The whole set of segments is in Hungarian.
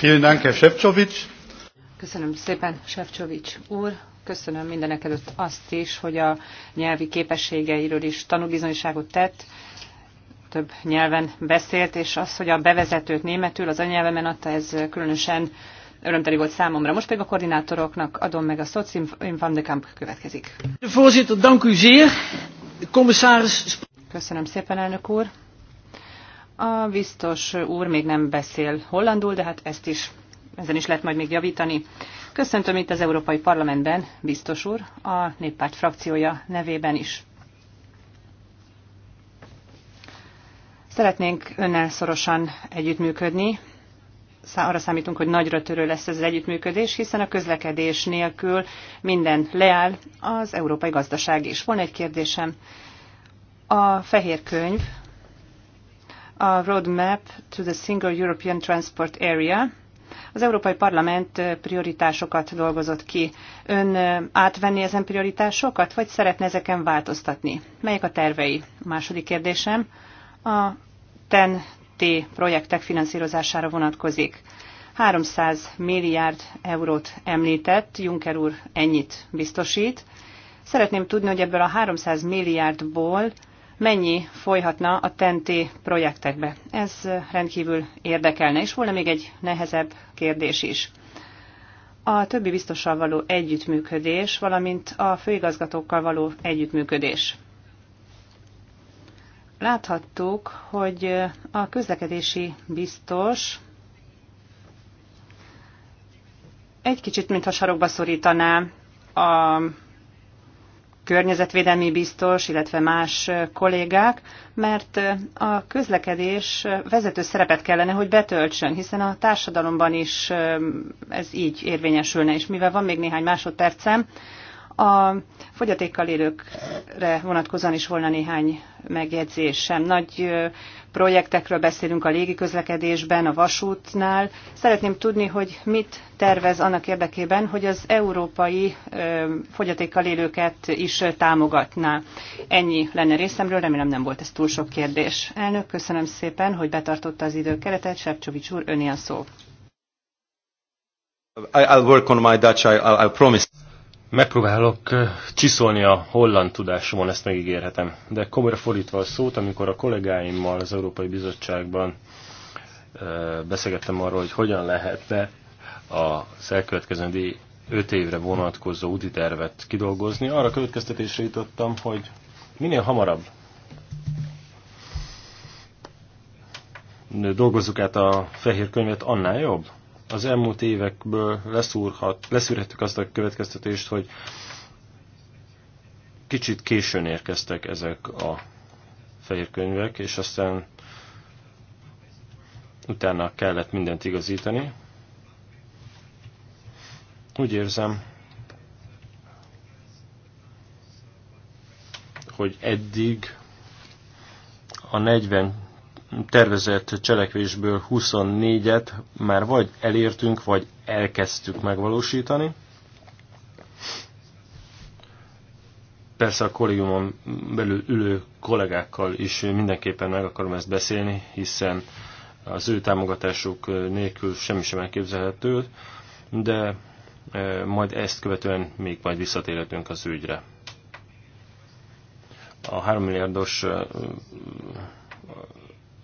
Vielen Dank, Herr Köszönöm szépen, Sefcsovics úr. Köszönöm mindenek előtt azt is, hogy a nyelvi képességeiről is tanúbizonyságot tett, több nyelven beszélt, és az, hogy a bevezetőt németül az anyelvemen adta, ez különösen örömteli volt számomra. Most pedig a koordinátoroknak adom meg a szót, Wim van de Kamp következik. Köszönöm szépen, elnök úr. A biztos úr még nem beszél hollandul, de hát ezt is, ezen is lehet majd még javítani. Köszöntöm itt az Európai Parlamentben, biztos úr, a néppárt frakciója nevében is. Szeretnénk önnel szorosan együttműködni. Arra számítunk, hogy nagyra törő lesz ez az együttműködés, hiszen a közlekedés nélkül minden leáll az európai gazdaság is. van egy kérdésem. A fehér könyv a Roadmap to the Single European Transport Area. Az Európai Parlament prioritásokat dolgozott ki. Ön átvenni ezen prioritásokat, vagy szeretne ezeken változtatni? Melyek a tervei? A második kérdésem a TEN-T projektek finanszírozására vonatkozik. 300 milliárd eurót említett, Juncker úr ennyit biztosít. Szeretném tudni, hogy ebből a 300 milliárdból mennyi folyhatna a TNT projektekbe. Ez rendkívül érdekelne, és volna még egy nehezebb kérdés is. A többi biztossal való együttműködés, valamint a főigazgatókkal való együttműködés. Láthattuk, hogy a közlekedési biztos egy kicsit, mintha sarokba szorítaná a környezetvédelmi biztos, illetve más kollégák, mert a közlekedés vezető szerepet kellene, hogy betöltsön, hiszen a társadalomban is ez így érvényesülne, és mivel van még néhány másodpercem, a fogyatékkal élőkre vonatkozóan is volna néhány megjegyzésem. Nagy projektekről beszélünk a légiközlekedésben, a vasútnál. Szeretném tudni, hogy mit tervez annak érdekében, hogy az európai fogyatékkal élőket is támogatná. Ennyi lenne részemről, remélem nem volt ez túl sok kérdés. Elnök, köszönöm szépen, hogy betartotta az időkeretet. Sepcsovics úr, öné a szó. I'll work on my Dutch, I, I, I promise. Megpróbálok csiszolni a holland tudásomon, ezt megígérhetem. De komolyra fordítva a szót, amikor a kollégáimmal az Európai Bizottságban beszélgettem arról, hogy hogyan lehetne a elkövetkező 5 évre vonatkozó úti tervet kidolgozni, arra következtetésre jutottam, hogy minél hamarabb dolgozzuk át a fehér könyvet, annál jobb az elmúlt évekből leszúrhat, leszűrhettük azt a következtetést, hogy kicsit későn érkeztek ezek a fehér könyvek, és aztán utána kellett mindent igazítani. Úgy érzem, hogy eddig a 40 tervezett cselekvésből 24-et már vagy elértünk, vagy elkezdtük megvalósítani. Persze a kollégiumon belül ülő kollégákkal is mindenképpen meg akarom ezt beszélni, hiszen az ő támogatásuk nélkül semmi sem elképzelhető, de e, majd ezt követően még majd visszatérhetünk az ügyre. A 3 milliárdos e,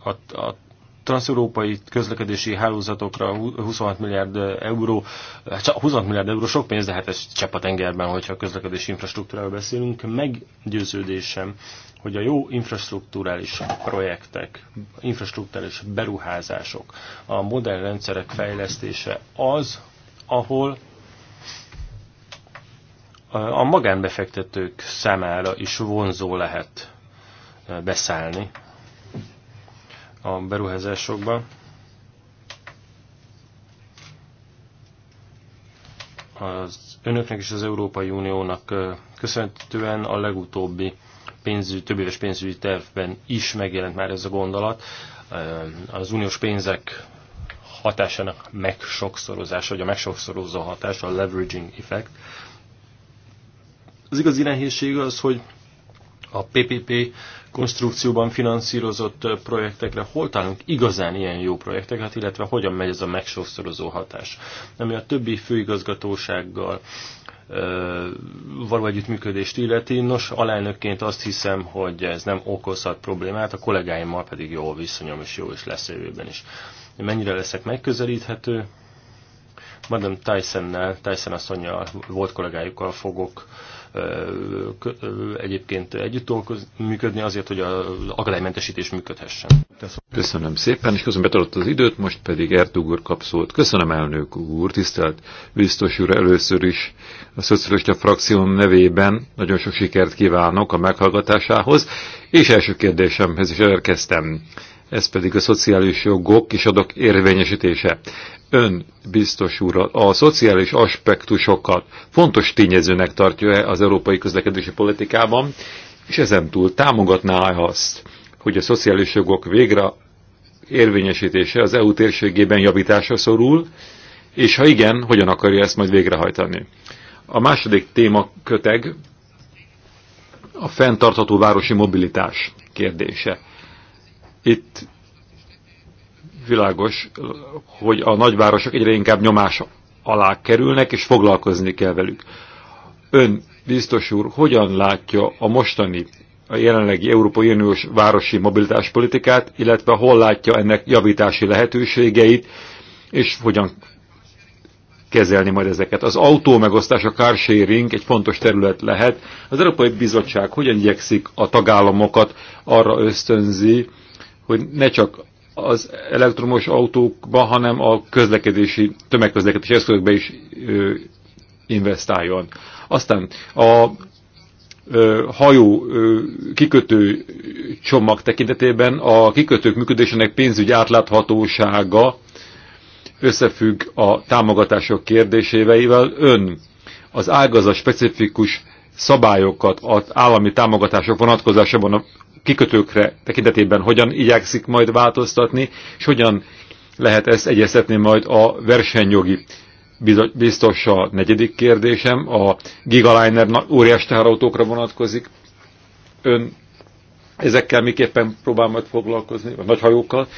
a, a transzeurópai közlekedési hálózatokra 26 milliárd euró, 26 hát milliárd euró sok pénz, de hát ez csepp a tengerben, hogyha a közlekedési infrastruktúráról beszélünk. Meggyőződésem, hogy a jó infrastruktúrális projektek, infrastruktúrális beruházások, a modern rendszerek fejlesztése az, ahol a magánbefektetők számára is vonzó lehet eh, beszállni a beruházásokba. Az önöknek és az Európai Uniónak köszönhetően a legutóbbi több éves pénzügyi tervben is megjelent már ez a gondolat. Az uniós pénzek hatásának megsokszorozása, vagy a megsokszorozó hatás, a leveraging effect. Az igazi nehézség az, hogy a PPP konstrukcióban finanszírozott projektekre, hol találunk igazán ilyen jó projekteket, hát illetve hogyan megy ez a megsószorozó hatás. Ami a többi főigazgatósággal való együttműködést illeti. Nos, alelnökként azt hiszem, hogy ez nem okozhat problémát, a kollégáimmal pedig jó viszonyom, és jó is lesz jövőben is. Mennyire leszek megközelíthető? Madame Tyson-nel, Tyson asszonynal, volt kollégájukkal fogok uh, egyébként együtt működni azért, hogy az akadálymentesítés működhessen. Köszönöm szépen, és köszönöm betartott az időt, most pedig Ertug úr kap szót. Köszönöm elnök úr, tisztelt biztos úr először is a szocialista frakcióm nevében nagyon sok sikert kívánok a meghallgatásához, és első kérdésemhez is elkezdtem ez pedig a szociális jogok és adok érvényesítése. Ön, biztos úr, a szociális aspektusokat fontos tényezőnek tartja-e az európai közlekedési politikában, és ezen túl támogatná-e azt, hogy a szociális jogok végre érvényesítése az EU térségében javításra szorul, és ha igen, hogyan akarja ezt majd végrehajtani. A második téma köteg a fenntartható városi mobilitás kérdése. Itt világos, hogy a nagyvárosok egyre inkább nyomás alá kerülnek, és foglalkozni kell velük. Ön, biztos úr, hogyan látja a mostani, a jelenlegi Európai Uniós városi mobilitáspolitikát, illetve hol látja ennek javítási lehetőségeit, és hogyan kezelni majd ezeket. Az autó megosztás, a sharing egy fontos terület lehet. Az Európai Bizottság hogyan igyekszik a tagállamokat arra ösztönzi, hogy ne csak az elektromos autókba, hanem a közlekedési, tömegközlekedési eszközökbe is ö, investáljon. Aztán a ö, hajó ö, kikötő csomag tekintetében a kikötők működésének pénzügyi átláthatósága összefügg a támogatások kérdéseivel. Ön az ágazat specifikus szabályokat az állami támogatások vonatkozásában kikötőkre tekintetében hogyan igyekszik majd változtatni, és hogyan lehet ezt egyeztetni majd a versenyjogi biztos a negyedik kérdésem, a Gigaliner óriás teherautókra vonatkozik. Ön ezekkel miképpen próbál majd foglalkozni, a nagyhajókkal,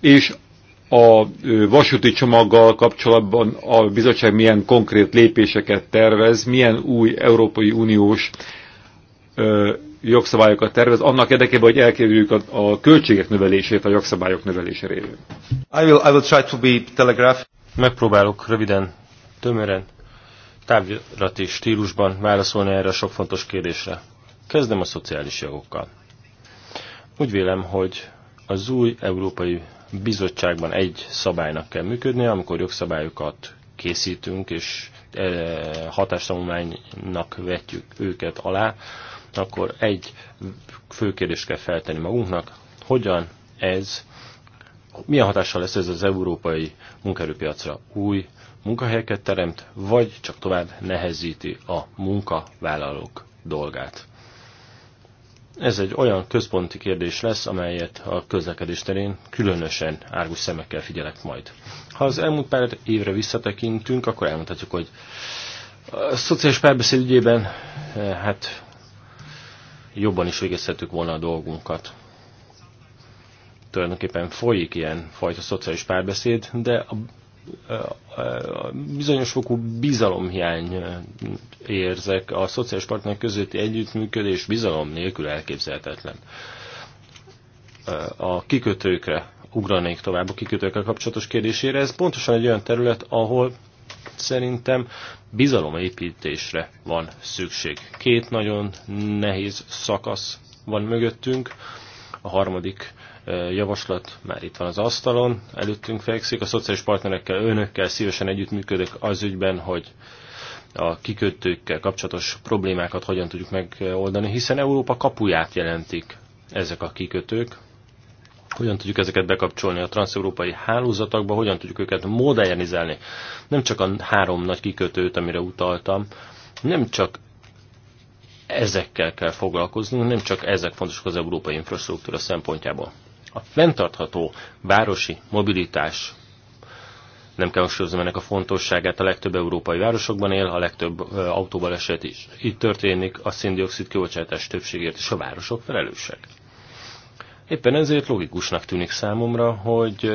és a vasúti csomaggal kapcsolatban a bizottság milyen konkrét lépéseket tervez, milyen új Európai Uniós jogszabályokat tervez, annak érdekében, hogy elkerüljük a, a költségek növelését a jogszabályok növelése révén. I will, I will try to be telegraph. Megpróbálok röviden, tömören, távirati stílusban válaszolni erre a sok fontos kérdésre. Kezdem a szociális jogokkal. Úgy vélem, hogy az új Európai Bizottságban egy szabálynak kell működnie, amikor jogszabályokat készítünk és eh, hatástanulmánynak vetjük őket alá, akkor egy fő kérdést kell feltenni magunknak, hogyan ez, milyen hatással lesz ez az európai munkaerőpiacra új munkahelyeket teremt, vagy csak tovább nehezíti a munkavállalók dolgát. Ez egy olyan központi kérdés lesz, amelyet a közlekedés terén különösen árgus szemekkel figyelek majd. Ha az elmúlt pár évre visszatekintünk, akkor elmondhatjuk, hogy a szociális párbeszéd ügyében eh, hát jobban is végezhetük volna a dolgunkat. Tulajdonképpen folyik ilyen fajta szociális párbeszéd, de a bizonyos fokú bizalomhiány érzek, a szociális partnerek közötti együttműködés bizalom nélkül elképzelhetetlen. A kikötőkre ugranék tovább a kikötőkkel kapcsolatos kérdésére. Ez pontosan egy olyan terület, ahol szerintem bizalomépítésre van szükség. Két nagyon nehéz szakasz van mögöttünk, a harmadik javaslat már itt van az asztalon, előttünk fekszik. A szociális partnerekkel, önökkel szívesen együttműködök az ügyben, hogy a kikötőkkel kapcsolatos problémákat hogyan tudjuk megoldani, hiszen Európa kapuját jelentik ezek a kikötők, hogyan tudjuk ezeket bekapcsolni a transeurópai hálózatokba, hogyan tudjuk őket modernizálni. Nem csak a három nagy kikötőt, amire utaltam, nem csak ezekkel kell foglalkozni, nem csak ezek fontosak az európai infrastruktúra szempontjából. A fenntartható városi mobilitás nem kell hangsúlyozni ennek a fontosságát, a legtöbb európai városokban él, a legtöbb autóbaleset is. Itt történik a széndiokszid kibocsátás többségért, és a városok felelősek. Éppen ezért logikusnak tűnik számomra, hogy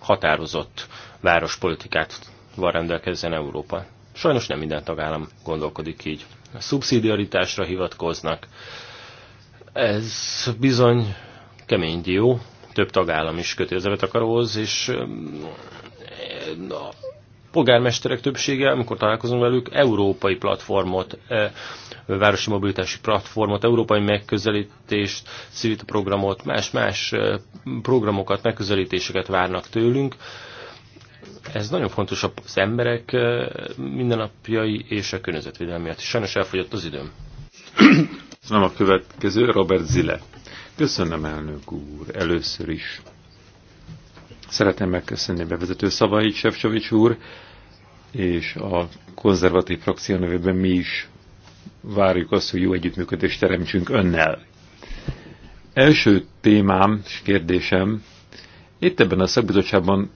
határozott várospolitikát van rendelkezzen Európa. Sajnos nem minden tagállam gondolkodik így. A szubszidiaritásra hivatkoznak. Ez bizony kemény dió, több tagállam is köti az és polgármesterek többsége, amikor találkozunk velük, európai platformot, e, városi mobilitási platformot, európai megközelítést, civil programot, más-más e, programokat, megközelítéseket várnak tőlünk. Ez nagyon fontos az emberek e, mindennapjai és a környezetvédelmi miatt. Sajnos elfogyott az időm. Nem a következő, Robert Zile. Köszönöm, elnök úr, először is Szeretném megköszönni bevezető szavait, Sefcsovics úr, és a konzervatív frakció nevében mi is várjuk azt, hogy jó együttműködést teremtsünk önnel. Első témám és kérdésem, itt ebben a szakbizottságban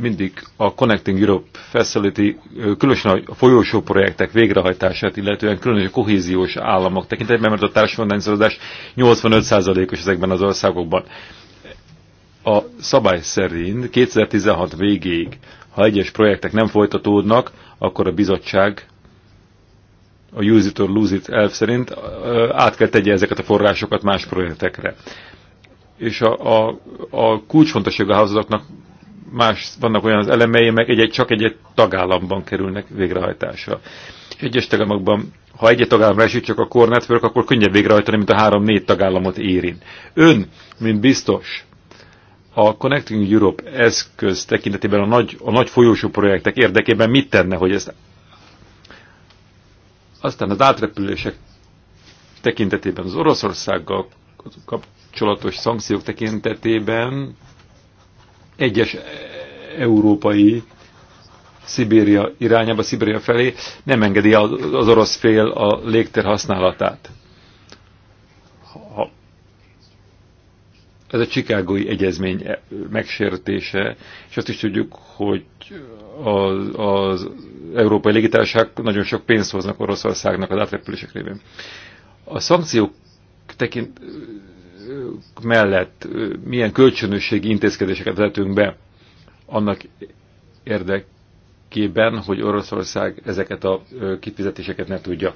mindig a Connecting Europe Facility, különösen a folyósó projektek végrehajtását, illetően különösen a kohéziós államok tekintetében, mert a társadalmi 85%-os ezekben az országokban a szabály szerint 2016 végéig, ha egyes projektek nem folytatódnak, akkor a bizottság a use it or lose it elv szerint át kell tegye ezeket a forrásokat más projektekre. És a, a, a a hálózatoknak más, vannak olyan az elemei, meg egy, egy, csak egy, egy tagállamban kerülnek végrehajtásra. És egyes tagállamokban, ha egy, -egy tagállamra esik csak a core network, akkor könnyebb végrehajtani, mint a három-négy tagállamot érint. Ön, mint biztos, a Connecting Europe eszköz tekintetében a nagy, a nagy folyósú projektek érdekében mit tenne, hogy ezt aztán az átrepülések tekintetében, az Oroszországgal kapcsolatos szankciók tekintetében egyes európai Szibéria irányába, Szibéria felé nem engedi az orosz fél a légtér használatát. ez a Csikágói Egyezmény megsértése, és azt is tudjuk, hogy az, az európai légitársaság nagyon sok pénzt hoznak Oroszországnak az átrepülések révén. A szankciók tekint mellett milyen kölcsönösségi intézkedéseket vezetünk be annak érdekében, hogy Oroszország ezeket a kifizetéseket ne tudja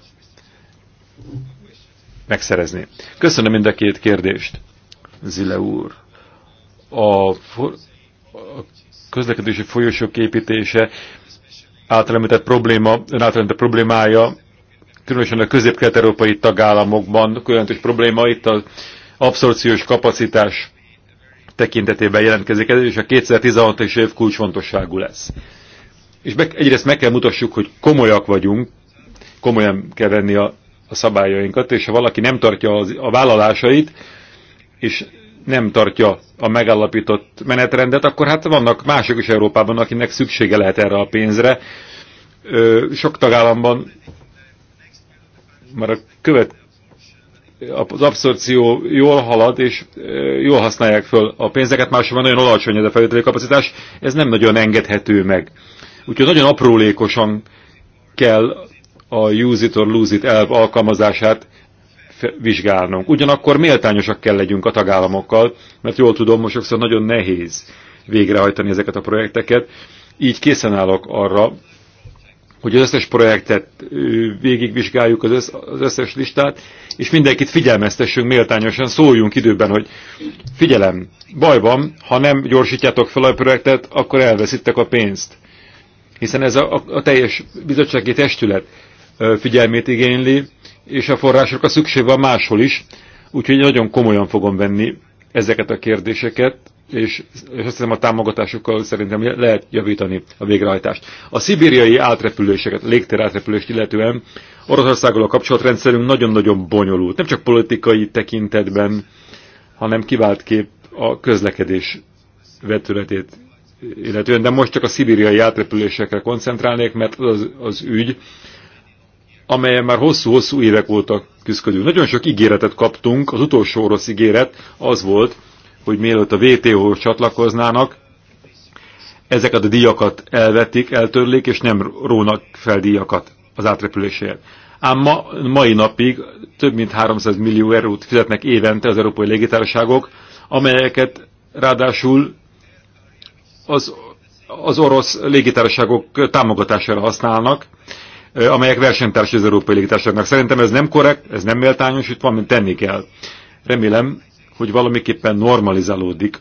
megszerezni. Köszönöm mind a két kérdést! Zile úr. A, for, a közlekedési folyosók építése általában probléma, ön általában problémája, különösen a közép-kelet-európai tagállamokban jelentős probléma, itt az abszorciós kapacitás tekintetében jelentkezik ez, és a 2016-es év kulcsfontosságú lesz. És meg, egyrészt meg kell mutassuk, hogy komolyak vagyunk, komolyan kell venni a, a szabályainkat, és ha valaki nem tartja az, a vállalásait, és nem tartja a megállapított menetrendet, akkor hát vannak mások is Európában, akinek szüksége lehet erre a pénzre. Ö, sok tagállamban már a követ, az abszorció jól halad, és jól használják föl a pénzeket, máshol nagyon alacsony ez a felvételi kapacitás, ez nem nagyon engedhető meg. Úgyhogy nagyon aprólékosan kell a use it or lose it elv alkalmazását vizsgálnunk. Ugyanakkor méltányosak kell legyünk a tagállamokkal, mert jól tudom, most sokszor nagyon nehéz végrehajtani ezeket a projekteket. Így készen állok arra, hogy az összes projektet végigvizsgáljuk, az összes listát, és mindenkit figyelmeztessünk méltányosan, szóljunk időben, hogy figyelem, baj van, ha nem gyorsítjátok fel a projektet, akkor elveszítek a pénzt. Hiszen ez a, a, a teljes bizottsági testület figyelmét igényli, és a forrásokra szükség van máshol is, úgyhogy nagyon komolyan fogom venni ezeket a kérdéseket, és, és azt hiszem a támogatásokkal szerintem lehet javítani a végrehajtást. A szibériai átrepüléseket, légtér átrepülést illetően Oroszországgal a kapcsolatrendszerünk nagyon-nagyon bonyolult, nem csak politikai tekintetben, hanem kép a közlekedés vetületét illetően, de most csak a szibériai átrepülésekre koncentrálnék, mert az, az ügy, amelyen már hosszú-hosszú évek óta küzdködünk. Nagyon sok ígéretet kaptunk, az utolsó orosz ígéret az volt, hogy mielőtt a WTO-hoz csatlakoznának, ezeket a díjakat elvetik, eltörlik, és nem rónak fel díjakat az átrepüléséért. Ám ma, mai napig több mint 300 millió eurót fizetnek évente az európai légitársaságok, amelyeket ráadásul az, az orosz légitársaságok támogatására használnak, amelyek versenytársai az európai légitársaságnak. Szerintem ez nem korrekt, ez nem méltányos, itt valamit tenni kell. Remélem, hogy valamiképpen normalizálódik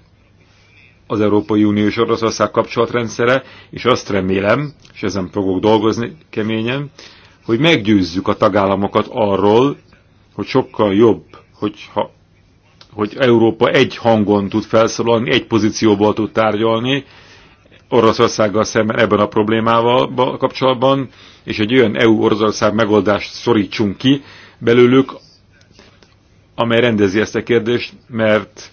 az Európai Unió és Oroszország kapcsolatrendszere, és azt remélem, és ezen fogok dolgozni keményen, hogy meggyőzzük a tagállamokat arról, hogy sokkal jobb, hogyha, hogy Európa egy hangon tud felszólalni, egy pozícióból tud tárgyalni, Oroszországgal szemben ebben a problémával kapcsolatban, és egy olyan EU-Oroszország megoldást szorítsunk ki belőlük, amely rendezi ezt a kérdést, mert,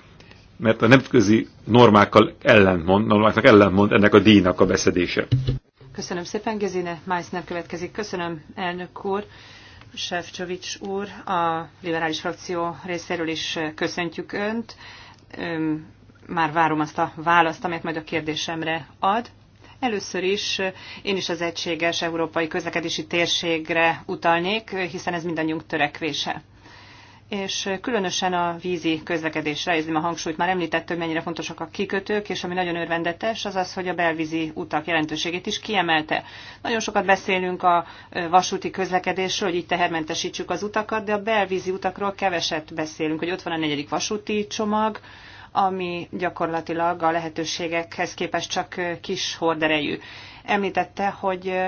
mert a nemzetközi normákkal ellentmond, normáknak ellentmond ennek a díjnak a beszedése. Köszönöm szépen, Gezine Meissner következik. Köszönöm, elnök úr. Sefcsovics úr, a liberális frakció részéről is köszöntjük Önt már várom azt a választ, amit majd a kérdésemre ad. Először is eh, én is az egységes európai közlekedési térségre utalnék, eh, hiszen ez mindannyiunk törekvése és eh, különösen a vízi közlekedésre érzem a hangsúlyt. Már említettem, hogy mennyire fontosak a kikötők, és ami nagyon örvendetes, az az, hogy a belvízi utak jelentőségét is kiemelte. Nagyon sokat beszélünk a vasúti közlekedésről, hogy így tehermentesítsük az utakat, de a belvízi utakról keveset beszélünk, hogy ott van a negyedik vasúti csomag, ami gyakorlatilag a lehetőségekhez képest csak kis horderejű. Említette, hogy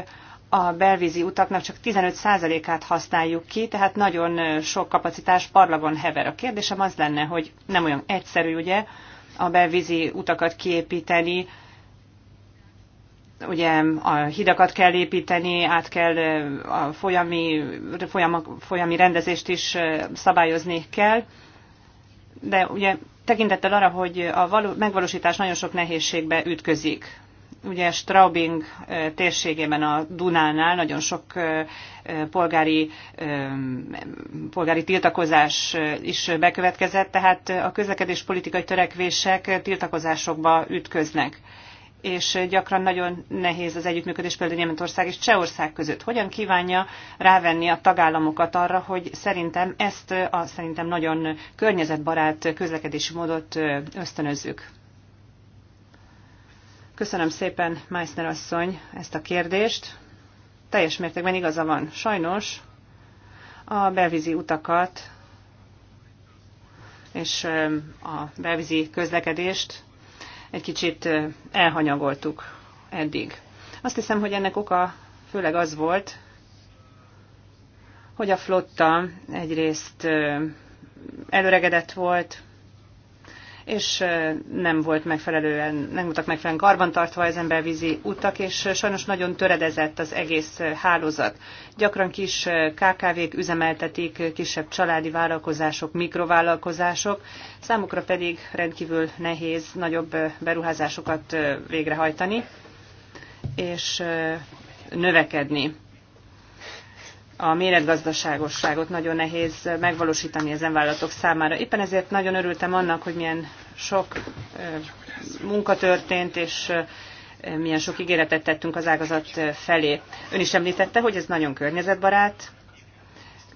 a belvízi utaknak csak 15%-át használjuk ki, tehát nagyon sok kapacitás parlagon hever. A kérdésem az lenne, hogy nem olyan egyszerű ugye a belvízi utakat kiépíteni, ugye a hidakat kell építeni, át kell a folyami, folyam, folyami rendezést is szabályozni kell, de ugye tekintettel arra, hogy a való, megvalósítás nagyon sok nehézségbe ütközik. Ugye Straubing térségében a Dunánál nagyon sok polgári, polgári tiltakozás is bekövetkezett, tehát a közlekedés politikai törekvések tiltakozásokba ütköznek és gyakran nagyon nehéz az együttműködés például Németország és Csehország között. Hogyan kívánja rávenni a tagállamokat arra, hogy szerintem ezt a szerintem nagyon környezetbarát közlekedési módot ösztönözzük? Köszönöm szépen, Meissner asszony, ezt a kérdést. Teljes mértékben igaza van. Sajnos a belvízi utakat és a belvízi közlekedést egy kicsit elhanyagoltuk eddig. Azt hiszem, hogy ennek oka főleg az volt, hogy a flotta egyrészt előregedett volt, és nem volt megfelelően, nem voltak megfelelően karbantartva az embervízi utak, és sajnos nagyon töredezett az egész hálózat. Gyakran kis KKV-k üzemeltetik, kisebb családi vállalkozások, mikrovállalkozások, számukra pedig rendkívül nehéz nagyobb beruházásokat végrehajtani, és növekedni a méretgazdaságosságot nagyon nehéz megvalósítani ezen vállalatok számára. Éppen ezért nagyon örültem annak, hogy milyen sok munka történt, és milyen sok ígéretet tettünk az ágazat felé. Ön is említette, hogy ez nagyon környezetbarát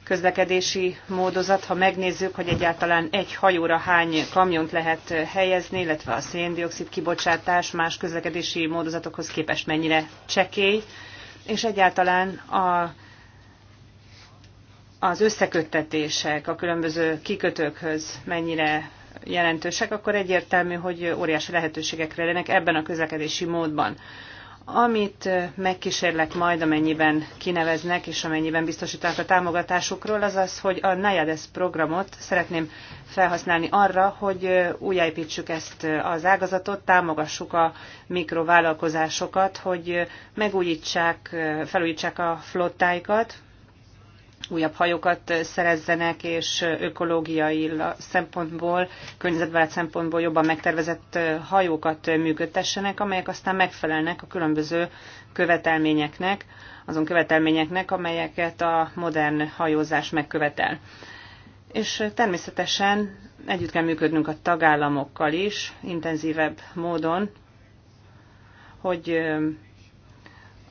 közlekedési módozat, ha megnézzük, hogy egyáltalán egy hajóra hány kamiont lehet helyezni, illetve a széndiokszid kibocsátás más közlekedési módozatokhoz képest mennyire csekély, és egyáltalán a az összeköttetések a különböző kikötőkhöz mennyire jelentősek, akkor egyértelmű, hogy óriási lehetőségekre lennek ebben a közlekedési módban. Amit megkísérlek majd, amennyiben kineveznek és amennyiben biztosítanak a támogatásukról, az az, hogy a NAJADES programot szeretném felhasználni arra, hogy újjáépítsük ezt az ágazatot, támogassuk a mikrovállalkozásokat, hogy megújítsák, felújítsák a flottáikat, újabb hajókat szerezzenek, és ökológiai szempontból, környezetbarát szempontból jobban megtervezett hajókat működtessenek, amelyek aztán megfelelnek a különböző követelményeknek, azon követelményeknek, amelyeket a modern hajózás megkövetel. És természetesen együtt kell működnünk a tagállamokkal is, intenzívebb módon, hogy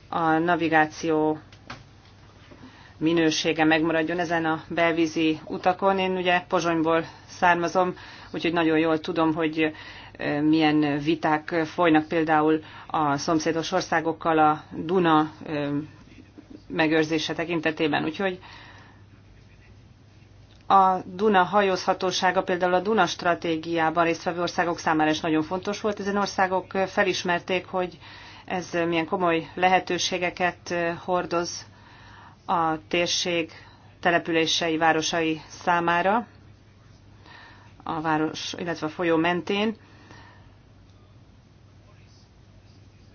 a navigáció minősége megmaradjon ezen a belvízi utakon. Én ugye Pozsonyból származom, úgyhogy nagyon jól tudom, hogy milyen viták folynak például a szomszédos országokkal a Duna megőrzése tekintetében. Úgyhogy a Duna hajózhatósága például a Duna stratégiában résztvevő országok számára is nagyon fontos volt. Ezen országok felismerték, hogy ez milyen komoly lehetőségeket hordoz a térség települései, városai számára, a város, illetve a folyó mentén.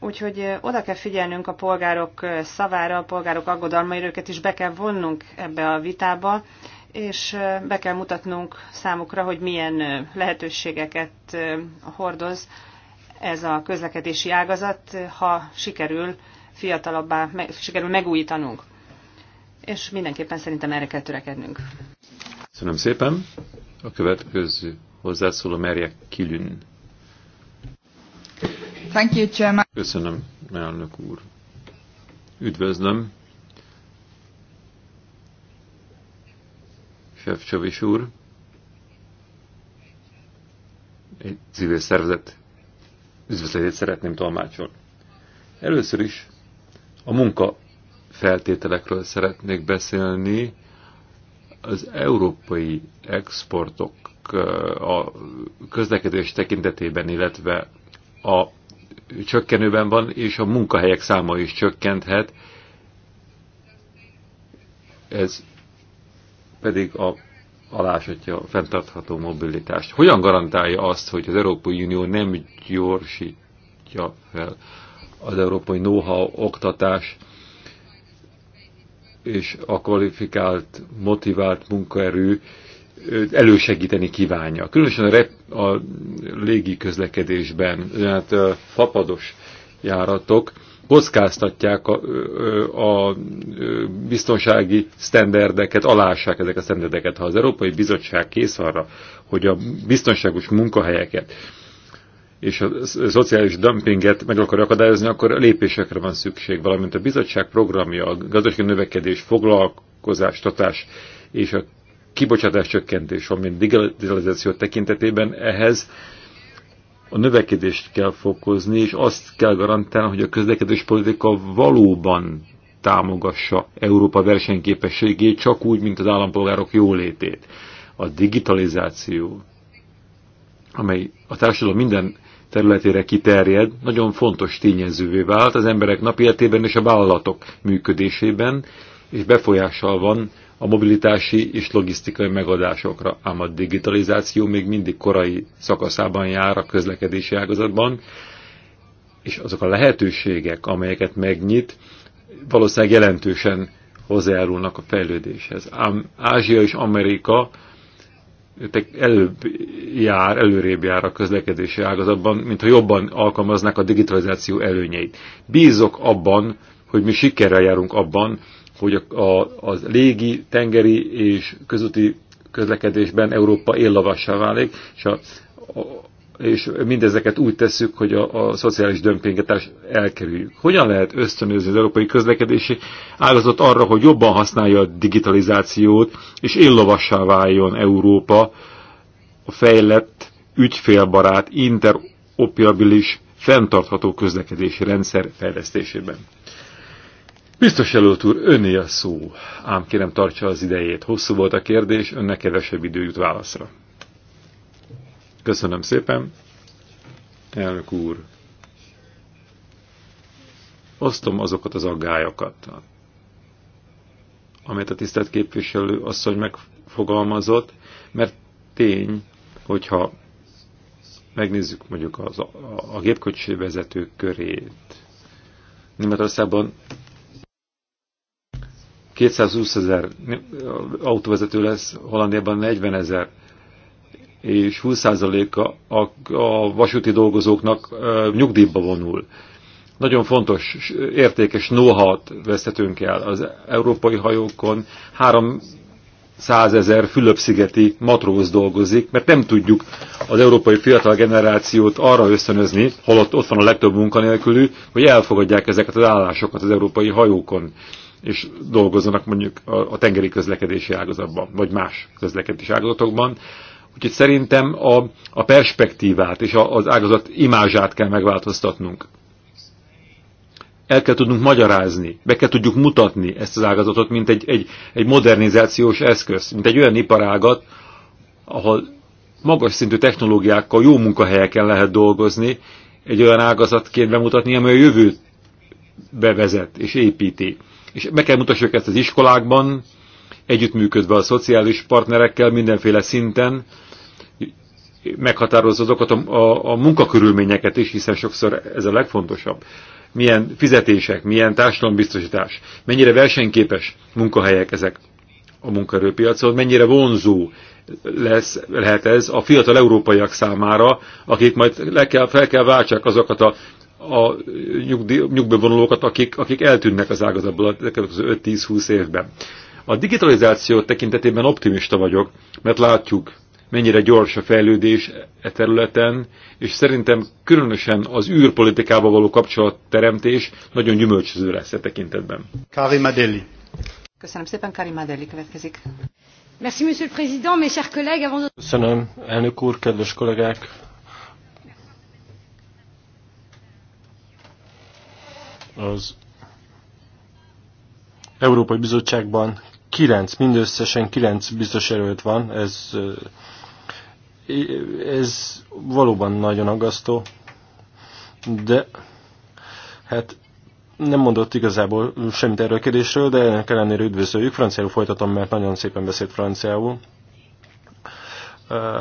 Úgyhogy oda kell figyelnünk a polgárok szavára, a polgárok aggodalmaira, őket is be kell vonnunk ebbe a vitába, és be kell mutatnunk számukra, hogy milyen lehetőségeket hordoz ez a közlekedési ágazat, ha sikerül fiatalabbá, sikerül megújítanunk és mindenképpen szerintem erre kell törekednünk. Köszönöm szépen. A következő hozzászóló Merje Kilün. Thank you, Chairman. Köszönöm, elnök úr. Üdvözlöm. Sefcsovics úr. Egy civil szervezet üdvözletét szeretném tolmácsolni. Először is a munka feltételekről szeretnék beszélni. Az európai exportok a közlekedés tekintetében, illetve a csökkenőben van, és a munkahelyek száma is csökkenthet. Ez pedig a, alásatja a fenntartható mobilitást. Hogyan garantálja azt, hogy az Európai Unió nem gyorsítja fel az európai know-how oktatás és a kvalifikált, motivált munkaerő elősegíteni kívánja. Különösen a, rep, a légi közlekedésben, tehát fapados járatok kockáztatják a, a biztonsági sztenderdeket, alássák ezek a sztenderdeket. Ha az Európai Bizottság kész arra, hogy a biztonságos munkahelyeket és a szociális dumpinget meg akar akadályozni, akkor lépésekre van szükség, valamint a bizottság programja, a gazdasági növekedés, foglalkozás, tatás és a kibocsátás csökkentés, valamint digitalizáció tekintetében ehhez a növekedést kell fokozni, és azt kell garantálni, hogy a közlekedés politika valóban támogassa Európa versenyképességét, csak úgy, mint az állampolgárok jólétét. A digitalizáció, amely a társadalom minden területére kiterjed, nagyon fontos tényezővé vált az emberek napi életében és a vállalatok működésében, és befolyással van a mobilitási és logisztikai megoldásokra, ám a digitalizáció még mindig korai szakaszában jár a közlekedési ágazatban, és azok a lehetőségek, amelyeket megnyit, valószínűleg jelentősen hozzájárulnak a fejlődéshez. Ám Ázsia és Amerika előbb jár, előrébb jár a közlekedési ágazatban, mintha jobban alkalmaznák a digitalizáció előnyeit. Bízok abban, hogy mi sikerrel járunk abban, hogy a, a, az légi, tengeri és közúti közlekedésben Európa éllavassá válik, és a, a, és mindezeket úgy tesszük, hogy a, a szociális dömpinget elkerüljük. Hogyan lehet ösztönözni az európai közlekedési ágazat arra, hogy jobban használja a digitalizációt, és illovassá váljon Európa a fejlett, ügyfélbarát, interoperabilis, fenntartható közlekedési rendszer fejlesztésében? Biztos előtt úr, öné a szó, ám kérem tartsa az idejét. Hosszú volt a kérdés, önnek kevesebb idő jut válaszra. Köszönöm szépen, elnök úr. Osztom azokat az aggályokat, amelyet a tisztelt képviselő asszony megfogalmazott, mert tény, hogyha megnézzük mondjuk az, a, a gépkocsi vezetők körét. Németországban 220 ezer autóvezető lesz, Hollandiában 40 ezer és 20%-a a, a vasúti dolgozóknak e, nyugdíjba vonul. Nagyon fontos, értékes know vesztetünk el az európai hajókon. 300 ezer Fülöp-szigeti matróz dolgozik, mert nem tudjuk az európai fiatal generációt arra ösztönözni, holott ott van a legtöbb munkanélkülű, hogy elfogadják ezeket az állásokat az európai hajókon és dolgozzanak mondjuk a, a tengeri közlekedési ágazatban, vagy más közlekedési ágazatokban. Úgyhogy szerintem a, a perspektívát és a, az ágazat imázsát kell megváltoztatnunk. El kell tudnunk magyarázni, be kell tudjuk mutatni ezt az ágazatot, mint egy, egy, egy modernizációs eszköz, mint egy olyan iparágat, ahol magas szintű technológiákkal, jó munkahelyeken lehet dolgozni, egy olyan ágazatként bemutatni, amely a jövőt bevezet és építi. És meg kell mutassuk ezt az iskolákban, együttműködve a szociális partnerekkel mindenféle szinten, meghatározza azokat a, a, a munkakörülményeket is, hiszen sokszor ez a legfontosabb. Milyen fizetések, milyen társadalombiztosítás, mennyire versenyképes munkahelyek ezek a munkaerőpiacon, mennyire vonzó lesz, lehet ez a fiatal európaiak számára, akik majd le kell, fel kell váltsák azokat a, a nyugdíj, nyugbevonulókat, akik, akik eltűnnek az ágazatból az 5-10-20 évben. A digitalizáció tekintetében optimista vagyok, mert látjuk, mennyire gyors a fejlődés e területen, és szerintem különösen az űrpolitikával való kapcsolatteremtés nagyon gyümölcsöző lesz e tekintetben. Karim Adeli. Köszönöm szépen, Karim Adeli következik. Merci, monsieur le président, mes chers collègues. Avant... Köszönöm, elnök úr, kedves kollégák. Az Európai Bizottságban kilenc, mindösszesen kilenc biztos erőt van, ez ez valóban nagyon aggasztó, de hát nem mondott igazából semmit erről a kérdésről, de ennek ellenére üdvözöljük. Franciául folytatom, mert nagyon szépen beszélt franciául.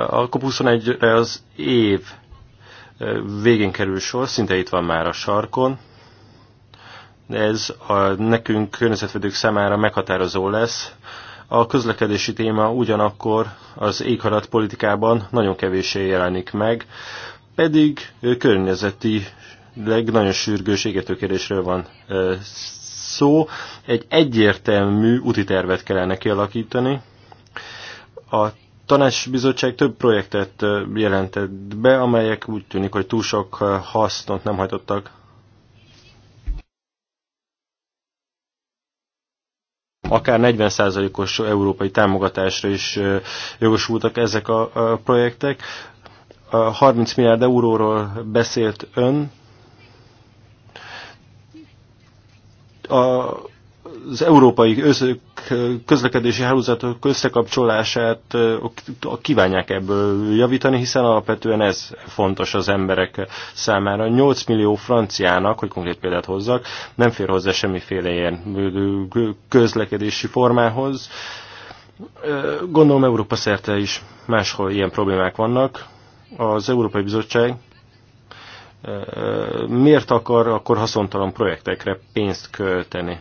A cop 21 az év uh, végén kerül sor, szinte itt van már a sarkon. Ez a, nekünk környezetvédők számára meghatározó lesz. A közlekedési téma ugyanakkor az éghajlat politikában nagyon kevéssé jelenik meg, pedig környezeti nagyon sürgős égetőkérésről van szó. Egy egyértelmű úti tervet kellene kialakítani. A tanácsbizottság több projektet jelentett be, amelyek úgy tűnik, hogy túl sok hasznot nem hajtottak akár 40%-os európai támogatásra is jogosultak ezek a projektek. 30 milliárd euróról beszélt ön. A, az európai közlekedési hálózatok összekapcsolását kívánják ebből javítani, hiszen alapvetően ez fontos az emberek számára. 8 millió franciának, hogy konkrét példát hozzak, nem fér hozzá semmiféle ilyen közlekedési formához. Gondolom Európa szerte is máshol ilyen problémák vannak. Az Európai Bizottság miért akar akkor haszontalan projektekre pénzt költeni?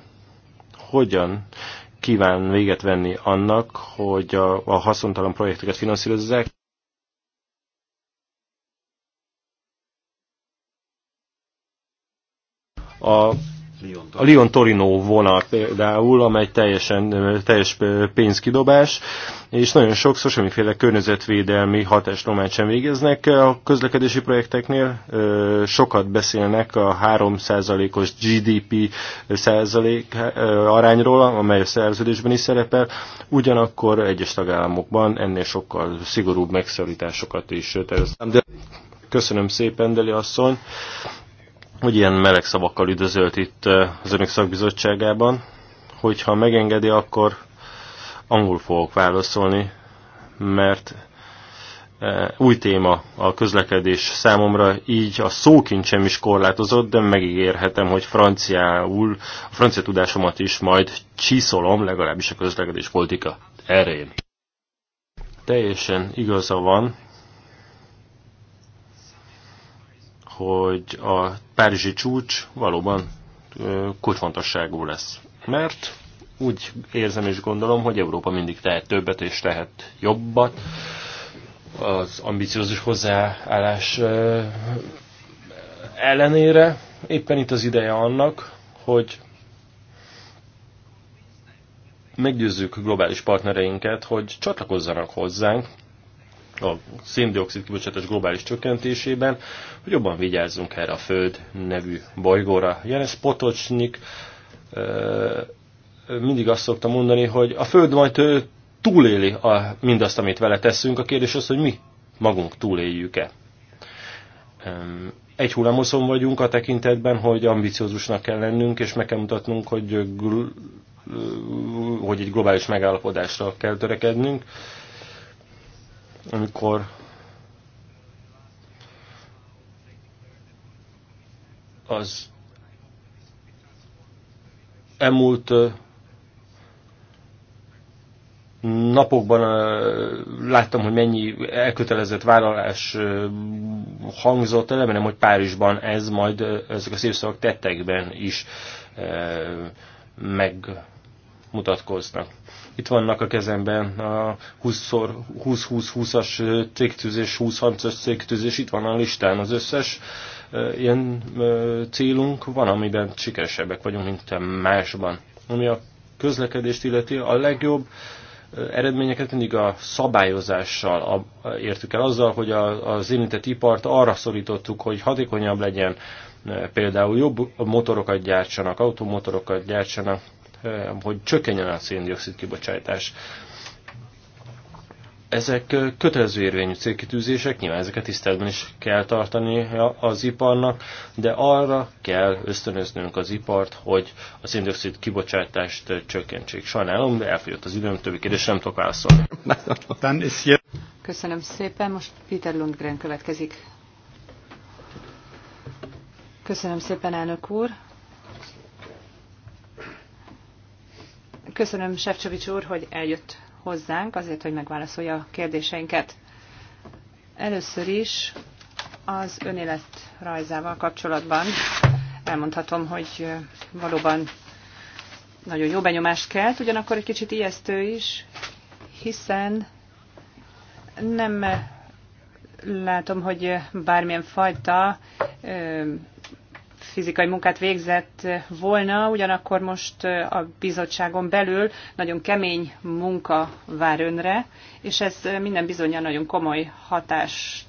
Hogyan kíván véget venni annak, hogy a, a haszontalan projekteket finanszírozzák. A a Lyon-Torino vonal például, amely teljesen teljes pénzkidobás, és nagyon sokszor semmiféle környezetvédelmi hatásnomát sem végeznek. A közlekedési projekteknél sokat beszélnek a 3%-os GDP százalék arányról, amely a szerződésben is szerepel, ugyanakkor egyes tagállamokban ennél sokkal szigorúbb megszorításokat is terveznek. Köszönöm szépen, Deli asszony hogy ilyen meleg szavakkal üdözölt itt az önök szakbizottságában. Hogyha megengedi, akkor angol fogok válaszolni, mert új téma a közlekedés számomra, így a szókincsem is korlátozott, de megígérhetem, hogy franciául, a francia tudásomat is majd csiszolom, legalábbis a közlekedés politika erén. Teljesen igaza van, hogy a párizsi csúcs valóban kulcsfontosságú lesz. Mert úgy érzem és gondolom, hogy Európa mindig tehet többet és tehet jobbat. Az ambiciózus hozzáállás ellenére éppen itt az ideje annak, hogy meggyőzzük globális partnereinket, hogy csatlakozzanak hozzánk, a széndiokszid kibocsátás globális csökkentésében, hogy jobban vigyázzunk erre a Föld nevű bolygóra. Janes Potocsnik mindig azt szokta mondani, hogy a Föld majd túléli a, mindazt, amit vele teszünk. A kérdés az, hogy mi magunk túléljük-e. Egy hullámoszon vagyunk a tekintetben, hogy ambiciózusnak kell lennünk, és meg kell mutatnunk, hogy, hogy egy globális megállapodásra kell törekednünk amikor az elmúlt napokban láttam, hogy mennyi elkötelezett vállalás hangzott remélem, hogy Párizsban ez majd ezek a szívszavak tettekben is megmutatkoznak. Itt vannak a kezemben a 20-20-20-as cégtűzés, 20-30-as cégtűzés, itt van a listán az összes ilyen célunk, van, amiben sikeresebbek vagyunk, mint másban. Ami a közlekedést illeti, a legjobb eredményeket mindig a szabályozással értük el, azzal, hogy az érintett ipart arra szorítottuk, hogy hatékonyabb legyen, például jobb motorokat gyártsanak, automotorokat gyártsanak, Eh, hogy csökkenjen a széndiokszid kibocsátás. Ezek eh, kötelező érvényű célkitűzések, nyilván ezeket tiszteletben is kell tartani az iparnak, de arra kell ösztönöznünk az ipart, hogy a széndiokszid kibocsátást eh, csökkentsék. Sajnálom, de elfogyott az időm, többi kérdés nem tudok válaszolni. Köszönöm szépen, most Peter Lundgren következik. Köszönöm szépen, elnök úr. Köszönöm Sefcsovics úr, hogy eljött hozzánk azért, hogy megválaszolja a kérdéseinket. Először is az rajzával kapcsolatban elmondhatom, hogy valóban nagyon jó benyomást kelt, ugyanakkor egy kicsit ijesztő is, hiszen nem látom, hogy bármilyen fajta fizikai munkát végzett volna, ugyanakkor most a bizottságon belül nagyon kemény munka vár önre, és ez minden bizonyan nagyon komoly hatást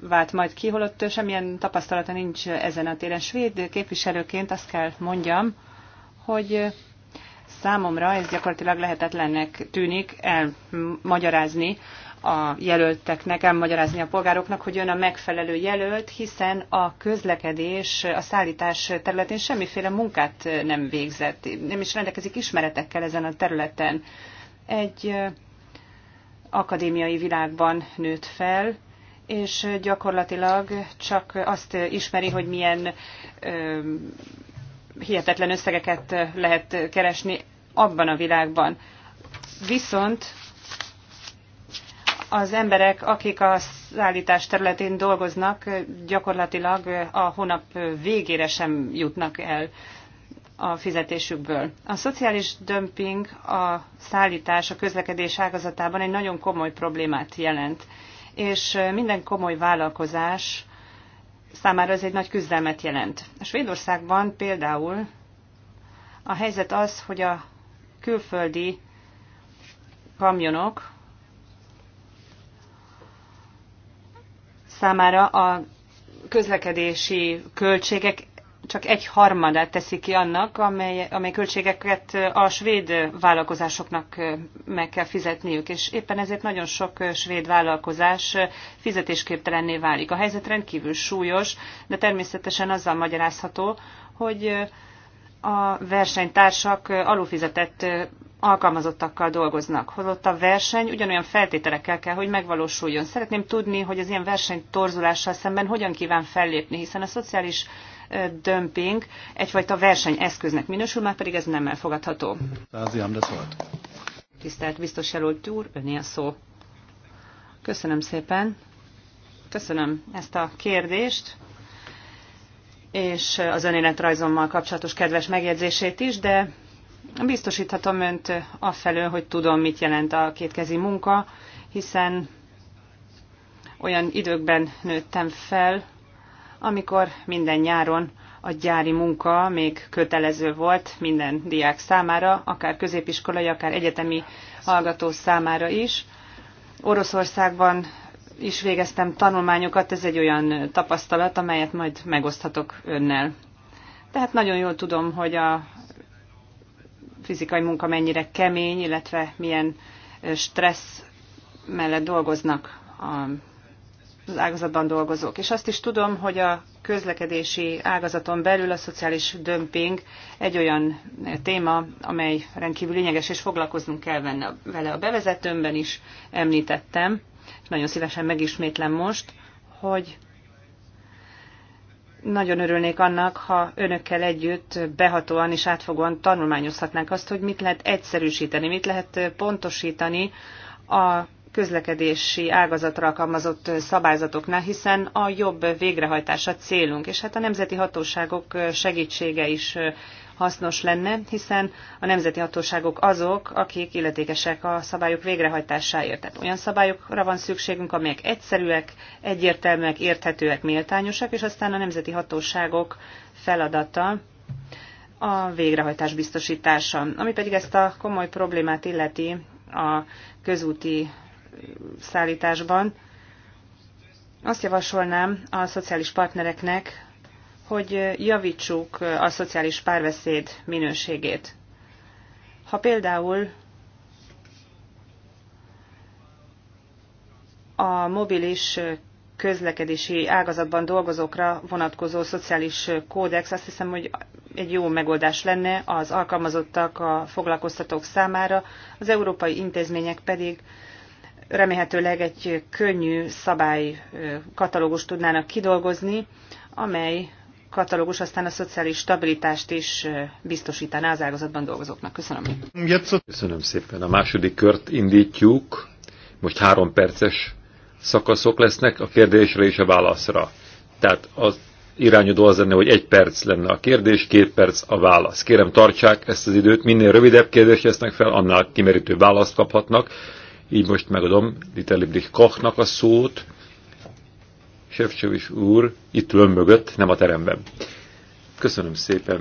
vált majd ki, holott semmilyen tapasztalata nincs ezen a téren. Svéd képviselőként azt kell mondjam, hogy számomra ez gyakorlatilag lehetetlennek tűnik elmagyarázni a jelölteknek elmagyarázni a polgároknak, hogy jön a megfelelő jelölt, hiszen a közlekedés, a szállítás területén semmiféle munkát nem végzett, nem is rendelkezik ismeretekkel ezen a területen. Egy akadémiai világban nőtt fel, és gyakorlatilag csak azt ismeri, hogy milyen ö, hihetetlen összegeket lehet keresni abban a világban. Viszont az emberek, akik a szállítás területén dolgoznak, gyakorlatilag a hónap végére sem jutnak el a fizetésükből. A szociális dömping a szállítás, a közlekedés ágazatában egy nagyon komoly problémát jelent, és minden komoly vállalkozás számára ez egy nagy küzdelmet jelent. A Svédországban például a helyzet az, hogy a külföldi kamionok számára a közlekedési költségek csak egy harmadát teszik ki annak, amely, amely költségeket a svéd vállalkozásoknak meg kell fizetniük, és éppen ezért nagyon sok svéd vállalkozás fizetésképtelenné válik. A helyzet rendkívül súlyos, de természetesen azzal magyarázható, hogy a versenytársak alufizetett alkalmazottakkal dolgoznak, holott a verseny ugyanolyan feltételekkel kell, hogy megvalósuljon. Szeretném tudni, hogy az ilyen verseny torzulással szemben hogyan kíván fellépni, hiszen a szociális dömping egyfajta versenyeszköznek minősül, már pedig ez nem elfogadható. de Tisztelt biztos jelölt úr, öné a szó. Köszönöm szépen. Köszönöm ezt a kérdést és az önéletrajzommal kapcsolatos kedves megjegyzését is, de Biztosíthatom önt afelől, hogy tudom, mit jelent a kétkezi munka, hiszen olyan időkben nőttem fel, amikor minden nyáron a gyári munka még kötelező volt minden diák számára, akár középiskolai, akár egyetemi hallgató számára is. Oroszországban is végeztem tanulmányokat, ez egy olyan tapasztalat, amelyet majd megoszthatok önnel. Tehát nagyon jól tudom, hogy a fizikai munka mennyire kemény, illetve milyen stressz mellett dolgoznak az ágazatban dolgozók. És azt is tudom, hogy a közlekedési ágazaton belül a szociális dömping egy olyan téma, amely rendkívül lényeges, és foglalkoznunk kell vele a bevezetőmben is, említettem, és nagyon szívesen megismétlem most, hogy nagyon örülnék annak, ha önökkel együtt behatóan és átfogóan tanulmányozhatnánk azt, hogy mit lehet egyszerűsíteni, mit lehet pontosítani a közlekedési ágazatra alkalmazott szabályzatoknál, hiszen a jobb végrehajtása célunk, és hát a nemzeti hatóságok segítsége is hasznos lenne, hiszen a nemzeti hatóságok azok, akik illetékesek a szabályok végrehajtásáért. Tehát olyan szabályokra van szükségünk, amelyek egyszerűek, egyértelműek, érthetőek, méltányosak, és aztán a nemzeti hatóságok feladata a végrehajtás biztosítása. Ami pedig ezt a komoly problémát illeti a közúti szállításban, azt javasolnám a szociális partnereknek, hogy javítsuk a szociális párbeszéd minőségét. Ha például a mobilis közlekedési ágazatban dolgozókra vonatkozó szociális kódex azt hiszem, hogy egy jó megoldás lenne az alkalmazottak a foglalkoztatók számára, az európai intézmények pedig remélhetőleg egy könnyű szabálykatalógust tudnának kidolgozni, amely katalógus aztán a szociális stabilitást is biztosítaná az ágazatban dolgozóknak. Köszönöm. Köszönöm szépen. A második kört indítjuk. Most három perces szakaszok lesznek a kérdésre és a válaszra. Tehát az irányodó az lenne, hogy egy perc lenne a kérdés, két perc a válasz. Kérem, tartsák ezt az időt, minél rövidebb kérdést lesznek fel, annál kimerítő választ kaphatnak. Így most megadom Dieter Lieblich Kochnak a szót, Sefcsovics úr itt ül ön mögött, nem a teremben. Köszönöm szépen,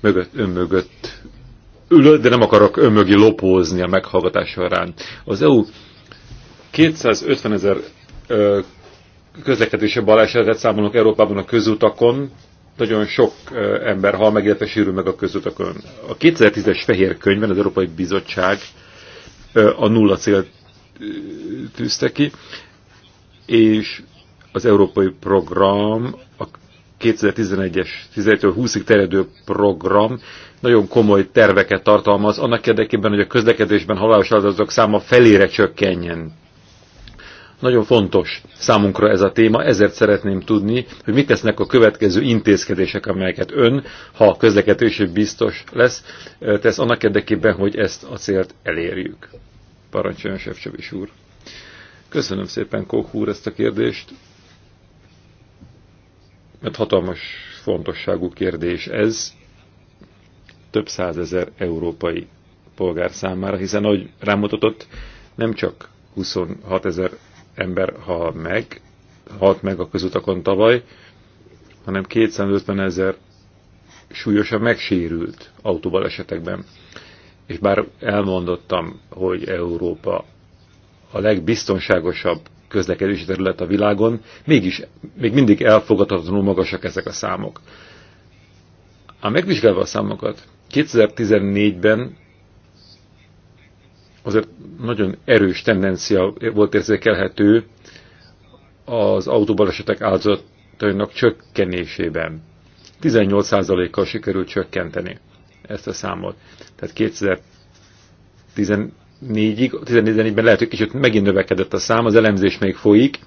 mögött, ön mögött ülök, de nem akarok ön mögé lopózni a meghallgatás során. Az EU 250 ezer közlekedési balesetet számolunk Európában a közutakon, nagyon sok ember hal meg, illetve sérül meg a közutakon. A 2010-es fehér könyvben az Európai Bizottság a nulla cél tűzte ki, és az európai program, a 2011-es, 2020 ig terjedő program nagyon komoly terveket tartalmaz, annak érdekében, hogy a közlekedésben halálos áldozatok száma felére csökkenjen. Nagyon fontos számunkra ez a téma, ezért szeretném tudni, hogy mit tesznek a következő intézkedések, amelyeket ön, ha a közlekedési biztos lesz, tesz annak érdekében, hogy ezt a célt elérjük. Parancsoljon Sefcsövis úr! Köszönöm szépen, Kók úr, ezt a kérdést mert hatalmas fontosságú kérdés ez több százezer európai polgár számára, hiszen ahogy rámutatott, nem csak 26 ezer ember hal meg, halt meg a közutakon tavaly, hanem 250 ezer súlyosan megsérült autóbalesetekben. És bár elmondottam, hogy Európa a legbiztonságosabb közlekedési terület a világon, mégis még mindig elfogadhatatlanul magasak ezek a számok. A megvizsgálva a számokat, 2014-ben azért nagyon erős tendencia volt érzékelhető az autóbalesetek áldozatainak csökkenésében. 18%-kal sikerült csökkenteni ezt a számot. Tehát 2014 14-ig, 14-ben lehet, hogy kicsit megint növekedett a szám, az elemzés még folyik,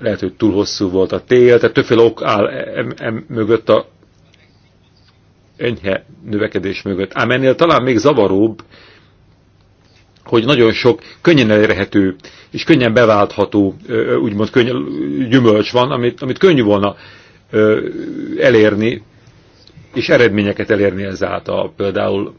lehet, hogy túl hosszú volt a tél, tehát többféle ok áll em, em, e mögött a enyhe növekedés mögött. Ám ennél talán még zavaróbb, hogy nagyon sok könnyen elérhető és könnyen beváltható, úgymond könny gyümölcs van, amit, amit könnyű volna elérni, és eredményeket elérni ezáltal. Például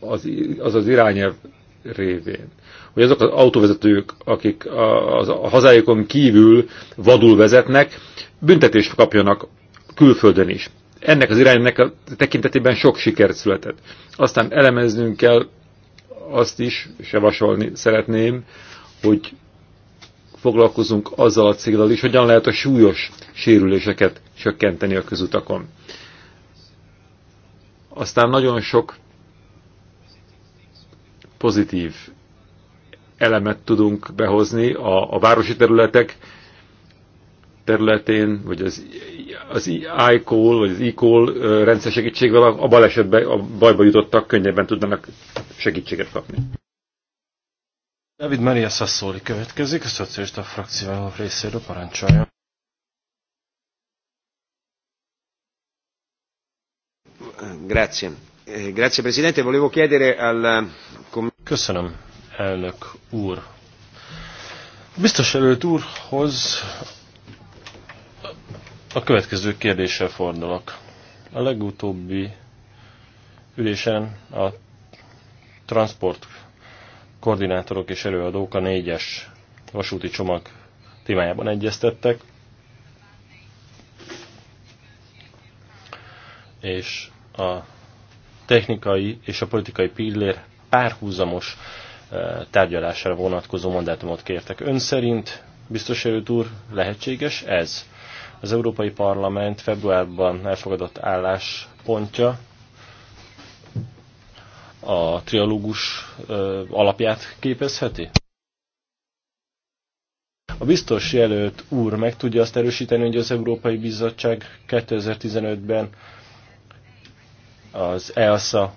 az, az az irányelv révén. Hogy azok az autóvezetők, akik a, a, a hazájukon kívül vadul vezetnek, büntetést kapjanak külföldön is. Ennek az iránynak a tekintetében sok sikert született. Aztán elemeznünk kell azt is, és javasolni szeretném, hogy foglalkozunk azzal a célral is, hogyan lehet a súlyos sérüléseket csökkenteni a közutakon. Aztán nagyon sok pozitív elemet tudunk behozni a, a városi területek területén, vagy az, az iCall, vagy az iCall rendszer segítségével a balesetben, a bajba jutottak könnyebben tudnának segítséget kapni. David Maria Sassoli következik, a szocialista frakció részéről parancsolja. Grazie. Eh, Presidente, volevo chiedere al... Eh, Köszönöm, elnök úr. Biztos jelölt úrhoz a következő kérdéssel fordulok. A legutóbbi ülésen a transport koordinátorok és előadók a négyes vasúti csomag témájában egyeztettek, és a technikai és a politikai pillér párhuzamos eh, tárgyalására vonatkozó mandátumot kértek. Ön szerint, biztos előtt úr, lehetséges ez? Az Európai Parlament februárban elfogadott álláspontja a trialógus eh, alapját képezheti? A biztos jelölt úr meg tudja azt erősíteni, hogy az Európai Bizottság 2015-ben az EASA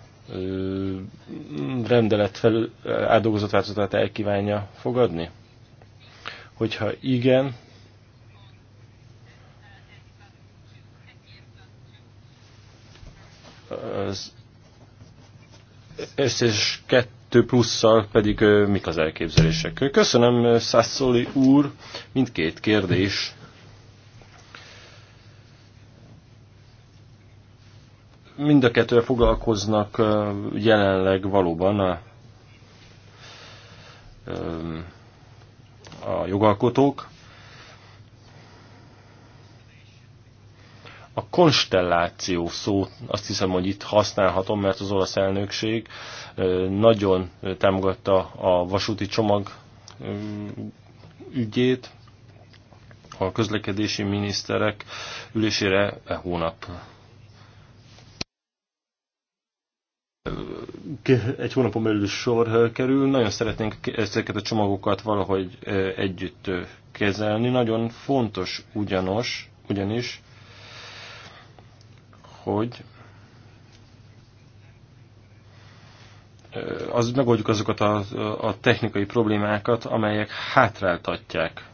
rendelet felül átdolgozott változatát elkívánja fogadni? Hogyha igen, az összes kettő plusszal pedig mik az elképzelések. Köszönöm Szászoli úr mindkét kérdés mind a kettő foglalkoznak jelenleg valóban a, a jogalkotók. A konstelláció szó, azt hiszem, hogy itt használhatom, mert az olasz elnökség nagyon támogatta a vasúti csomag ügyét. A közlekedési miniszterek ülésére e hónap egy hónapon belül sor kerül. Nagyon szeretnénk ezeket a csomagokat valahogy együtt kezelni. Nagyon fontos ugyanos, ugyanis, hogy az megoldjuk azokat a, a technikai problémákat, amelyek hátráltatják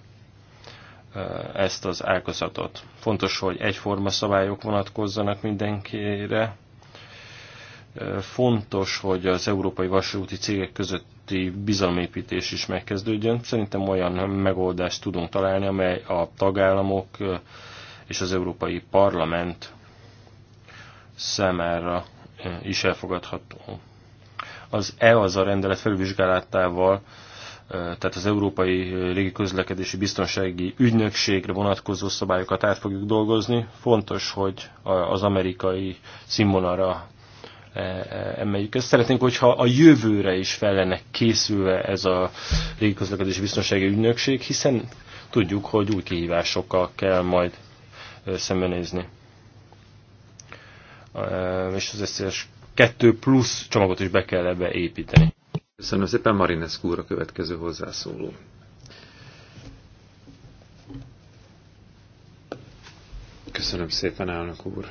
ezt az ágazatot. Fontos, hogy egyforma szabályok vonatkozzanak mindenkire, Fontos, hogy az európai vasúti cégek közötti bizalomépítés is megkezdődjön. Szerintem olyan megoldást tudunk találni, amely a tagállamok és az Európai Parlament számára is elfogadható. Az EASA rendelet felvizsgálatával tehát az Európai Légiközlekedési Biztonsági Ügynökségre vonatkozó szabályokat át fogjuk dolgozni. Fontos, hogy az amerikai színvonalra E, e, emeljük. Ezt szeretnénk, hogyha a jövőre is fel lenne készülve ez a közlekedési biztonsági ügynökség, hiszen tudjuk, hogy új kihívásokkal kell majd e, szembenézni. És az összes kettő plusz csomagot is be kell ebbe építeni. Köszönöm szépen Marinescu úr a következő hozzászóló. Köszönöm szépen, elnök úr.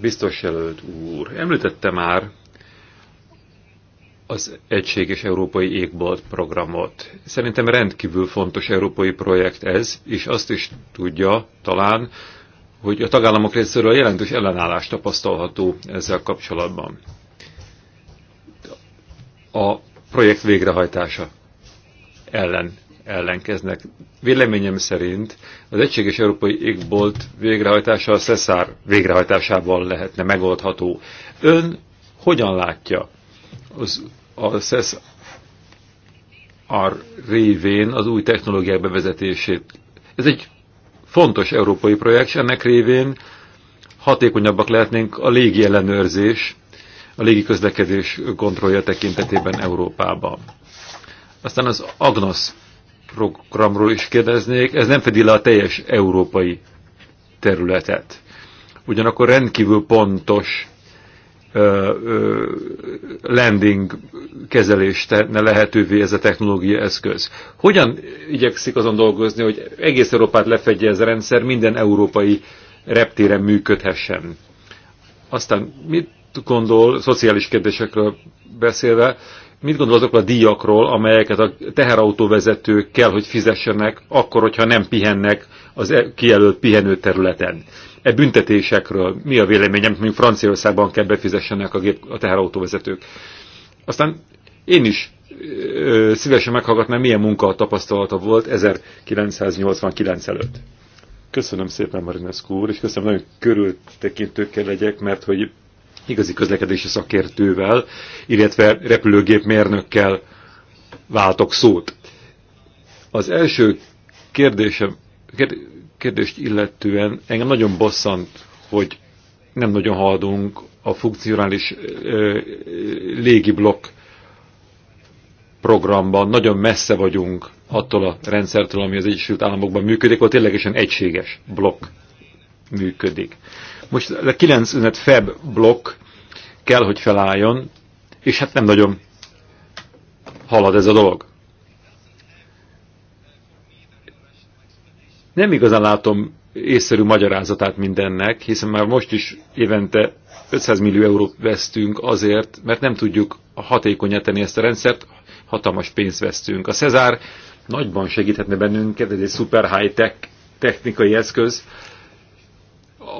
Biztos jelölt úr, említette már az Egységes Európai Égbolt programot. Szerintem rendkívül fontos európai projekt ez, és azt is tudja talán, hogy a tagállamok részéről jelentős ellenállás tapasztalható ezzel kapcsolatban. A projekt végrehajtása ellen ellenkeznek. Véleményem szerint az Egységes Európai Égbolt végrehajtása a Szeszár végrehajtásával lehetne megoldható. Ön hogyan látja az, a Szeszár révén az új technológiák bevezetését? Ez egy fontos európai projekt, és ennek révén hatékonyabbak lehetnénk a légi ellenőrzés, a légi közlekedés kontrollja tekintetében Európában. Aztán az Agnos programról is kérdeznék, ez nem fedi le a teljes európai területet. Ugyanakkor rendkívül pontos landing kezelést tenne lehetővé ez a technológia eszköz. Hogyan igyekszik azon dolgozni, hogy egész Európát lefedje ez a rendszer, minden európai reptéren működhessen? Aztán mit gondol, szociális kérdésekről beszélve, mit gondol azokról a díjakról, amelyeket a teherautóvezetők kell, hogy fizessenek, akkor, hogyha nem pihennek az e- kijelölt pihenőterületen? E büntetésekről mi a véleményem, mondjuk Franciaországban kell befizessenek a, gép, a teherautóvezetők? Aztán én is ö, szívesen meghallgatnám, milyen munka tapasztalata volt 1989 előtt. Köszönöm szépen, Marinescu úr, és köszönöm, nagyon körültekintőkkel legyek, mert hogy igazi közlekedési szakértővel, illetve repülőgépmérnökkel váltok szót. Az első kérdésem, kérdést illetően engem nagyon bosszant, hogy nem nagyon haladunk a funkcionális légiblokk programban, nagyon messze vagyunk attól a rendszertől, ami az Egyesült Államokban működik, ott ténylegesen egységes blokk működik. Most a 95 Feb blokk kell, hogy felálljon, és hát nem nagyon halad ez a dolog. Nem igazán látom észszerű magyarázatát mindennek, hiszen már most is évente 500 millió eurót vesztünk azért, mert nem tudjuk hatékonyan tenni ezt a rendszert, hatalmas pénzt vesztünk. A Cezár nagyban segíthetne bennünket, ez egy szuper high-tech technikai eszköz,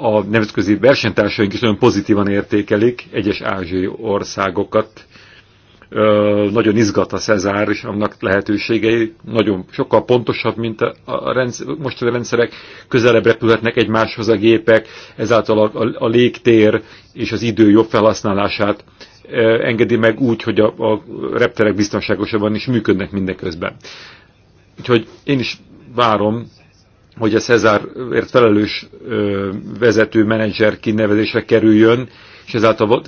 a nemzetközi versenytársaink is nagyon pozitívan értékelik egyes ázsiai országokat. nagyon izgat a Cezár és annak lehetőségei, nagyon sokkal pontosabb, mint a, a rendszer, most a rendszerek, közelebb repülhetnek egymáshoz a gépek, ezáltal a, a, a légtér és az idő jobb felhasználását engedi meg úgy, hogy a, a repterek biztonságosabban is működnek mindeközben. Úgyhogy én is várom hogy a Cezárért felelős vezető menedzser kinevezésre kerüljön, és ezáltal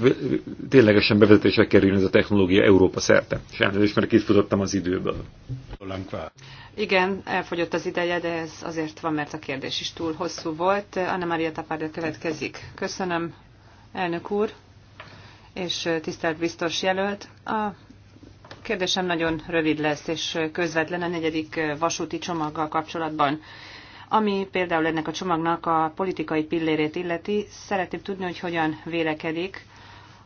ténylegesen bevezetésre kerüljön ez a technológia Európa szerte. És elnézést, mert kifutottam az időből. Igen, elfogyott az ideje, de ez azért van, mert a kérdés is túl hosszú volt. Anna Maria Tapárja következik. Köszönöm, elnök úr, és tisztelt biztos jelölt. A kérdésem nagyon rövid lesz, és közvetlen a negyedik vasúti csomaggal kapcsolatban. Ami például ennek a csomagnak a politikai pillérét illeti, szeretném tudni, hogy hogyan vélekedik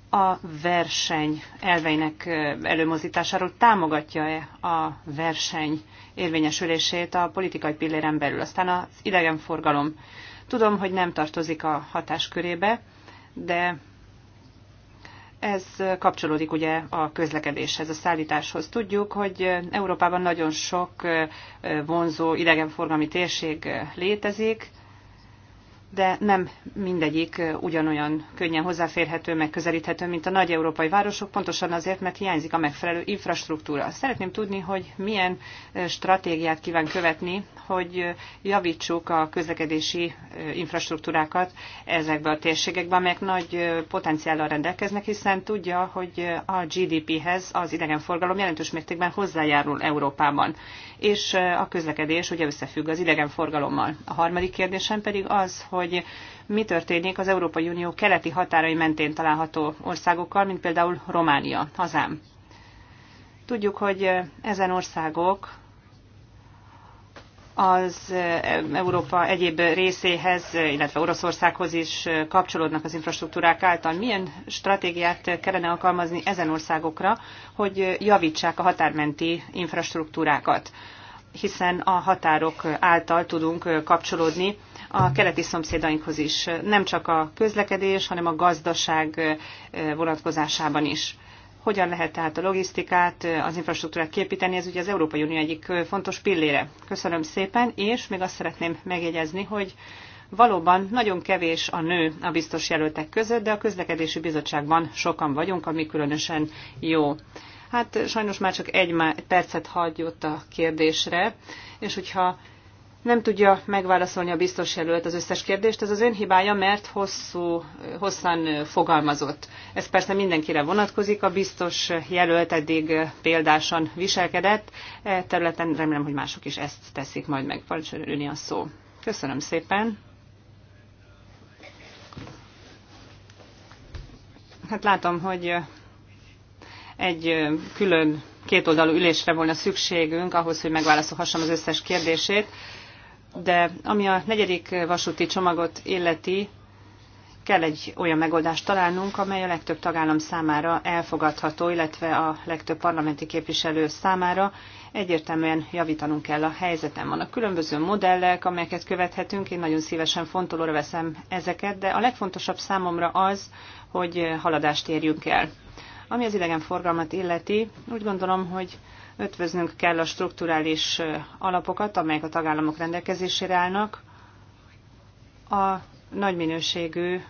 a verseny elveinek előmozításáról támogatja-e a verseny érvényesülését a politikai pilléren belül. Aztán az idegenforgalom. Tudom, hogy nem tartozik a hatáskörébe, de ez kapcsolódik ugye a közlekedéshez, a szállításhoz. Tudjuk, hogy Európában nagyon sok eh, vonzó idegenforgalmi térség eh, létezik, de nem mindegyik ugyanolyan könnyen hozzáférhető, megközelíthető, mint a nagy európai városok, pontosan azért, mert hiányzik a megfelelő infrastruktúra. Szeretném tudni, hogy milyen stratégiát kíván követni, hogy javítsuk a közlekedési infrastruktúrákat ezekbe a térségekbe, amelyek nagy potenciállal rendelkeznek, hiszen tudja, hogy a GDP-hez az idegenforgalom jelentős mértékben hozzájárul Európában, és a közlekedés ugye összefügg az idegenforgalommal. A harmadik kérdésem pedig az, hogy hogy mi történik az Európai Unió keleti határai mentén található országokkal, mint például Románia, hazám. Tudjuk, hogy ezen országok az Európa egyéb részéhez, illetve Oroszországhoz is kapcsolódnak az infrastruktúrák által. Milyen stratégiát kellene alkalmazni ezen országokra, hogy javítsák a határmenti infrastruktúrákat? Hiszen a határok által tudunk kapcsolódni a keleti szomszédainkhoz is, nem csak a közlekedés, hanem a gazdaság vonatkozásában is. Hogyan lehet tehát a logisztikát, az infrastruktúrát képíteni, ez ugye az Európai Unió egyik fontos pillére. Köszönöm szépen, és még azt szeretném megjegyezni, hogy Valóban nagyon kevés a nő a biztos jelöltek között, de a közlekedési bizottságban sokan vagyunk, ami különösen jó. Hát sajnos már csak egy percet hagyott a kérdésre, és hogyha nem tudja megválaszolni a biztos jelölt az összes kérdést. Ez az ön hibája, mert hosszú, hosszan fogalmazott. Ez persze mindenkire vonatkozik, a biztos jelölt eddig példásan viselkedett. E területen remélem, hogy mások is ezt teszik majd meg. Parancsolni a szó. Köszönöm szépen. Hát látom, hogy egy külön kétoldalú ülésre volna szükségünk ahhoz, hogy megválaszolhassam az összes kérdését de ami a negyedik vasúti csomagot illeti, kell egy olyan megoldást találnunk, amely a legtöbb tagállam számára elfogadható, illetve a legtöbb parlamenti képviselő számára. Egyértelműen javítanunk kell a helyzeten. Vannak különböző modellek, amelyeket követhetünk, én nagyon szívesen fontolóra veszem ezeket, de a legfontosabb számomra az, hogy haladást érjünk el. Ami az idegenforgalmat illeti, úgy gondolom, hogy ötvöznünk kell a strukturális alapokat, amelyek a tagállamok rendelkezésére állnak, a nagy minőségű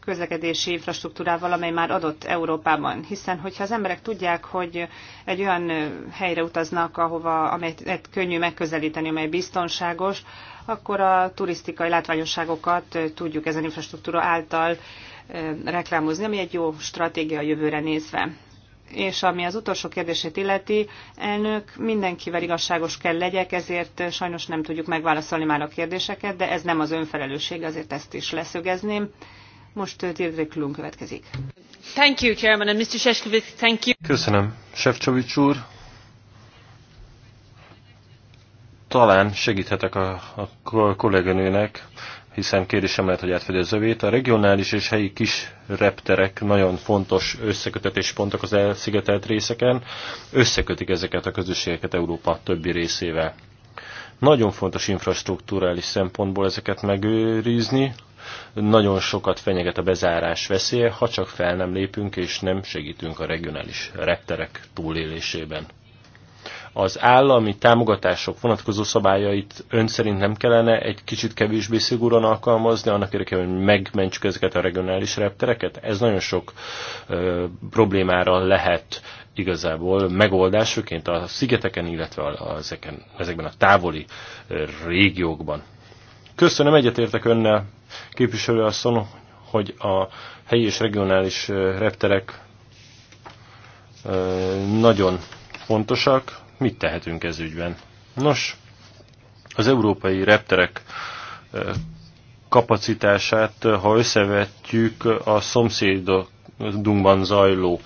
közlekedési infrastruktúrával, amely már adott Európában. Hiszen, hogyha az emberek tudják, hogy egy olyan helyre utaznak, ahova, amelyet eh, könnyű megközelíteni, amely biztonságos, akkor a turisztikai látványosságokat tudjuk ezen infrastruktúra által reklámozni, ami egy jó stratégia a jövőre nézve. És ami az utolsó kérdését illeti, elnök, mindenkivel igazságos kell legyek, ezért sajnos nem tudjuk megválaszolni már a kérdéseket, de ez nem az önfelelősség, azért ezt is leszögezném. Most uh, Deirdre Klum következik. Thank you, Chairman, and Mr. Sheshkovic, thank you. Köszönöm, Sefcovic úr. Talán segíthetek a, a kolléganőnek hiszen kérdésem sem lehet, hogy átfedi az övét. A regionális és helyi kis repterek nagyon fontos összekötetés pontok az elszigetelt részeken, összekötik ezeket a közösségeket Európa többi részével. Nagyon fontos infrastruktúrális szempontból ezeket megőrizni, nagyon sokat fenyeget a bezárás veszélye, ha csak fel nem lépünk és nem segítünk a regionális repterek túlélésében az állami támogatások vonatkozó szabályait ön szerint nem kellene egy kicsit kevésbé szigorúan alkalmazni, annak érdekében, hogy megmentsük ezeket a regionális reptereket? Ez nagyon sok ö, problémára lehet igazából megoldásoként a szigeteken, illetve a, a, ezeken, ezekben a távoli ö, régiókban. Köszönöm, egyetértek önnel, asszony, hogy a helyi és regionális repterek ö, nagyon fontosak, mit tehetünk ez ügyben? Nos, az európai repterek kapacitását, ha összevetjük a szomszédunkban zajló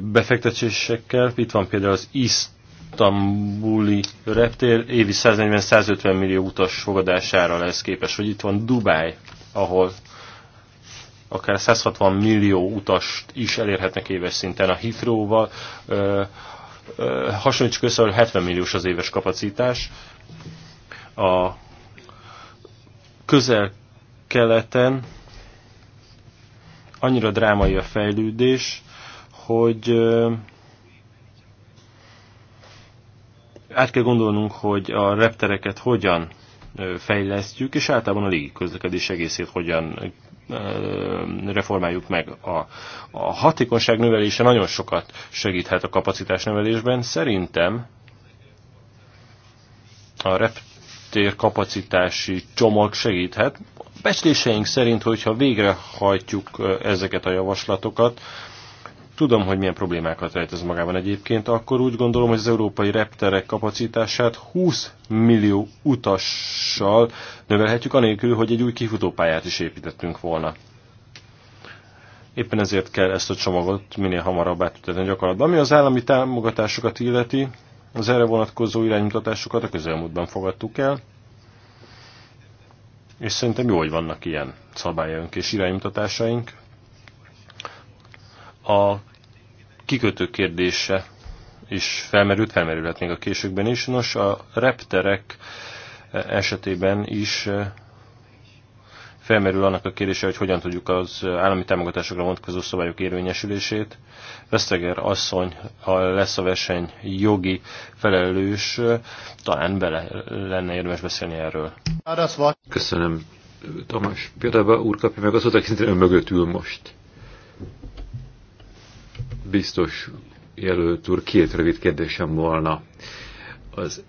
befektetésekkel, itt van például az isztambuli reptér, évi 140-150 millió utas fogadására lesz képes, vagy itt van Dubáj, ahol akár 160 millió utast is elérhetnek éves szinten a Heathrow-val, hasonlítsuk össze, hogy 70 milliós az éves kapacitás. A közel-keleten annyira drámai a fejlődés, hogy át kell gondolnunk, hogy a reptereket hogyan fejlesztjük, és általában a légi közlekedés egészét hogyan reformáljuk meg. A, a hatékonyság növelése nagyon sokat segíthet a kapacitás növelésben. Szerintem a reptér kapacitási csomag segíthet. Becsléseink szerint, hogyha végrehajtjuk ezeket a javaslatokat, Tudom, hogy milyen problémákat rejt ez magában egyébként, akkor úgy gondolom, hogy az európai repterek kapacitását 20 millió utassal növelhetjük, anélkül, hogy egy új kifutópályát is építettünk volna. Éppen ezért kell ezt a csomagot minél hamarabb átütetni a gyakorlatba. Ami az állami támogatásokat illeti, az erre vonatkozó iránymutatásokat a közelmúltban fogadtuk el, és szerintem jó, hogy vannak ilyen szabályaink és iránymutatásaink. A kikötő kérdése is felmerült, felmerülhet még a későkben is. Nos, a repterek eh, esetében is eh, felmerül annak a kérdése, hogy hogyan tudjuk az állami támogatásokra vonatkozó szabályok érvényesülését. Veszteger asszony, ha lesz a verseny jogi felelős, eh, talán bele lenne érdemes beszélni erről. Köszönöm. Tamás Például úr kapja meg az oda, ön mögött ül most. Biztos jelölt úr, két rövid kérdésem volna. Az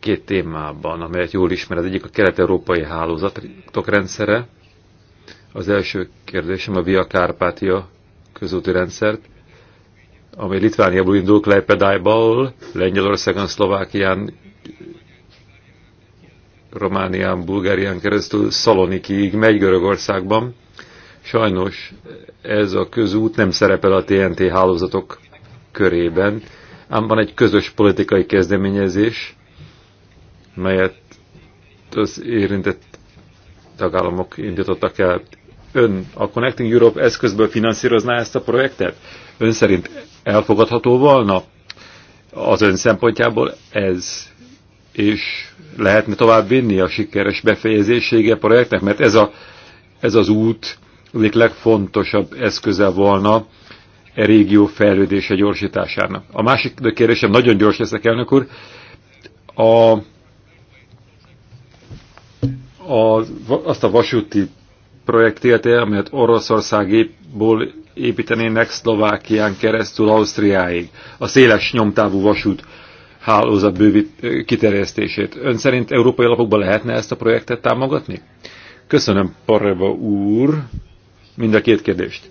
két témában, amelyet jól ismer, az egyik a kelet-európai hálózatok rendszere, az első kérdésem a Via Kárpátia közúti rendszert, amely Litvániából indul Kleipedájból, Lengyelországon, Szlovákián, Románián, Bulgárián keresztül szalonikiig megy Görögországban. Sajnos ez a közút nem szerepel a TNT hálózatok körében, ám van egy közös politikai kezdeményezés, melyet az érintett tagállamok indítottak el. Ön a Connecting Europe eszközből finanszírozná ezt a projektet? Ön szerint elfogadható volna az ön szempontjából ez, és lehetne tovább vinni a sikeres befejezésége projektnek, mert ez, a, ez az út egyik legfontosabb eszköze volna e régió fejlődése gyorsításának. A másik kérdésem, nagyon gyors leszek, elnök úr, a, a, azt a vasúti projekt élte, amelyet Oroszországból építenének Szlovákián keresztül Ausztriáig, a széles nyomtávú vasút hálózat bővít, kiterjesztését. Ön szerint európai alapokban lehetne ezt a projektet támogatni? Köszönöm, Parreba úr. Mind a két kérdést.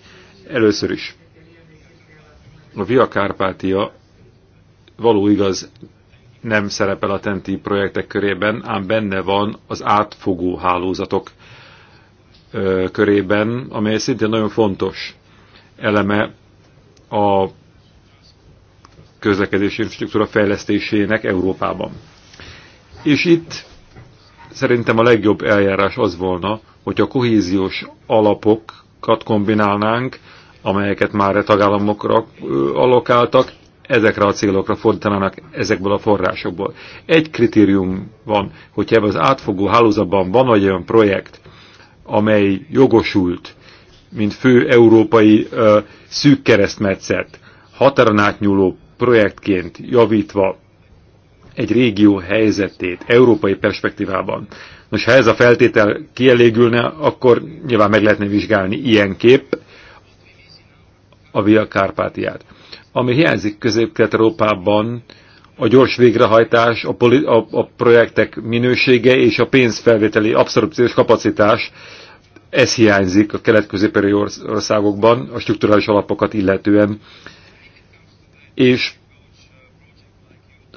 Először is. A Via Kárpátia való igaz nem szerepel a TENTI projektek körében, ám benne van az átfogó hálózatok ö, körében, amely szintén nagyon fontos eleme a közlekedési infrastruktúra fejlesztésének Európában. És itt szerintem a legjobb eljárás az volna, hogy a kohéziós alapok kombinálnánk, amelyeket már a tagállamokra alokáltak, ezekre a célokra fordítanának ezekből a forrásokból. Egy kritérium van, hogyha ebben az átfogó hálózatban van egy olyan projekt, amely jogosult, mint fő európai uh, szűk keresztmetszet, határon átnyúló projektként javítva egy régió helyzetét európai perspektívában. Nos, ha ez a feltétel kielégülne, akkor nyilván meg lehetne vizsgálni ilyen kép a Via Kárpátiát. Ami hiányzik Közép-Kelet-Európában, a gyors végrehajtás, a, poli, a, a projektek minősége és a pénzfelvételi abszorpciós kapacitás, ez hiányzik a kelet-középeri országokban, a strukturális alapokat illetően. És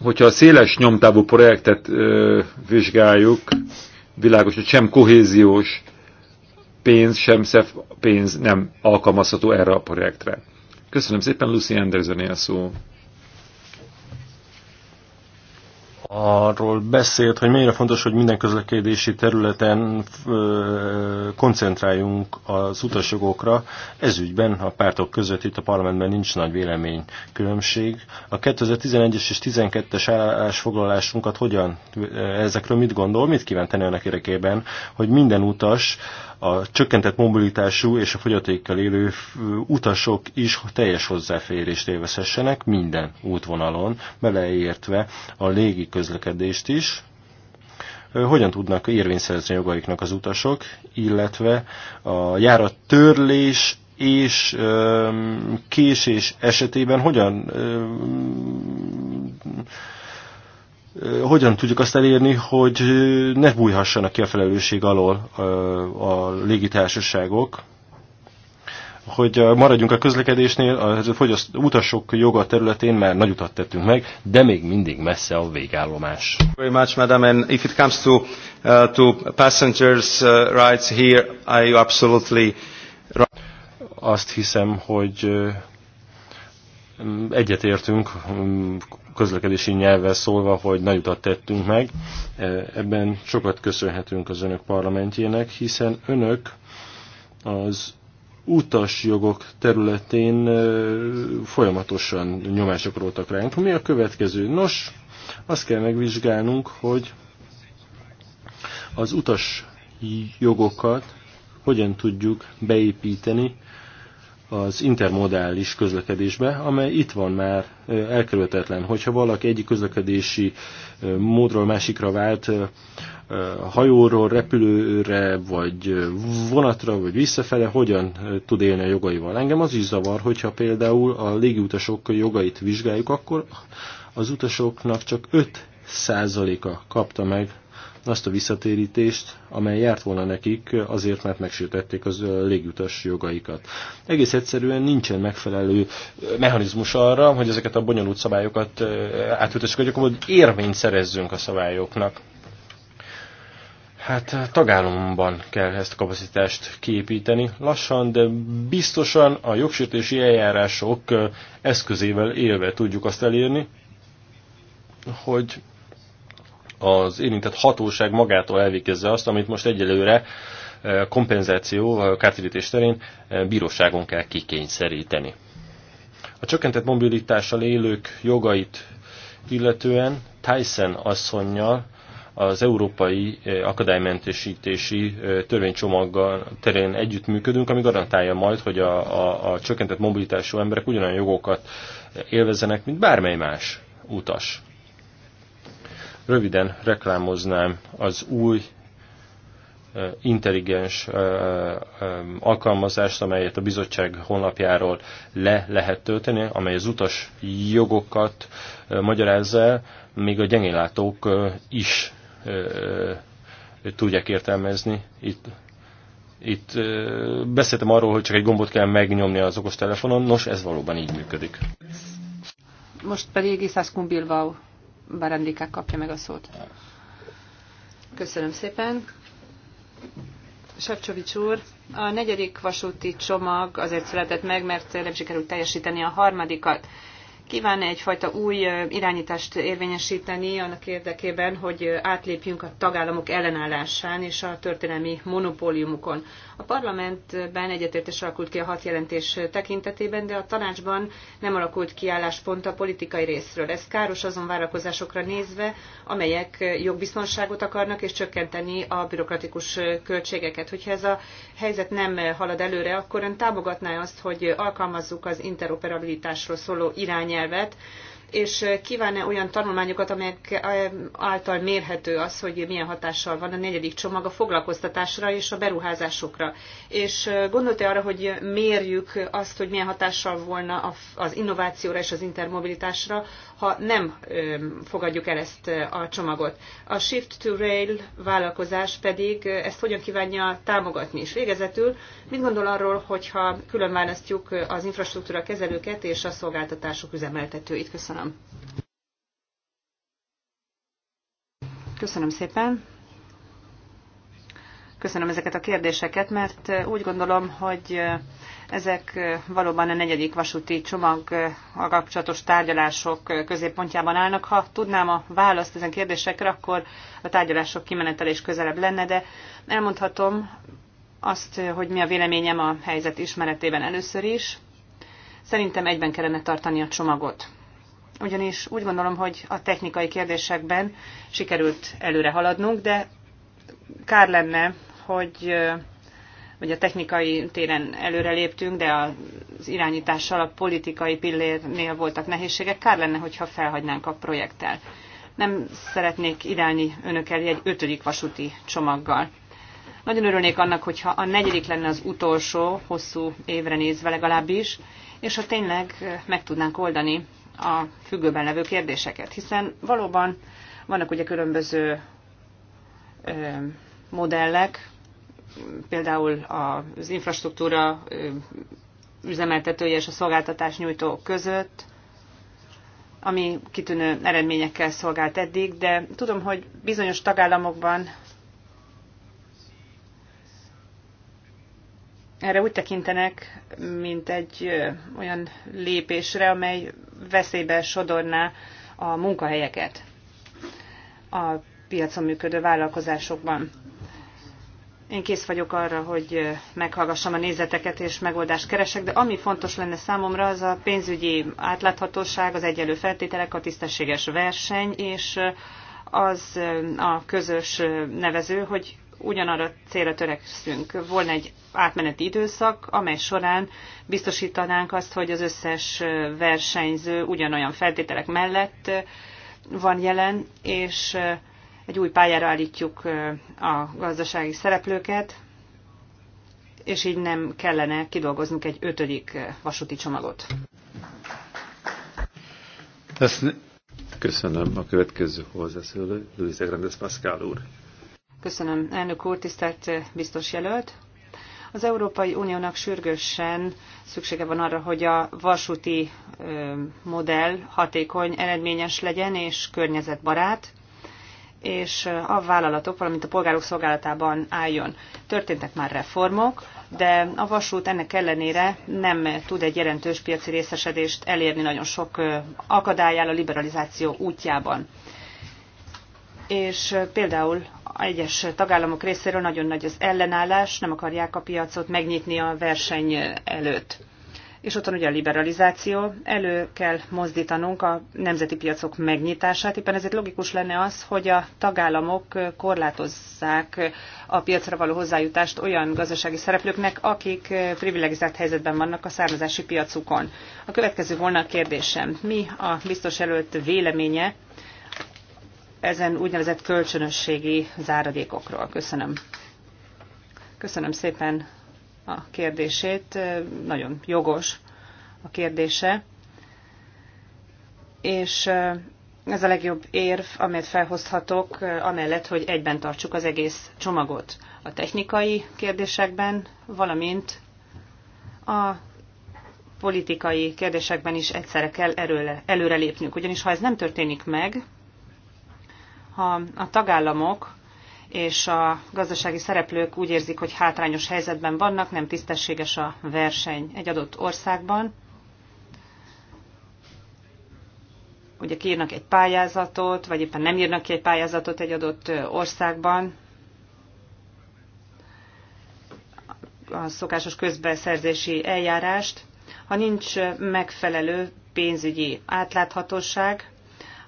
hogyha a széles nyomtávú projektet ö, vizsgáljuk, világos, hogy sem kohéziós pénz, sem SZEF pénz nem alkalmazható erre a projektre. Köszönöm szépen, Lucy Anderson a szó. arról beszélt, hogy mennyire fontos, hogy minden közlekedési területen ö, koncentráljunk az utasjogokra. Ez ügyben a pártok között itt a parlamentben nincs nagy véleménykülönbség. A 2011-es és 12-es állásfoglalásunkat hogyan, ezekről mit gondol, mit kíván tenni annak érdekében, hogy minden utas a csökkentett mobilitású és a fogyatékkal élő utasok is teljes hozzáférést élvezhessenek minden útvonalon, beleértve a légi közlekedést is, hogyan tudnak érvényszerezni jogaiknak az utasok, illetve a járat törlés és késés esetében hogyan hogyan tudjuk azt elérni, hogy ne bújhassanak ki a felelősség alól a légitársaságok, hogy maradjunk a közlekedésnél, a fogyaszt, utasok joga területén már nagy utat tettünk meg, de még mindig messze a végállomás. Very much, madam, and if it comes to, uh, to passengers uh, rights here, I absolutely azt hiszem, hogy egyetértünk közlekedési nyelvvel szólva, hogy nagy utat tettünk meg. E, ebben sokat köszönhetünk az önök parlamentjének, hiszen önök az utasjogok területén e, folyamatosan nyomást gyakoroltak ránk. Mi a következő? Nos, azt kell megvizsgálnunk, hogy az utas jogokat hogyan tudjuk beépíteni az intermodális közlekedésbe, amely itt van már elkerülhetetlen. Hogyha valaki egyik közlekedési módról másikra vált, hajóról, repülőre, vagy vonatra, vagy visszafele, hogyan tud élni a jogaival. Engem az is zavar, hogyha például a légiutasok jogait vizsgáljuk, akkor az utasoknak csak 5 százaléka kapta meg azt a visszatérítést, amely járt volna nekik azért, mert megsértették az légutas jogaikat. Egész egyszerűen nincsen megfelelő mechanizmus arra, hogy ezeket a bonyolult szabályokat átültessük, hogy akkor érvényt szerezzünk a szabályoknak. Hát tagállamban kell ezt a kapacitást kiépíteni. Lassan, de biztosan a jogsértési eljárások eszközével élve tudjuk azt elérni, hogy az érintett hatóság magától elvégezze azt, amit most egyelőre e, kompenzáció, kártérítés terén e, bíróságon kell kikényszeríteni. A csökkentett mobilitással élők jogait illetően Tyson asszonynal az Európai e, Akadálymentesítési Törvénycsomaggal terén együttműködünk, ami garantálja majd, hogy a, a, a csökkentett mobilitású emberek ugyanolyan jogokat élvezzenek, mint bármely más utas. Röviden reklámoznám az új intelligens alkalmazást, amelyet a bizottság honlapjáról le lehet tölteni, amely az utas jogokat magyarázza el, még a gyengénlátók is tudják értelmezni. Itt, itt beszéltem arról, hogy csak egy gombot kell megnyomni az okostelefonon, nos, ez valóban így működik. Most pedig Iszász Kumbilvau. Barandikák kapja meg a szót. Köszönöm szépen. Sefcsovics úr, a negyedik vasúti csomag azért született meg, mert nem sikerült teljesíteni a harmadikat kíván egyfajta új irányítást érvényesíteni annak érdekében, hogy átlépjünk a tagállamok ellenállásán és a történelmi monopóliumukon. A parlamentben egyetértés alakult ki a hat jelentés tekintetében, de a tanácsban nem alakult ki álláspont a politikai részről. Ez káros azon várakozásokra nézve, amelyek jogbiztonságot akarnak és csökkenteni a bürokratikus költségeket. Hogyha ez a helyzet nem halad előre, akkor ön támogatná azt, hogy alkalmazzuk az interoperabilitásról szóló irányelvet, nyelvet, és kíván-e olyan tanulmányokat, amelyek eh, által mérhető az, hogy milyen hatással van a negyedik csomag a foglalkoztatásra és a beruházásokra. És eh, gondolta arra, hogy mérjük azt, hogy milyen hatással volna az innovációra és az intermobilitásra, ha nem eh, fogadjuk el ezt a csomagot. A Shift to Rail vállalkozás pedig ezt hogyan kívánja támogatni. És végezetül, mit gondol arról, hogyha külön választjuk az infrastruktúra kezelőket és a szolgáltatások üzemeltetőket? üzemeltetőit. Köszönöm. Köszönöm szépen. Köszönöm ezeket a kérdéseket, mert úgy gondolom, hogy ezek valóban a negyedik vasúti csomag a kapcsolatos tárgyalások középpontjában állnak. Ha tudnám a választ ezen kérdésekre, akkor a tárgyalások kimenetel is közelebb lenne, de elmondhatom azt, hogy mi a véleményem a helyzet ismeretében először is. Szerintem egyben kellene tartani a csomagot. Ugyanis úgy gondolom, hogy a technikai kérdésekben sikerült előre haladnunk, de kár lenne, hogy hogy a technikai téren előreléptünk, de az irányítással a politikai pillérnél voltak nehézségek. Kár lenne, hogyha felhagynánk a projekttel. Nem szeretnék irányi önök elé egy ötödik vasúti csomaggal. Nagyon örülnék annak, hogyha a negyedik lenne az utolsó, hosszú évre nézve legalábbis, és ha tényleg meg tudnánk oldani a függőben levő kérdéseket, hiszen valóban vannak ugye különböző ö, modellek, például az infrastruktúra üzemeltetője és a szolgáltatás nyújtó között, ami kitűnő eredményekkel szolgált eddig, de tudom, hogy bizonyos tagállamokban erre úgy tekintenek, mint egy olyan lépésre, amely veszélybe sodorná a munkahelyeket a piacon működő vállalkozásokban. Én kész vagyok arra, hogy meghallgassam a nézeteket és megoldást keresek, de ami fontos lenne számomra, az a pénzügyi átláthatóság, az egyenlő feltételek, a tisztességes verseny, és az a közös nevező, hogy ugyanarra célra törekszünk. Volna egy átmeneti időszak, amely során biztosítanánk azt, hogy az összes versenyző ugyanolyan feltételek mellett van jelen, és egy új pályára állítjuk a gazdasági szereplőket, és így nem kellene kidolgoznunk egy ötödik vasúti csomagot. Köszönöm a következő hozzászóló, Luis Grandes Pascal úr. Köszönöm, elnök úr, tisztelt eh, biztos jelölt. Az Európai Uniónak sürgősen szüksége van arra, hogy a vasúti eh, modell hatékony, eredményes legyen és környezetbarát és eh, a vállalatok, valamint a polgárok szolgálatában álljon. Történtek már reformok, de a vasút ennek ellenére nem tud egy jelentős piaci részesedést elérni nagyon sok akadályáll a liberalizáció útjában és például egyes tagállamok részéről nagyon nagy az ellenállás, nem akarják a piacot megnyitni a verseny előtt. És ott van ugye a liberalizáció, elő kell mozdítanunk a nemzeti piacok megnyitását, éppen ezért logikus lenne az, hogy a tagállamok korlátozzák a piacra való hozzájutást olyan gazdasági szereplőknek, akik privilegizált helyzetben vannak a származási piacukon. A következő volna a kérdésem. Mi a biztos előtt véleménye ezen úgynevezett kölcsönösségi záradékokról. Köszönöm. Köszönöm szépen a kérdését. Nagyon jogos a kérdése. És ez a legjobb érv, amelyet felhozhatok, amellett, hogy egyben tartsuk az egész csomagot a technikai kérdésekben, valamint a politikai kérdésekben is egyszerre kell előre, előrelépnünk. Ugyanis ha ez nem történik meg, ha a tagállamok és a gazdasági szereplők úgy érzik, hogy hátrányos helyzetben vannak, nem tisztességes a verseny egy adott országban. Ugye kiírnak egy pályázatot, vagy éppen nem írnak ki egy pályázatot egy adott országban, a szokásos közbeszerzési eljárást, ha nincs megfelelő pénzügyi átláthatóság,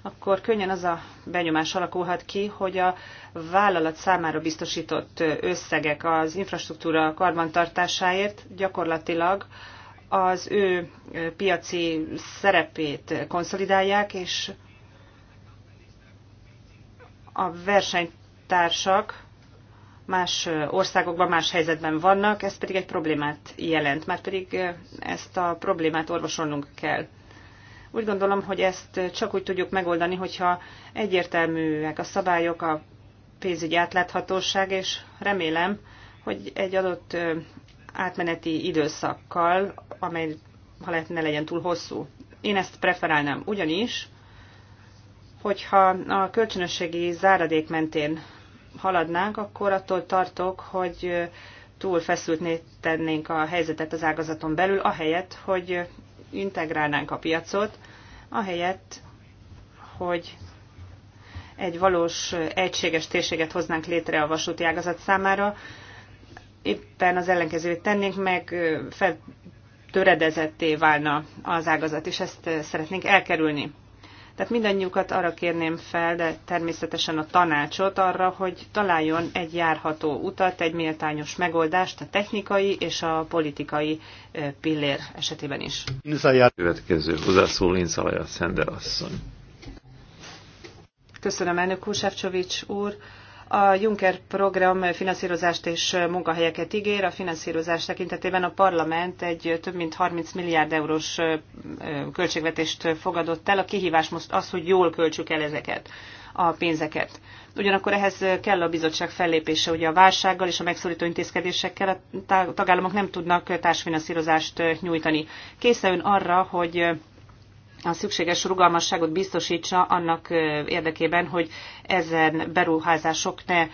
akkor könnyen az a benyomás alakulhat ki, hogy a vállalat számára biztosított összegek az infrastruktúra karbantartásáért gyakorlatilag az ő piaci szerepét konszolidálják, és a versenytársak más országokban, más helyzetben vannak, ez pedig egy problémát jelent, már pedig ezt a problémát orvosolnunk kell. Úgy gondolom, hogy ezt csak úgy tudjuk megoldani, hogyha egyértelműek a szabályok, a pénzügyi átláthatóság, és remélem, hogy egy adott átmeneti időszakkal, amely ha lehet, ne legyen túl hosszú. Én ezt preferálnám, ugyanis, hogyha a kölcsönösségi záradék mentén haladnánk, akkor attól tartok, hogy túl feszültné tennénk a helyzetet az ágazaton belül, ahelyett, hogy integrálnánk a piacot, ahelyett, hogy egy valós egységes térséget hoznánk létre a vasúti ágazat számára, éppen az ellenkezőjét tennénk meg, fel töredezetté válna az ágazat, és ezt szeretnénk elkerülni. Tehát mindannyiukat arra kérném fel, de természetesen a tanácsot arra, hogy találjon egy járható utat, egy méltányos megoldást a technikai és a politikai pillér esetében is. Következő hozzászól Linszalája Szender asszony. Köszönöm, elnök úr, úr. A Juncker program finanszírozást és munkahelyeket ígér. A finanszírozás tekintetében a parlament egy több mint 30 milliárd eurós költségvetést fogadott el. A kihívás most az, hogy jól költsük el ezeket a pénzeket. Ugyanakkor ehhez kell a bizottság fellépése, ugye a válsággal és a megszorító intézkedésekkel a tagállamok nem tudnak társfinanszírozást nyújtani. Készen arra, hogy a szükséges rugalmasságot biztosítsa annak érdekében, hogy ezen beruházások ne,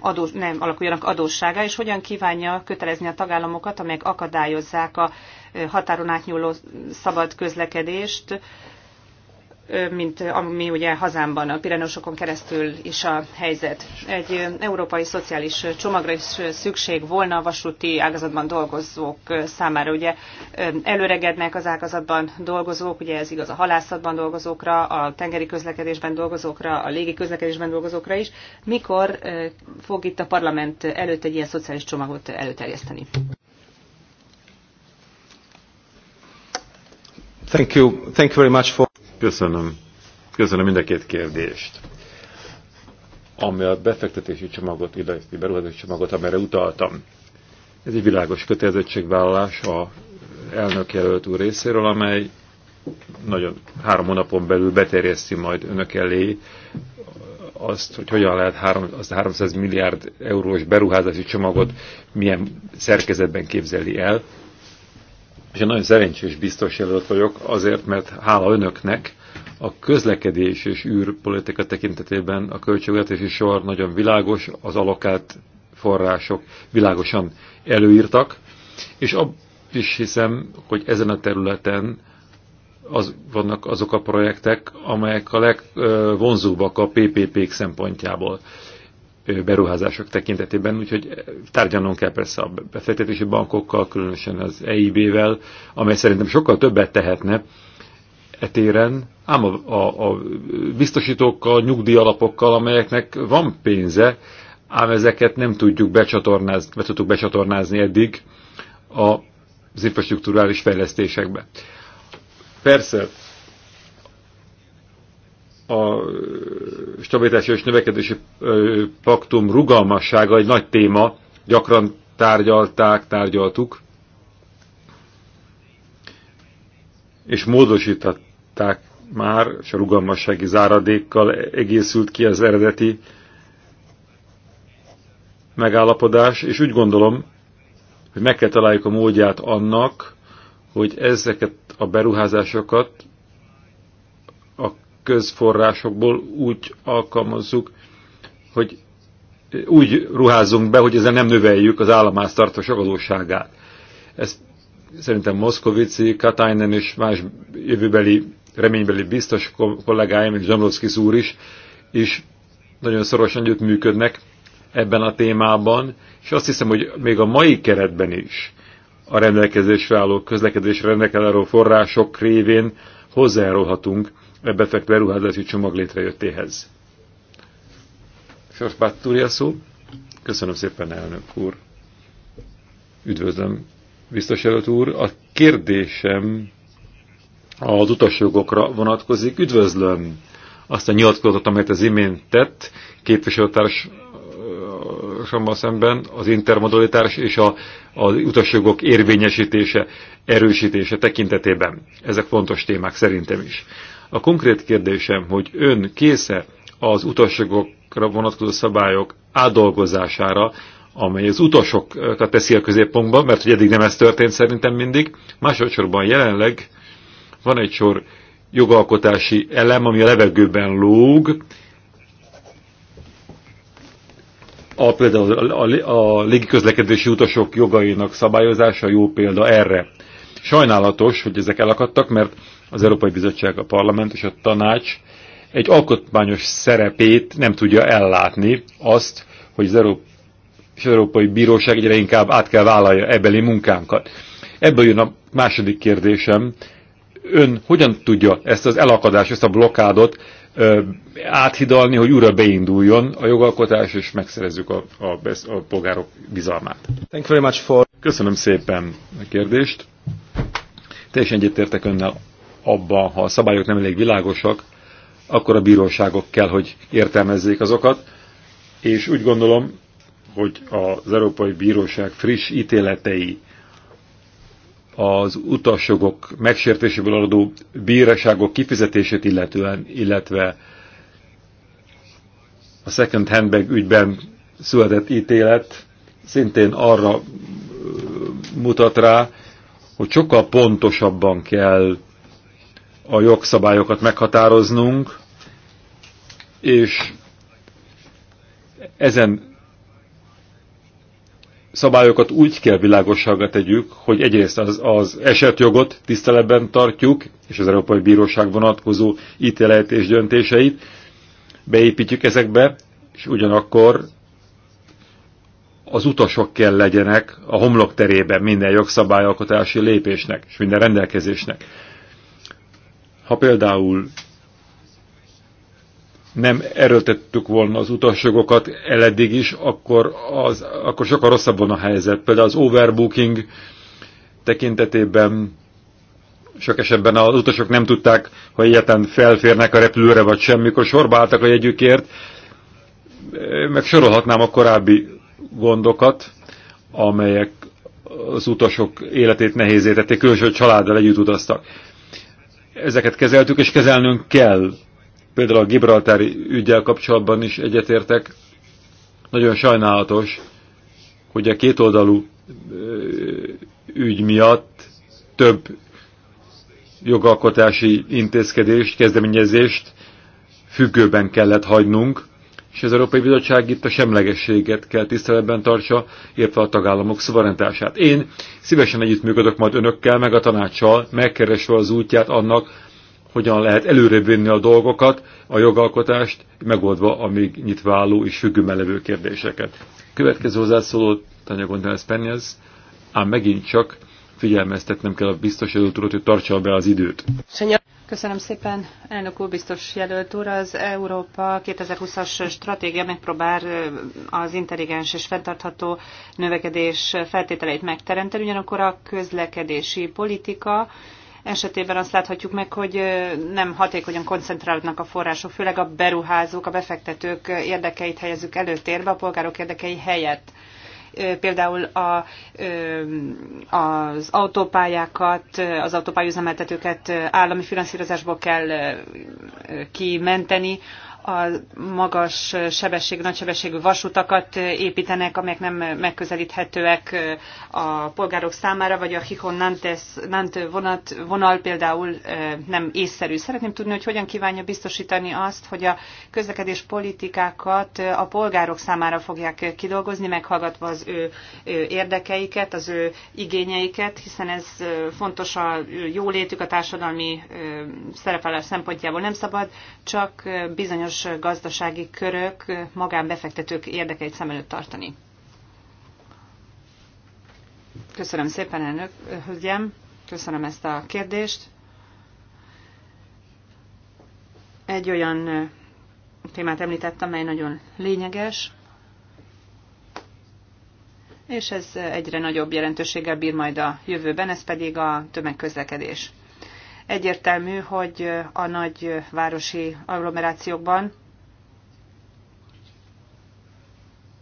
adó, ne alakuljanak adóssága, és hogyan kívánja kötelezni a tagállamokat, amelyek akadályozzák a határon átnyúló szabad közlekedést, mint ami ugye hazámban a Pirenosokon keresztül is a helyzet. Egy európai szociális csomagra is szükség volna a vasúti ágazatban dolgozók számára. Ugye előregednek az ágazatban dolgozók, ugye ez igaz a halászatban dolgozókra, a tengeri közlekedésben dolgozókra, a légi közlekedésben dolgozókra is. Mikor fog itt a parlament előtt egy ilyen szociális csomagot előterjeszteni? Thank you. Thank you very much for Köszönöm. Köszönöm mind a két kérdést. Ami a befektetési csomagot, illeti beruházási csomagot, amire utaltam. Ez egy világos kötelezettségvállalás a elnök jelölt úr részéről, amely nagyon három hónapon belül beterjeszti majd önök elé azt, hogy hogyan lehet három, azt 300 milliárd eurós beruházási csomagot milyen szerkezetben képzeli el, és én nagyon szerencsés biztos jelölt vagyok, azért, mert hála önöknek a közlekedés és űrpolitika tekintetében a költségvetési sor nagyon világos, az alokált források világosan előírtak, és ab is hiszem, hogy ezen a területen az, vannak azok a projektek, amelyek a legvonzóbbak a PPP-k szempontjából beruházások tekintetében, úgyhogy tárgyalnunk kell persze a befektetési bankokkal, különösen az EIB-vel, amely szerintem sokkal többet tehetne etéren, ám a, a, a biztosítókkal, nyugdíjalapokkal, amelyeknek van pénze, ám ezeket nem tudjuk becsatornázni, be tudtuk becsatornázni eddig az infrastruktúrális fejlesztésekbe. Persze a stabilitási és növekedési paktum rugalmassága egy nagy téma, gyakran tárgyalták, tárgyaltuk, és módosították már, és a rugalmassági záradékkal egészült ki az eredeti megállapodás, és úgy gondolom, hogy meg kell találjuk a módját annak, hogy ezeket a beruházásokat közforrásokból úgy alkalmazzuk, hogy úgy ruházunk be, hogy ezzel nem növeljük az állomáztartások adósságát. Ezt szerintem Moszkovici, Katainen és más jövőbeli, reménybeli biztos kollégáim, és Zsamlovszki úr is, is nagyon szorosan együtt működnek ebben a témában, és azt hiszem, hogy még a mai keretben is a rendelkezésre álló közlekedésre rendelkező források révén hozzájárulhatunk E befekt beruházási csomag létrejöttéhez. Sorsbát túrja szó. Köszönöm szépen, elnök úr. Üdvözlöm, biztos előtt úr. A kérdésem az utasjogokra vonatkozik. Üdvözlöm azt a nyilatkozatot, amelyet az imént tett képviselőtársammal szemben az intermodalitás és a, az utasjogok érvényesítése, erősítése tekintetében. Ezek fontos témák szerintem is. A konkrét kérdésem, hogy ön késze az utasokra vonatkozó szabályok átdolgozására, amely az utasokat teszi a középpontba, mert hogy eddig nem ez történt szerintem mindig. Másodszorban jelenleg van egy sor jogalkotási elem, ami a levegőben lóg, a, például a, a, a légiközlekedési utasok jogainak szabályozása jó példa erre. Sajnálatos, hogy ezek elakadtak, mert az Európai Bizottság, a Parlament és a Tanács egy alkotmányos szerepét nem tudja ellátni, azt, hogy az, Európai, az Európai Bíróság egyre inkább át kell vállalja ebeli munkánkat. Ebből jön a második kérdésem, ön hogyan tudja ezt az elakadást, ezt a blokádot ö, áthidalni, hogy újra beinduljon a jogalkotás, és megszerezzük a, a, a polgárok bizalmát? Thank you very much for... Köszönöm szépen a kérdést. Teljesen egyetértek önnel abban, ha a szabályok nem elég világosak, akkor a bíróságok kell, hogy értelmezzék azokat, és úgy gondolom, hogy az Európai Bíróság friss ítéletei az utasjogok megsértéséből adó bíraságok kifizetését illetően, illetve a second handbag ügyben született ítélet szintén arra mutat rá, hogy sokkal pontosabban kell a jogszabályokat meghatároznunk, és ezen szabályokat úgy kell világosságra tegyük, hogy egyrészt az, az esetjogot tiszteletben tartjuk, és az Európai Bíróság vonatkozó ítélet és döntéseit beépítjük ezekbe, és ugyanakkor az utasok kell legyenek a homlok terében minden jogszabályalkotási lépésnek és minden rendelkezésnek. Ha például nem erőltettük volna az utasjogokat eleddig is, akkor, az, akkor sokkal rosszabb volna a helyzet. Például az overbooking tekintetében sok esetben az utasok nem tudták, hogy egyáltalán felférnek a repülőre vagy sem, mikor sorba álltak a jegyükért, meg sorolhatnám a korábbi gondokat, amelyek az utasok életét nehézé tették, különösen, hogy családdal együtt utaztak ezeket kezeltük, és kezelnünk kell. Például a Gibraltári ügyel kapcsolatban is egyetértek. Nagyon sajnálatos, hogy a kétoldalú ügy miatt több jogalkotási intézkedést, kezdeményezést függőben kellett hagynunk, és az Európai Bizottság itt a semlegességet kell tiszteletben tartsa, illetve a tagállamok szuverenitását. Én szívesen együttműködök majd önökkel, meg a tanácssal, megkeresve az útját annak, hogyan lehet vinni a dolgokat, a jogalkotást, megoldva a még nyitva álló és függő levő kérdéseket. Következő hozzászóló Tanya González Penyez, ám megint csak figyelmeztetnem kell a biztos előtt, hogy tartsa be az időt. Senyor. Köszönöm szépen, elnök úr, biztos jelölt úr. Az Európa 2020-as stratégia megpróbál az intelligens és fenntartható növekedés feltételeit megteremteni, ugyanakkor a közlekedési politika esetében azt láthatjuk meg, hogy nem hatékonyan koncentrálódnak a források, főleg a beruházók, a befektetők érdekeit helyezzük előtérbe, a polgárok érdekei helyett például a, az autópályákat, az autópályüzemeltetőket állami finanszírozásból kell kimenteni, a magas sebesség, nagy sebességű vasutakat építenek, amelyek nem megközelíthetőek a polgárok számára, vagy a Hikon Nantes, Nant vonat, vonal például eh, nem észszerű. Szeretném tudni, hogy hogyan kívánja biztosítani azt, hogy a közlekedés politikákat a polgárok számára fogják kidolgozni, meghallgatva az ő eh, érdekeiket, az ő igényeiket, hiszen ez eh, fontos a jólétük, a társadalmi szerepelés szempontjából nem szabad, csak bizonyos más gazdasági körök, magánbefektetők érdekeit szem előtt tartani. Köszönöm szépen, elnök hölgyem, köszönöm ezt a kérdést. Egy olyan témát említettem, amely nagyon lényeges, és ez egyre nagyobb jelentőséggel bír majd a jövőben, ez pedig a tömegközlekedés. Egyértelmű, hogy a nagy városi agglomerációkban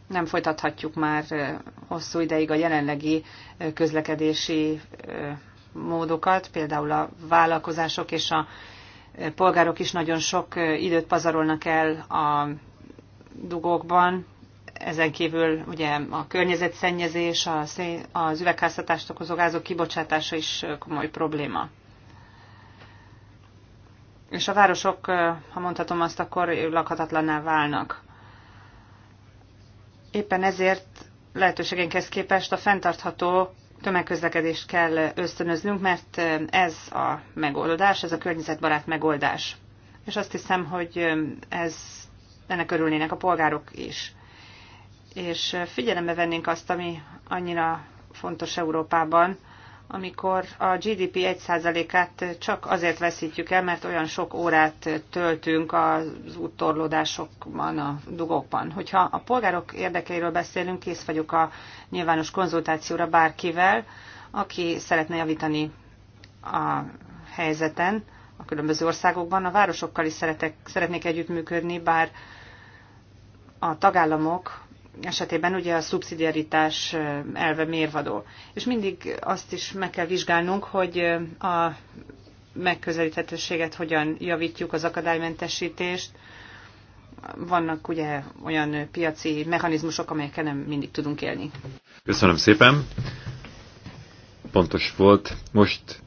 nem folytathatjuk már hosszú ideig a jelenlegi közlekedési módokat, például a vállalkozások és a polgárok is nagyon sok időt pazarolnak el a dugókban, ezen kívül ugye a környezetszennyezés, az üvegházhatást okozó gázok kibocsátása is komoly probléma és a városok, ha mondhatom azt, akkor lakhatatlanná válnak. Éppen ezért lehetőségeinkhez képest a fenntartható tömegközlekedést kell ösztönöznünk, mert ez a megoldás, ez a környezetbarát megoldás. És azt hiszem, hogy ez, ennek örülnének a polgárok is. És figyelembe vennénk azt, ami annyira fontos Európában, amikor a GDP 1%-át csak azért veszítjük el, mert olyan sok órát töltünk az úttorlódásokban, a dugókban. Hogyha a polgárok érdekeiről beszélünk, kész vagyok a nyilvános konzultációra bárkivel, aki szeretne javítani a helyzeten a különböző országokban. A városokkal is szeretek, szeretnék együttműködni, bár a tagállamok esetében ugye a szubszidiaritás elve mérvadó. És mindig azt is meg kell vizsgálnunk, hogy a megközelíthetőséget hogyan javítjuk, az akadálymentesítést. Vannak ugye olyan piaci mechanizmusok, amelyekkel nem mindig tudunk élni. Köszönöm szépen. Pontos volt. Most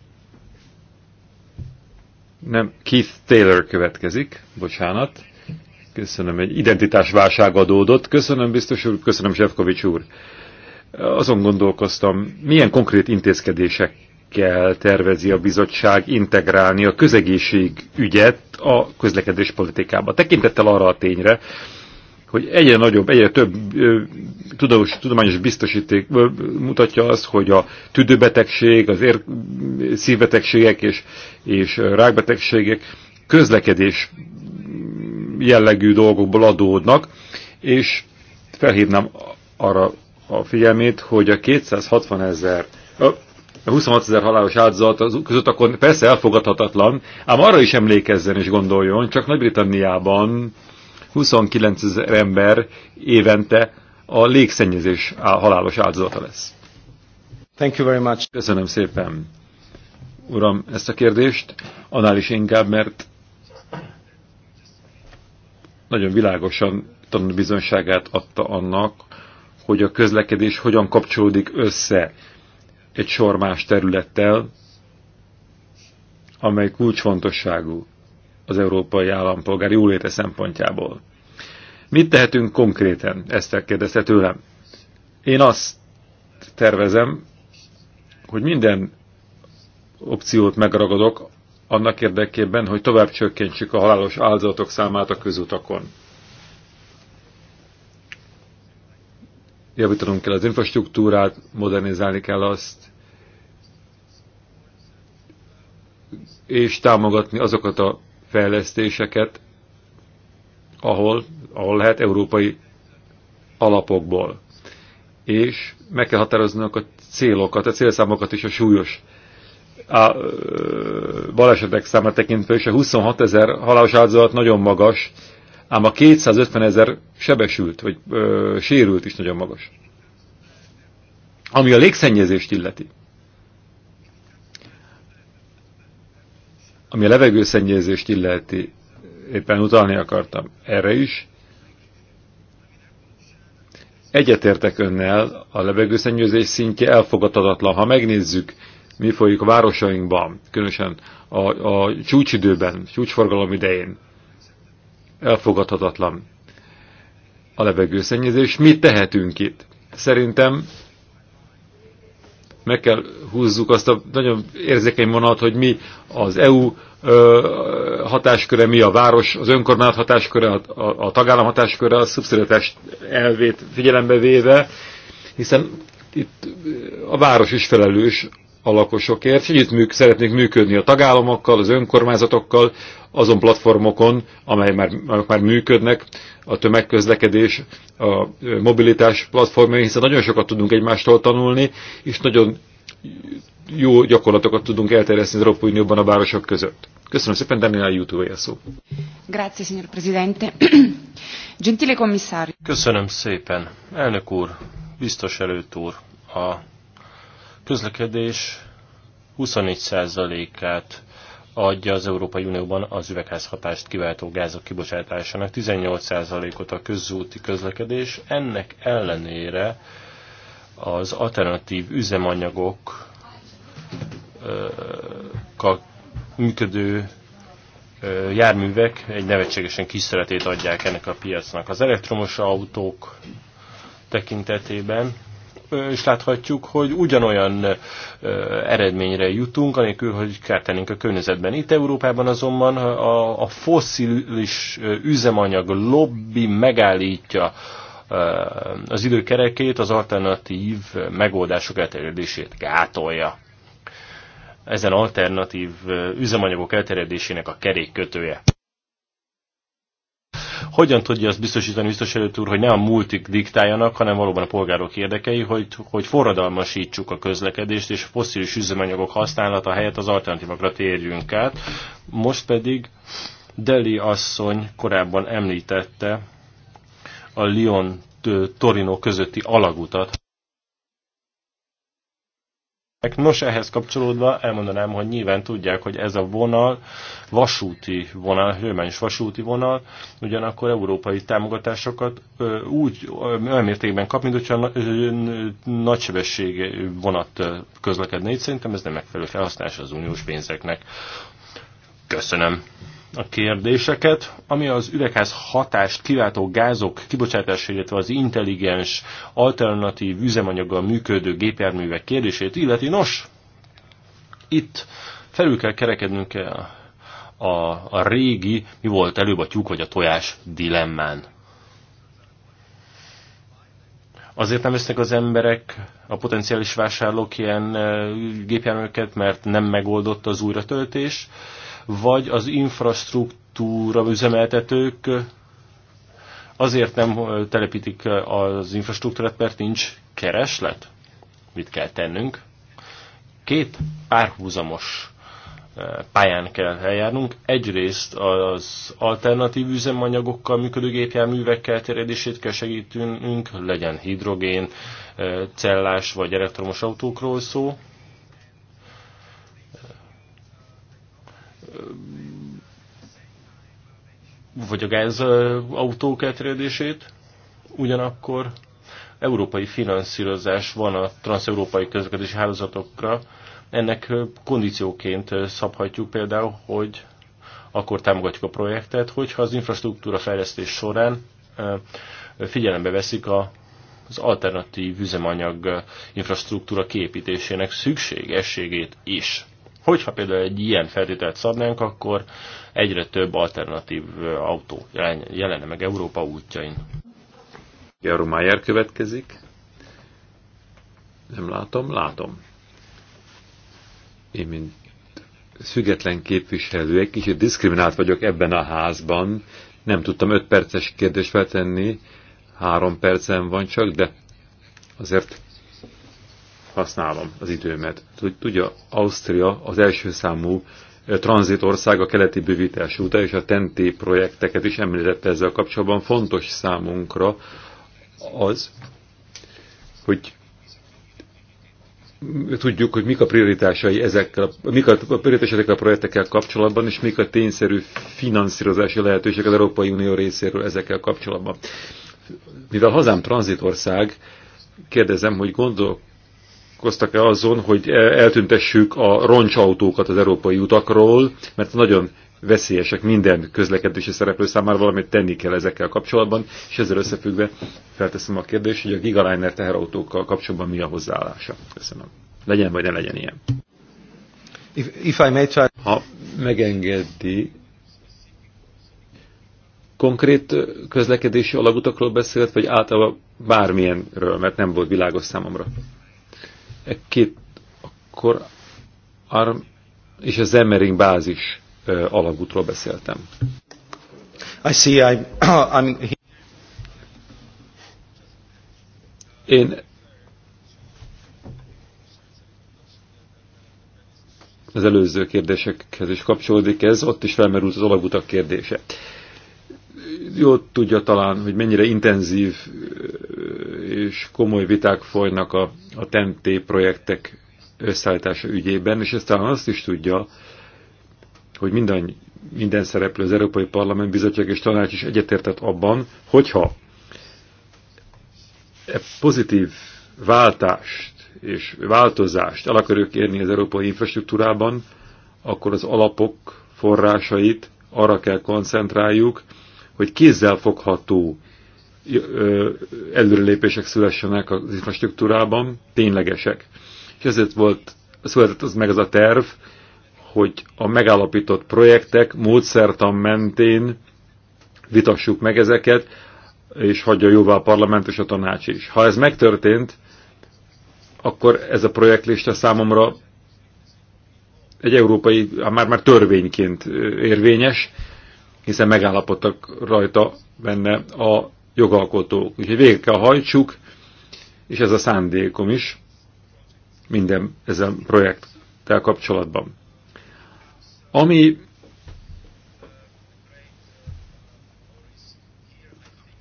nem, Keith Taylor következik, bocsánat. Köszönöm, egy identitásválság adódott. Köszönöm, biztos úr, köszönöm, Zsefkovics úr. Azon gondolkoztam, milyen konkrét intézkedésekkel tervezi a bizottság integrálni a közegészség ügyet a közlekedés politikába. Tekintettel arra a tényre, hogy egyre nagyobb, egyre több ö, tudományos, tudományos biztosíték ö, mutatja azt, hogy a tüdőbetegség, az ér, szívbetegségek és, és rákbetegségek közlekedés jellegű dolgokból adódnak, és felhívnám arra a figyelmét, hogy a 260 ezer, a 26 ezer halálos áldozat között akkor persze elfogadhatatlan, ám arra is emlékezzen és gondoljon, csak Nagy-Britanniában 29 ezer ember évente a légszennyezés halálos áldozata lesz. Thank you very much. Köszönöm szépen, uram, ezt a kérdést, annál is inkább, mert nagyon világosan tanulbizonyságát adta annak, hogy a közlekedés hogyan kapcsolódik össze egy sor más területtel, amely kulcsfontosságú az európai állampolgár jóléte szempontjából. Mit tehetünk konkrétan? Ezt kérdezte tőlem. Én azt tervezem, hogy minden opciót megragadok, annak érdekében, hogy tovább csökkentsük a halálos áldozatok számát a közutakon. Javítanunk kell az infrastruktúrát, modernizálni kell azt, és támogatni azokat a fejlesztéseket, ahol, ahol lehet európai alapokból. És meg kell határoznunk a célokat, a célszámokat és a súlyos a balesetek száma tekintve is a 26 ezer halálos áldozat nagyon magas, ám a 250 ezer sebesült, vagy ö, sérült is nagyon magas. Ami a légszennyezést illeti, ami a levegőszennyezést illeti, éppen utalni akartam erre is, egyetértek önnel, a levegőszennyezés szintje elfogadhatatlan. Ha megnézzük, mi folyik a városainkban, különösen a, a csúcsidőben, csúcsforgalom idején. Elfogadhatatlan a levegőszennyezés. Mit tehetünk itt? Szerintem meg kell húzzuk azt a nagyon érzékeny vonalat, hogy mi az EU ö, hatásköre, mi a város, az önkormányzat hatásköre, a, a, a tagállam hatásköre, a szubszidiatás elvét figyelembe véve, hiszen itt a város is felelős a lakosokért, és együtt szeretnék működni a tagállamokkal, az önkormányzatokkal, azon platformokon, amely már, amely már működnek, a tömegközlekedés, a mobilitás platformjai, hiszen nagyon sokat tudunk egymástól tanulni, és nagyon jó gyakorlatokat tudunk elterjeszteni az Európai Unióban a városok között. Köszönöm szépen, youtube a szó. Grazie, signor Presidente. Gentile commissario. Köszönöm szépen. Elnök úr, biztos előtt úr, a közlekedés 24%-át adja az Európai Unióban az üvegházhatást kiváltó gázok kibocsátásának, 18%-ot a közúti közlekedés. Ennek ellenére az alternatív üzemanyagok működő járművek egy nevetségesen kis szeretét adják ennek a piacnak. Az elektromos autók tekintetében is láthatjuk, hogy ugyanolyan eredményre jutunk, anélkül, hogy kárt a környezetben. Itt Európában azonban a, a fosszilis üzemanyag lobby megállítja az időkerekét, az alternatív megoldások elterjedését gátolja. Ezen alternatív üzemanyagok elterjedésének a kerék kötője. Hogyan tudja azt biztosítani biztos előtt úr, hogy ne a multik diktáljanak, hanem valóban a polgárok érdekei, hogy, hogy forradalmasítsuk a közlekedést, és a fosszilis üzemanyagok használata helyett az alternatívakra térjünk át. Most pedig Deli asszony korábban említette a Lyon-Torino közötti alagutat. Nos, ehhez kapcsolódva elmondanám, hogy nyilván tudják, hogy ez a vonal vasúti vonal, hőmányos vasúti vonal, ugyanakkor európai támogatásokat úgy olyan mértékben kap, mint hogyha nagysebesség vonat közlekedne. Itt szerintem ez nem megfelelő felhasználás az uniós pénzeknek. Köszönöm a kérdéseket, ami az üvegház hatást kiváltó gázok kibocsátása, illetve az intelligens, alternatív üzemanyaggal működő gépjárművek kérdését illeti. Nos, itt felül kell kerekednünk el a, a régi, mi volt előbb a tyúk vagy a tojás dilemmán. Azért nem vesznek az emberek, a potenciális vásárlók ilyen gépjárműket, mert nem megoldott az újratöltés, vagy az infrastruktúra üzemeltetők azért nem telepítik az infrastruktúrát, mert nincs kereslet? Mit kell tennünk? Két párhuzamos pályán kell eljárnunk. Egyrészt az alternatív üzemanyagokkal működő gépjárművekkel terjedését kell segítünk, legyen hidrogén, cellás vagy elektromos autókról szó. vagy a gáz autók elterjedését, ugyanakkor európai finanszírozás van a transeurópai közlekedési hálózatokra. Ennek kondícióként szabhatjuk például, hogy akkor támogatjuk a projektet, hogyha az infrastruktúra fejlesztés során figyelembe veszik a az alternatív üzemanyag infrastruktúra kiépítésének szükségességét is. Hogyha például egy ilyen feltételt szabnánk, akkor egyre több alternatív autó jelenne meg Európa útjain. Jaro Mayer következik. Nem látom, látom. Én, mint független képviselő, egy kicsit diszkriminált vagyok ebben a házban. Nem tudtam öt perces kérdést feltenni, három percen van csak, de azért használom az időmet. Tudja, Ausztria az első számú tranzitország a keleti bővítés után, és a Tenti projekteket is említette ezzel kapcsolatban. Fontos számunkra az, hogy tudjuk, hogy mik a prioritásai ezekkel, mik a prioritásai ezekkel a projektekkel kapcsolatban, és mik a tényszerű finanszírozási lehetőség az Európai Unió részéről ezekkel kapcsolatban. Mivel hazám tranzitország, kérdezem, hogy gondol gondolkoztak el azon, hogy e, eltüntessük a roncsautókat az európai utakról, mert nagyon veszélyesek minden közlekedési szereplő számára, valamit tenni kell ezekkel kapcsolatban, és ezzel összefüggve felteszem a kérdést, hogy a Gigaliner teherautókkal kapcsolatban mi a hozzáállása. Köszönöm. Legyen vagy ne legyen ilyen. If, if I may try... Ha megengedi, konkrét közlekedési alagutakról beszélt, vagy általában bármilyenről, mert nem volt világos számomra két akkor Arm és a Zemmering bázis alagútról beszéltem. I see, I, I'm... Én az előző kérdésekhez is kapcsolódik ez, ott is felmerült az alagutak kérdése. Jó tudja talán, hogy mennyire intenzív és komoly viták folynak a, a TNT projektek összeállítása ügyében, és ezt talán azt is tudja, hogy minden, minden szereplő, az Európai Parlament, Bizottság és Tanács is egyetértett abban, hogyha e pozitív váltást és változást el akarjuk érni az európai infrastruktúrában, akkor az alapok forrásait arra kell koncentráljuk, hogy kézzel fogható előrelépések szülessenek az infrastruktúrában, ténylegesek. És ezért volt, született az meg az a terv, hogy a megállapított projektek módszertan mentén vitassuk meg ezeket, és hagyja jóvá a parlament és a tanács is. Ha ez megtörtént, akkor ez a projektlista számomra egy európai, már már törvényként érvényes, hiszen megállapodtak rajta benne a jogalkotók. Úgyhogy végig kell hajtsuk, és ez a szándékom is minden ezen projekttel kapcsolatban. Ami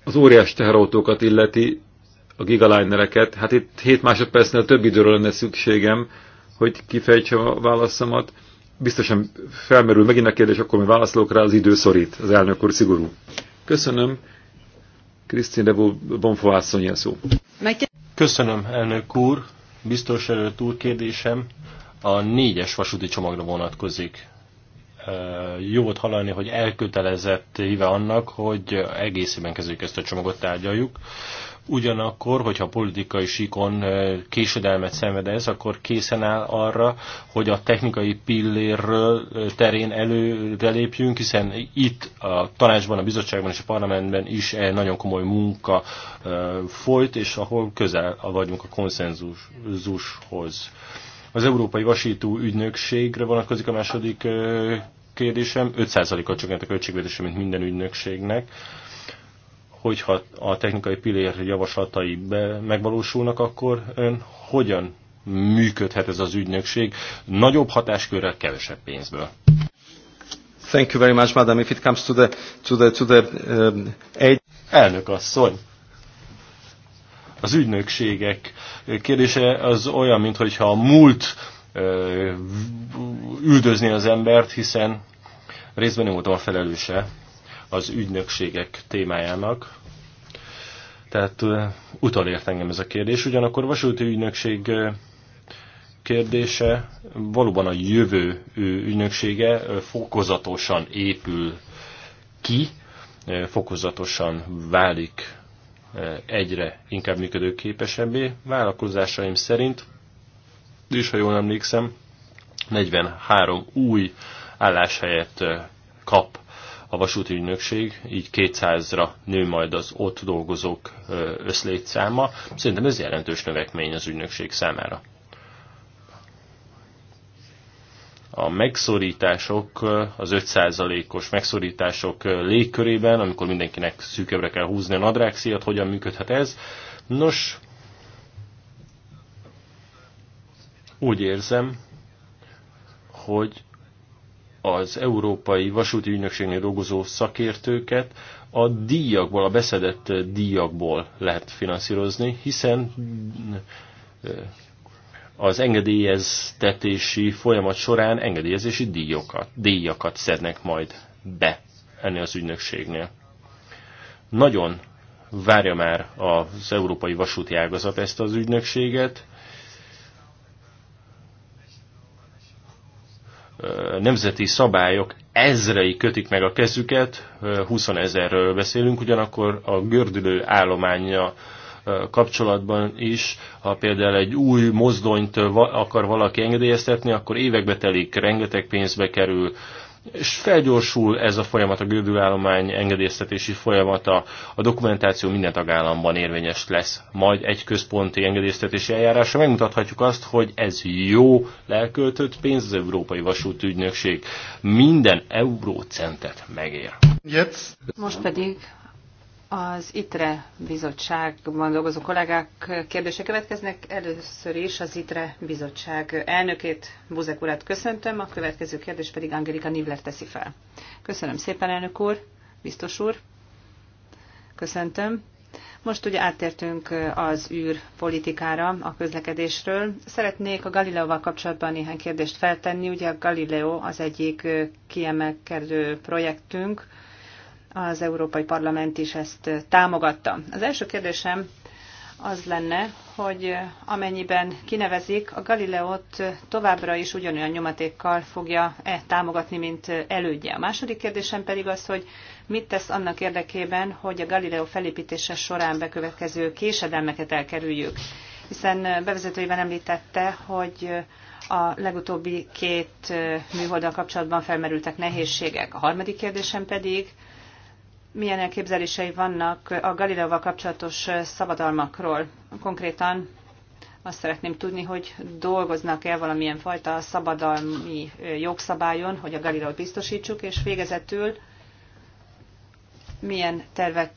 az óriás teherautókat illeti, a gigalinereket, hát itt 7 másodpercnél több időről lenne szükségem, hogy kifejtsem a válaszomat biztosan felmerül megint a kérdés, akkor mi válaszolok rá, az idő szorít, az elnök úr szigorú. Köszönöm. Krisztin Revó Bonfoászony a szó. Köszönöm, elnök úr. Biztos előtt úr kérdésem a négyes vasúti csomagra vonatkozik. Jó volt hallani, hogy elkötelezett híve annak, hogy egészében kezdjük ezt a csomagot tárgyaljuk. Ugyanakkor, hogyha politikai síkon eh, késedelmet szenved ez, akkor készen áll arra, hogy a technikai pillérről eh, terén előrelépjünk, hiszen itt a tanácsban, a bizottságban és a parlamentben is nagyon komoly munka eh, folyt, és ahol közel vagyunk a konszenzushoz. Az Európai Vasító Ügynökségre vonatkozik a második kérdésem. 5%-kal csökkent a költségvetése, mint minden ügynökségnek hogyha a technikai pillér javaslatai be, megvalósulnak, akkor ön hogyan működhet ez az ügynökség nagyobb hatáskörrel, kevesebb pénzből? Thank you very much, madam. If it comes to the, to the, to the um, aid... Elnök asszony, az ügynökségek kérdése az olyan, mintha a múlt üldözni az embert, hiszen részben nem voltam a felelőse az ügynökségek témájának. Tehát utalért engem ez a kérdés. Ugyanakkor vasúti ügynökség kérdése valóban a jövő ügynöksége fokozatosan épül ki, fokozatosan válik egyre inkább működőképesebbé. Vállalkozásaim szerint, és ha jól emlékszem, 43 új álláshelyet kap a vasúti ügynökség, így 200-ra nő majd az ott dolgozók összlétszáma. Szerintem ez jelentős növekmény az ügynökség számára. A megszorítások, az 5%-os megszorítások légkörében, amikor mindenkinek szűkebbre kell húzni a nadrágszíjat, hogyan működhet ez? Nos, úgy érzem, hogy az Európai Vasúti Ügynökségnél dolgozó szakértőket a díjakból, a beszedett díjakból lehet finanszírozni, hiszen az engedélyeztetési folyamat során engedélyezési díjokat, díjakat szednek majd be ennél az ügynökségnél. Nagyon várja már az európai vasúti ágazat ezt az ügynökséget, nemzeti szabályok ezrei kötik meg a kezüket, 20 ezerről beszélünk, ugyanakkor a gördülő állománya kapcsolatban is, ha például egy új mozdonyt akar valaki engedélyeztetni, akkor évekbe telik, rengeteg pénzbe kerül, és felgyorsul ez a folyamat, a gödülállomány engedélyeztetési folyamata, a dokumentáció minden tagállamban érvényes lesz, majd egy központi engedélyeztetési eljárásra megmutathatjuk azt, hogy ez jó lelköltött pénz az Európai Vasút Ügynökség minden eurócentet megér. Most pedig az ITRE bizottságban dolgozó kollégák kérdése következnek. Először is az ITRE bizottság elnökét, Buzek urat köszöntöm, a következő kérdés pedig Angelika Nivler teszi fel. Köszönöm szépen, elnök úr, biztos úr. Köszöntöm. Most ugye áttértünk az űrpolitikára, a közlekedésről. Szeretnék a Galileóval kapcsolatban néhány kérdést feltenni. Ugye a Galileo az egyik kiemelkedő projektünk, az Európai Parlament is ezt támogatta. Az első kérdésem az lenne, hogy amennyiben kinevezik, a Galileót továbbra is ugyanolyan nyomatékkal fogja-e támogatni, mint elődje. A második kérdésem pedig az, hogy mit tesz annak érdekében, hogy a Galileo felépítése során bekövetkező késedelmeket elkerüljük. Hiszen bevezetőjében említette, hogy a legutóbbi két műholddal kapcsolatban felmerültek nehézségek. A harmadik kérdésem pedig, milyen elképzelései vannak a Galileóval kapcsolatos szabadalmakról. Konkrétan azt szeretném tudni, hogy dolgoznak-e valamilyen fajta szabadalmi jogszabályon, hogy a Galileót biztosítsuk, és végezetül milyen, tervek,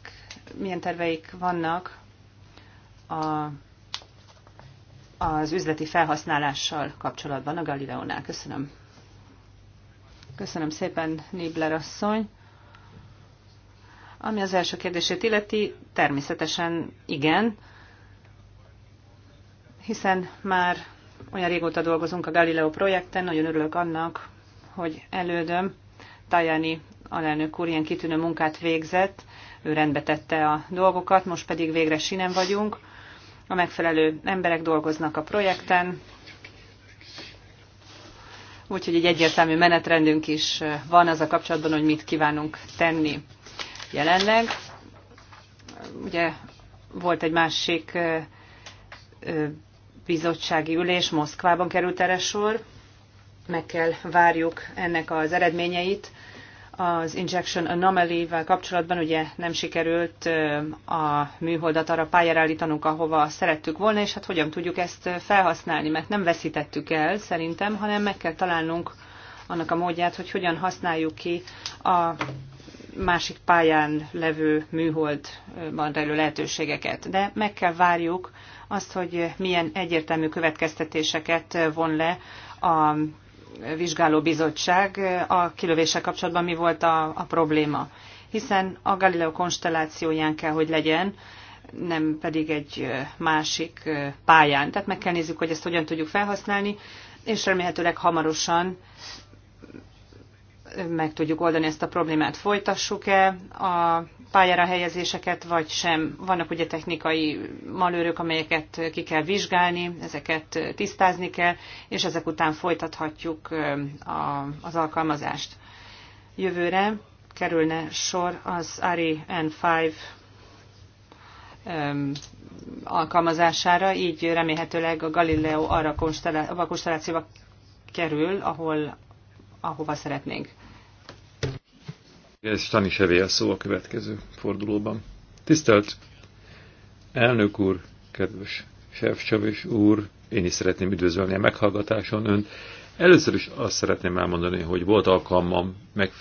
milyen terveik vannak a, az üzleti felhasználással kapcsolatban a Galileónál. Köszönöm. Köszönöm szépen, Nibler asszony. Ami az első kérdését illeti, természetesen igen, hiszen már olyan régóta dolgozunk a Galileo projekten, nagyon örülök annak, hogy elődöm, Tajani alelnök úr ilyen kitűnő munkát végzett, ő rendbe tette a dolgokat, most pedig végre sinem vagyunk. A megfelelő emberek dolgoznak a projekten, úgyhogy egy egyértelmű menetrendünk is van az a kapcsolatban, hogy mit kívánunk tenni jelenleg. Ugye volt egy másik bizottsági ülés, Moszkvában került erre sor. Meg kell várjuk ennek az eredményeit. Az Injection Anomaly-vel kapcsolatban ugye nem sikerült a műholdat arra pályára állítanunk, ahova szerettük volna, és hát hogyan tudjuk ezt felhasználni, mert nem veszítettük el szerintem, hanem meg kell találnunk annak a módját, hogy hogyan használjuk ki a másik pályán levő műholdban rejlő lehetőségeket. De meg kell várjuk azt, hogy milyen egyértelmű következtetéseket von le a bizottság a kilövéssel kapcsolatban mi volt a, a probléma. Hiszen a Galileo konstellációján kell, hogy legyen, nem pedig egy másik pályán. Tehát meg kell nézzük, hogy ezt hogyan tudjuk felhasználni, és remélhetőleg hamarosan meg tudjuk oldani ezt a problémát. Folytassuk-e a pályára helyezéseket, vagy sem? Vannak ugye technikai malőrök, amelyeket ki kell vizsgálni, ezeket tisztázni kell, és ezek után folytathatjuk a, az alkalmazást. Jövőre kerülne sor az ARI N5 alkalmazására, így remélhetőleg a Galileo arra a konstellációba kerül, ahol ahova szeretnénk. Ez Tani Sevé a szó a következő fordulóban. Tisztelt elnök úr, kedves Sefcsavis úr, én is szeretném üdvözölni a meghallgatáson önt. Először is azt szeretném elmondani, hogy volt alkalmam meg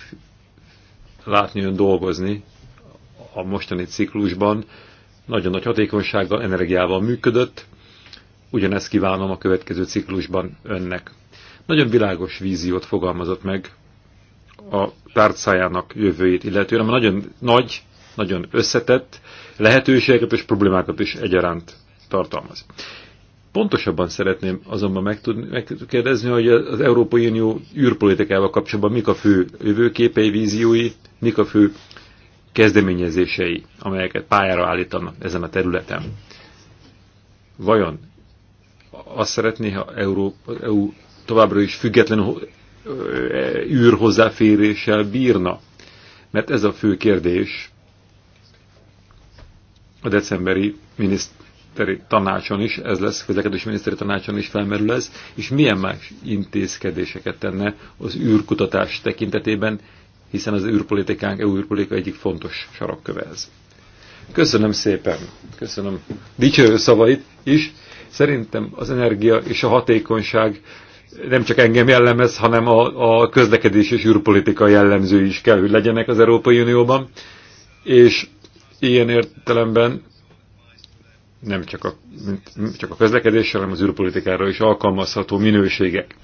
látni ön dolgozni a mostani ciklusban. Nagyon nagy hatékonysággal, energiával működött. Ugyanezt kívánom a következő ciklusban önnek. Nagyon világos víziót fogalmazott meg a tárcájának jövőjét illetően, mert nagyon nagy, nagyon összetett lehetőségeket és problémákat is egyaránt tartalmaz. Pontosabban szeretném azonban megtudni, megkérdezni, hogy az Európai Unió űrpolitikával kapcsolatban mik a fő jövőképei, víziói, mik a fő kezdeményezései, amelyeket pályára állítanak ezen a területen. Vajon azt szeretné, ha Európa EU továbbra is független E, űrhozzáféréssel bírna? Mert ez a fő kérdés a decemberi miniszteri tanácson is, ez lesz, közlekedési miniszteri tanácson is felmerül ez, és milyen más intézkedéseket tenne az űrkutatás tekintetében, hiszen az űrpolitikánk, EU űrpolitika egyik fontos sarokköve ez. Köszönöm szépen, köszönöm dicsérő szavait is. Szerintem az energia és a hatékonyság nem csak engem jellemez, hanem a, a közlekedés és űrpolitika jellemző is kell, hogy legyenek az Európai Unióban, és ilyen értelemben nem csak a, nem csak a közlekedésre, hanem az űrpolitikára is alkalmazható minőségek.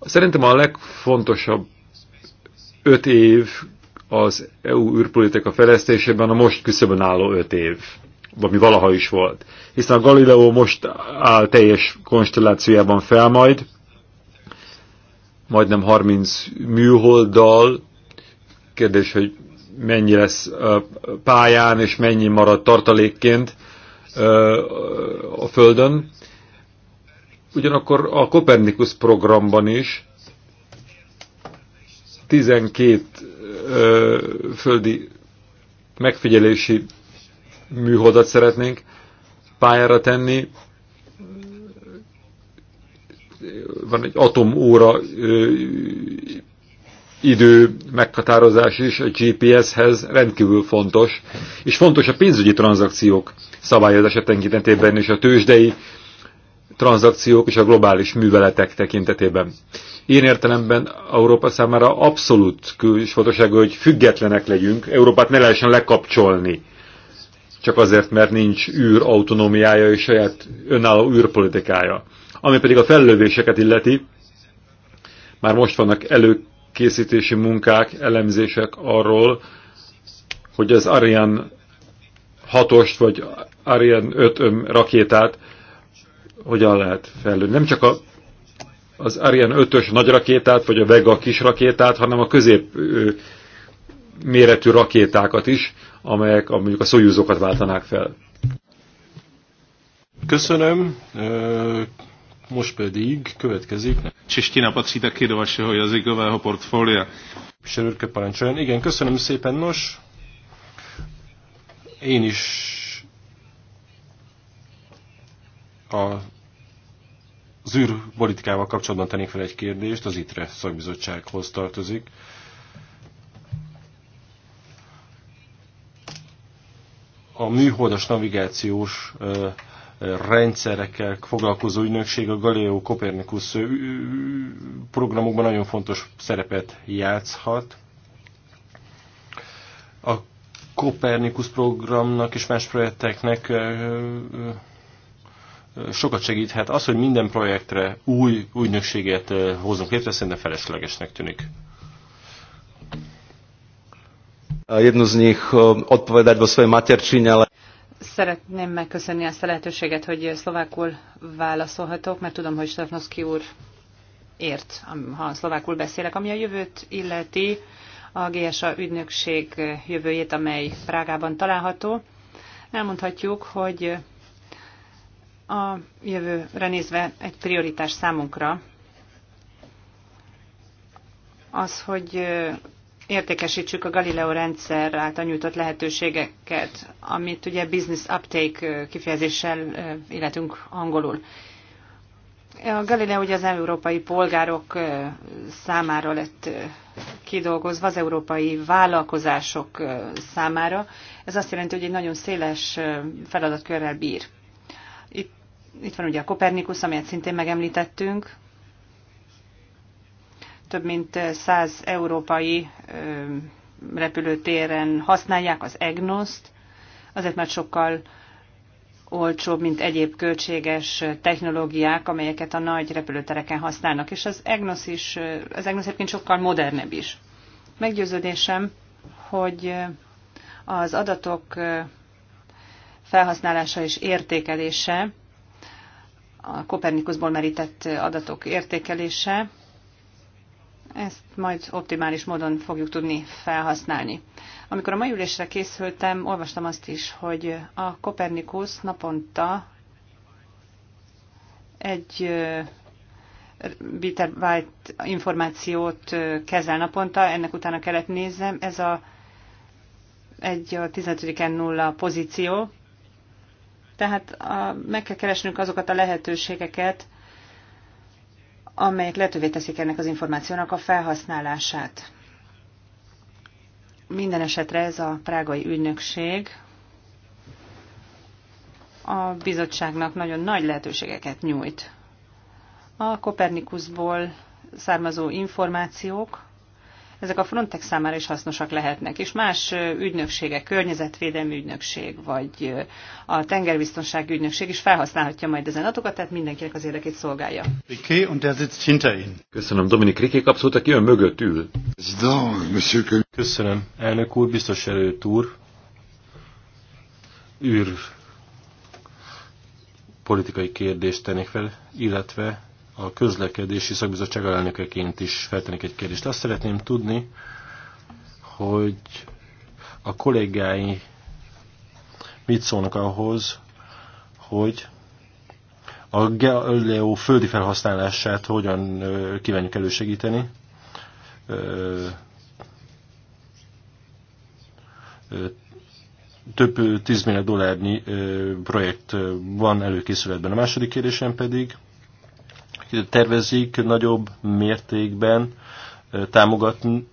Szerintem a legfontosabb öt év az EU űrpolitika fejlesztésében a most küszöbön álló öt év ami valaha is volt. Hiszen a Galileo most áll teljes konstellációjában fel majd, majdnem 30 műholddal, kérdés, hogy mennyi lesz pályán, és mennyi marad tartalékként a Földön. Ugyanakkor a Kopernikus programban is 12 földi megfigyelési műholdat szeretnénk pályára tenni. Van egy atomóra idő meghatározás is a GPS-hez rendkívül fontos, és fontos a pénzügyi tranzakciók szabályozása tekintetében és a tőzsdei tranzakciók és a globális műveletek tekintetében. Én értelemben Európa számára abszolút külsfontosságú, hogy függetlenek legyünk, Európát ne lehessen lekapcsolni csak azért, mert nincs űr autonómiája és saját önálló űrpolitikája. Ami pedig a fellövéseket illeti, már most vannak előkészítési munkák, elemzések arról, hogy az Ariane 6-ost vagy Ariane 5 rakétát hogyan lehet fellőni. Nem csak a, az Ariane 5-ös nagy rakétát, vagy a Vega kis rakétát, hanem a közép méretű rakétákat is, amelyek a, mondjuk a szójúzókat váltanák fel. Köszönöm. Most pedig következik. Csistina patří hogy az vašeho a portfólia. Sörőrke parancsoljon. Igen, köszönöm szépen. Nos, én is a az űrpolitikával kapcsolatban tennék fel egy kérdést, az ITRE szakbizottsághoz tartozik. a műholdas navigációs rendszerekkel foglalkozó ügynökség a Galileo Copernicus programokban nagyon fontos szerepet játszhat. A Copernicus programnak és más projekteknek sokat segíthet. Az, hogy minden projektre új ügynökséget hozunk létre, szerintem feleslegesnek tűnik jednu z nich odpovedať vo svojej materčine, ale... Szeretném megköszönni ezt a lehetőséget, hogy szlovákul válaszolhatok, mert tudom, hogy Stavnoszki úr ért, ha szlovákul beszélek. Ami a jövőt illeti, a GSA ügynökség jövőjét, amely Prágában található, elmondhatjuk, hogy a jövőre nézve egy prioritás számunkra az, hogy értékesítsük a Galileo rendszer által nyújtott lehetőségeket, amit ugye business uptake kifejezéssel illetünk angolul. A Galileo ugye az európai polgárok számára lett kidolgozva, az európai vállalkozások számára. Ez azt jelenti, hogy egy nagyon széles feladatkörrel bír. Itt, itt van ugye a Kopernikus, amelyet szintén megemlítettünk, több mint 100 európai repülőtéren használják az EGNOS-t, azért mert sokkal olcsóbb, mint egyéb költséges technológiák, amelyeket a nagy repülőtereken használnak, és az EGNOS is, az EGNOS egyébként sokkal modernebb is. Meggyőződésem, hogy az adatok felhasználása és értékelése, a Kopernikusból merített adatok értékelése ezt majd optimális módon fogjuk tudni felhasználni. Amikor a mai ülésre készültem, olvastam azt is, hogy a Kopernikus naponta egy bitterbyte információt kezel naponta, ennek utána kellett nézzem, ez a egy a 15-en nulla pozíció, tehát a, meg kell keresnünk azokat a lehetőségeket, amelyek lehetővé teszik ennek az információnak a felhasználását. Minden esetre ez a prágai ügynökség a bizottságnak nagyon nagy lehetőségeket nyújt. A Kopernikusból származó információk ezek a Frontex számára is hasznosak lehetnek, és más ügynökségek, környezetvédelmi ügynökség, vagy a tengerbiztonsági ügynökség is felhasználhatja majd ezen adatokat, tehát mindenkinek az érdekét szolgálja. Riké, und der sitzt hinter Ihnen. Köszönöm, Dominik Riké kapszót, aki ön mögött ül. Köszönöm, elnök úr, biztos előtt úr. űr politikai kérdést tennék fel, illetve a közlekedési szakbizottság alelnökeként is feltenek egy kérdést. Azt szeretném tudni, hogy a kollégái mit szólnak ahhoz, hogy a Galileo földi felhasználását hogyan kívánjuk elősegíteni. Több 10 millió dollárnyi projekt van előkészületben. A második kérdésem pedig, tervezik nagyobb mértékben támogatni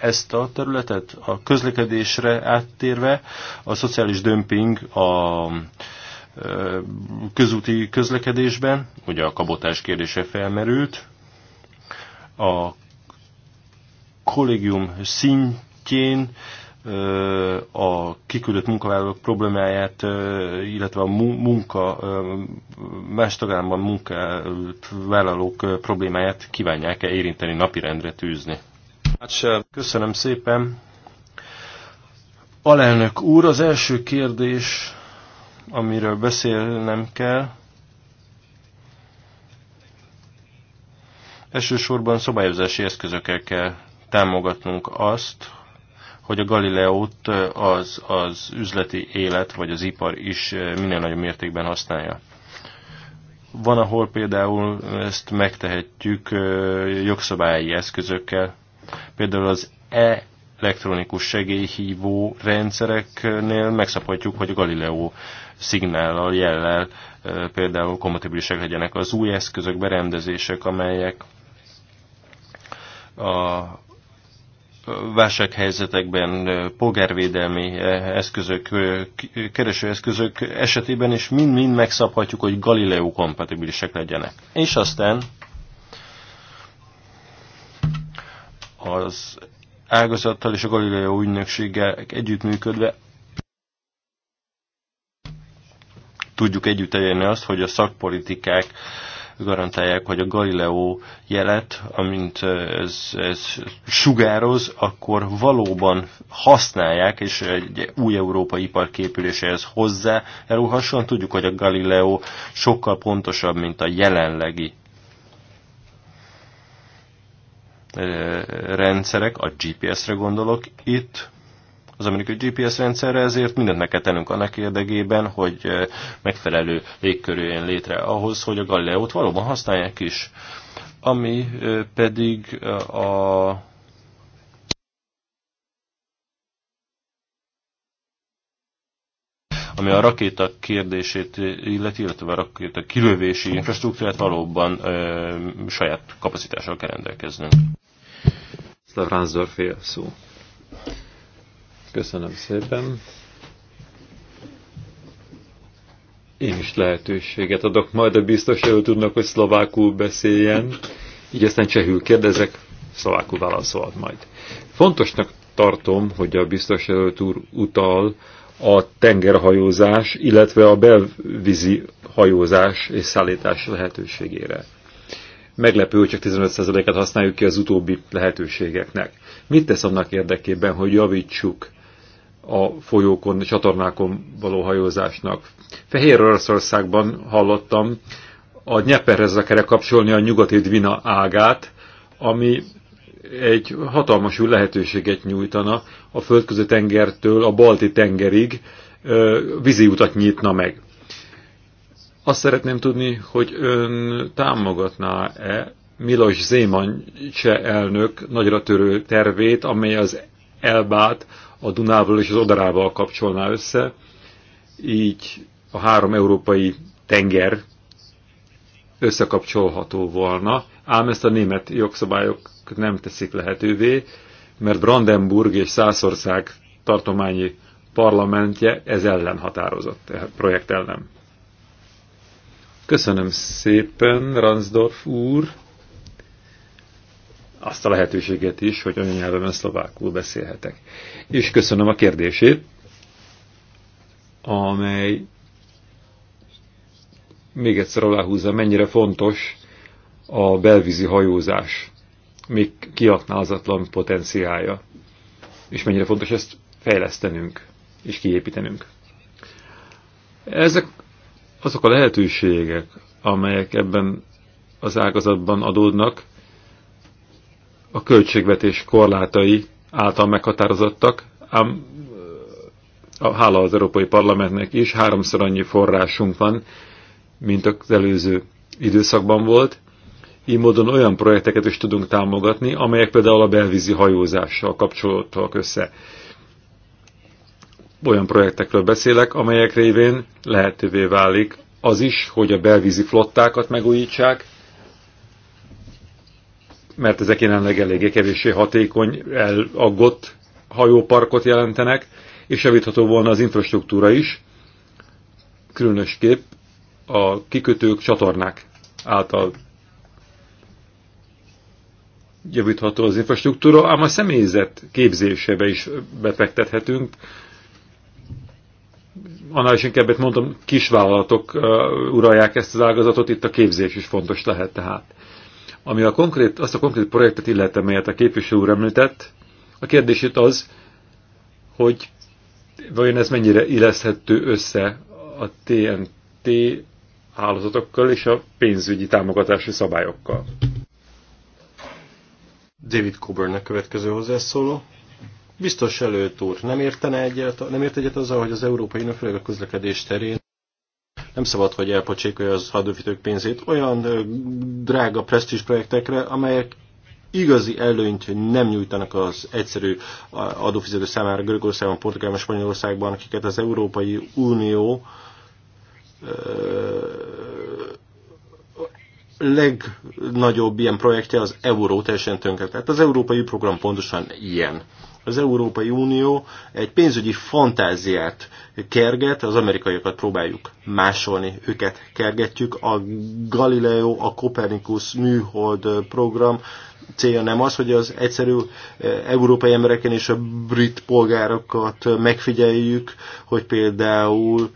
ezt a területet? A közlekedésre áttérve a szociális dömping a közúti közlekedésben, ugye a kabotás kérdése felmerült, a kollégium szintjén a kiküldött munkavállalók problémáját, illetve a munka, más tagállamban vállalók problémáját kívánják-e érinteni, napirendre tűzni. Köszönöm szépen. Alelnök úr, az első kérdés, amiről beszélnem kell, elsősorban szabályozási eszközökkel kell támogatnunk azt, hogy a Galileót az, az üzleti élet vagy az ipar is minél nagyobb mértékben használja. Van, ahol például ezt megtehetjük jogszabályi eszközökkel, például az e elektronikus segélyhívó rendszereknél megszabhatjuk, hogy a Galileo szignállal, jellel például kompatibilisek legyenek az új eszközök, berendezések, amelyek a válsághelyzetekben, polgárvédelmi eszközök, keresőeszközök esetében is mind-mind megszabhatjuk, hogy Galileo kompatibilisek legyenek. És aztán az ágazattal és a Galileo ügynökséggel együttműködve tudjuk együtt elérni azt, hogy a szakpolitikák garantálják, hogy a Galileo jelet, amint ez, ez sugároz, akkor valóban használják, és egy új európai ipar képüléséhez hozzá elúhasson. Tudjuk, hogy a Galileo sokkal pontosabb, mint a jelenlegi eh, rendszerek, a GPS-re gondolok itt, az amerikai GPS rendszerre, ezért mindent meg kell tennünk annak érdekében, hogy eh, megfelelő légkörű jön létre ahhoz, hogy a Galileót valóban használják is. Ami eh, pedig eh, a ami a rakéta kérdését illeti, illetve a rakéta kilövési infrastruktúrát valóban ö, saját kapacitással kell rendelkeznünk. Szlavránzor fél szó. Köszönöm szépen. Én is lehetőséget adok majd a biztos hogy tudnak, hogy szlovákul beszéljen. Így aztán csehül kérdezek, szlovákul válaszolhat majd. Fontosnak tartom, hogy a biztos jelölt úr utal a tengerhajózás, illetve a belvízi hajózás és szállítás lehetőségére. Meglepő, hogy csak 15%-et használjuk ki az utóbbi lehetőségeknek. Mit tesz annak érdekében, hogy javítsuk a folyókon, csatornákon való hajózásnak. Fehér Oroszországban hallottam a Nyeperhez akar kapcsolni a nyugati Dvina ágát, ami egy hatalmas új lehetőséget nyújtana a földközi tengertől a balti tengerig vízi utat nyitna meg. Azt szeretném tudni, hogy ön támogatná-e Milos Zéman cseh elnök nagyra törő tervét, amely az Elbát a Dunával és az Odarával kapcsolná össze, így a három európai tenger összekapcsolható volna, ám ezt a német jogszabályok nem teszik lehetővé, mert Brandenburg és Szászország tartományi parlamentje ez ellen határozott, a e projekt ellen. Köszönöm szépen, Ransdorf úr! azt a lehetőséget is, hogy olyan szlovákul beszélhetek. És köszönöm a kérdését, amely még egyszer aláhúzza, mennyire fontos a belvízi hajózás, még kiaknázatlan potenciája, és mennyire fontos ezt fejlesztenünk és kiépítenünk. Ezek azok a lehetőségek, amelyek ebben az ágazatban adódnak, a költségvetés korlátai által meghatározottak, ám a, hála az Európai Parlamentnek is, háromszor annyi forrásunk van, mint az előző időszakban volt. Így módon olyan projekteket is tudunk támogatni, amelyek például a belvízi hajózással kapcsolódtak össze. Olyan projektekről beszélek, amelyek révén lehetővé válik az is, hogy a belvízi flottákat megújítsák, mert ezek jelenleg eléggé kevéssé hatékony, elaggott hajóparkot jelentenek, és javítható volna az infrastruktúra is, különösképp a kikötők, csatornák által javítható az infrastruktúra, ám a személyzet képzésébe is befektethetünk. Annál is inkább, mondom, kisvállalatok uh, uralják ezt az ágazatot, itt a képzés is fontos lehet tehát. Ami a konkrét, azt a konkrét projektet illetve, melyet a képviselő úr említett, a kérdés itt az, hogy vajon ez mennyire illeszhető össze a TNT hálózatokkal és a pénzügyi támogatási szabályokkal. David Coburn következő hozzászóló. Biztos előtt úr, nem, értene egyet, nem ért egyet azzal, hogy az európai, főleg a közlekedés terén nem szabad, hogy elpocsékolja az adófizetők pénzét olyan drága presztízs projektekre, amelyek igazi előnyt nem nyújtanak az egyszerű adófizető számára Görögországban, Portugálban, Spanyolországban, akiket az Európai Unió legnagyobb ilyen projektje az euró teljesen tönkre. Tehát az európai program pontosan ilyen az Európai Unió egy pénzügyi fantáziát kerget, az amerikaiakat próbáljuk másolni, őket kergetjük. A Galileo, a Copernicus műhold program célja nem az, hogy az egyszerű eh, európai embereken és a brit polgárokat megfigyeljük, hogy például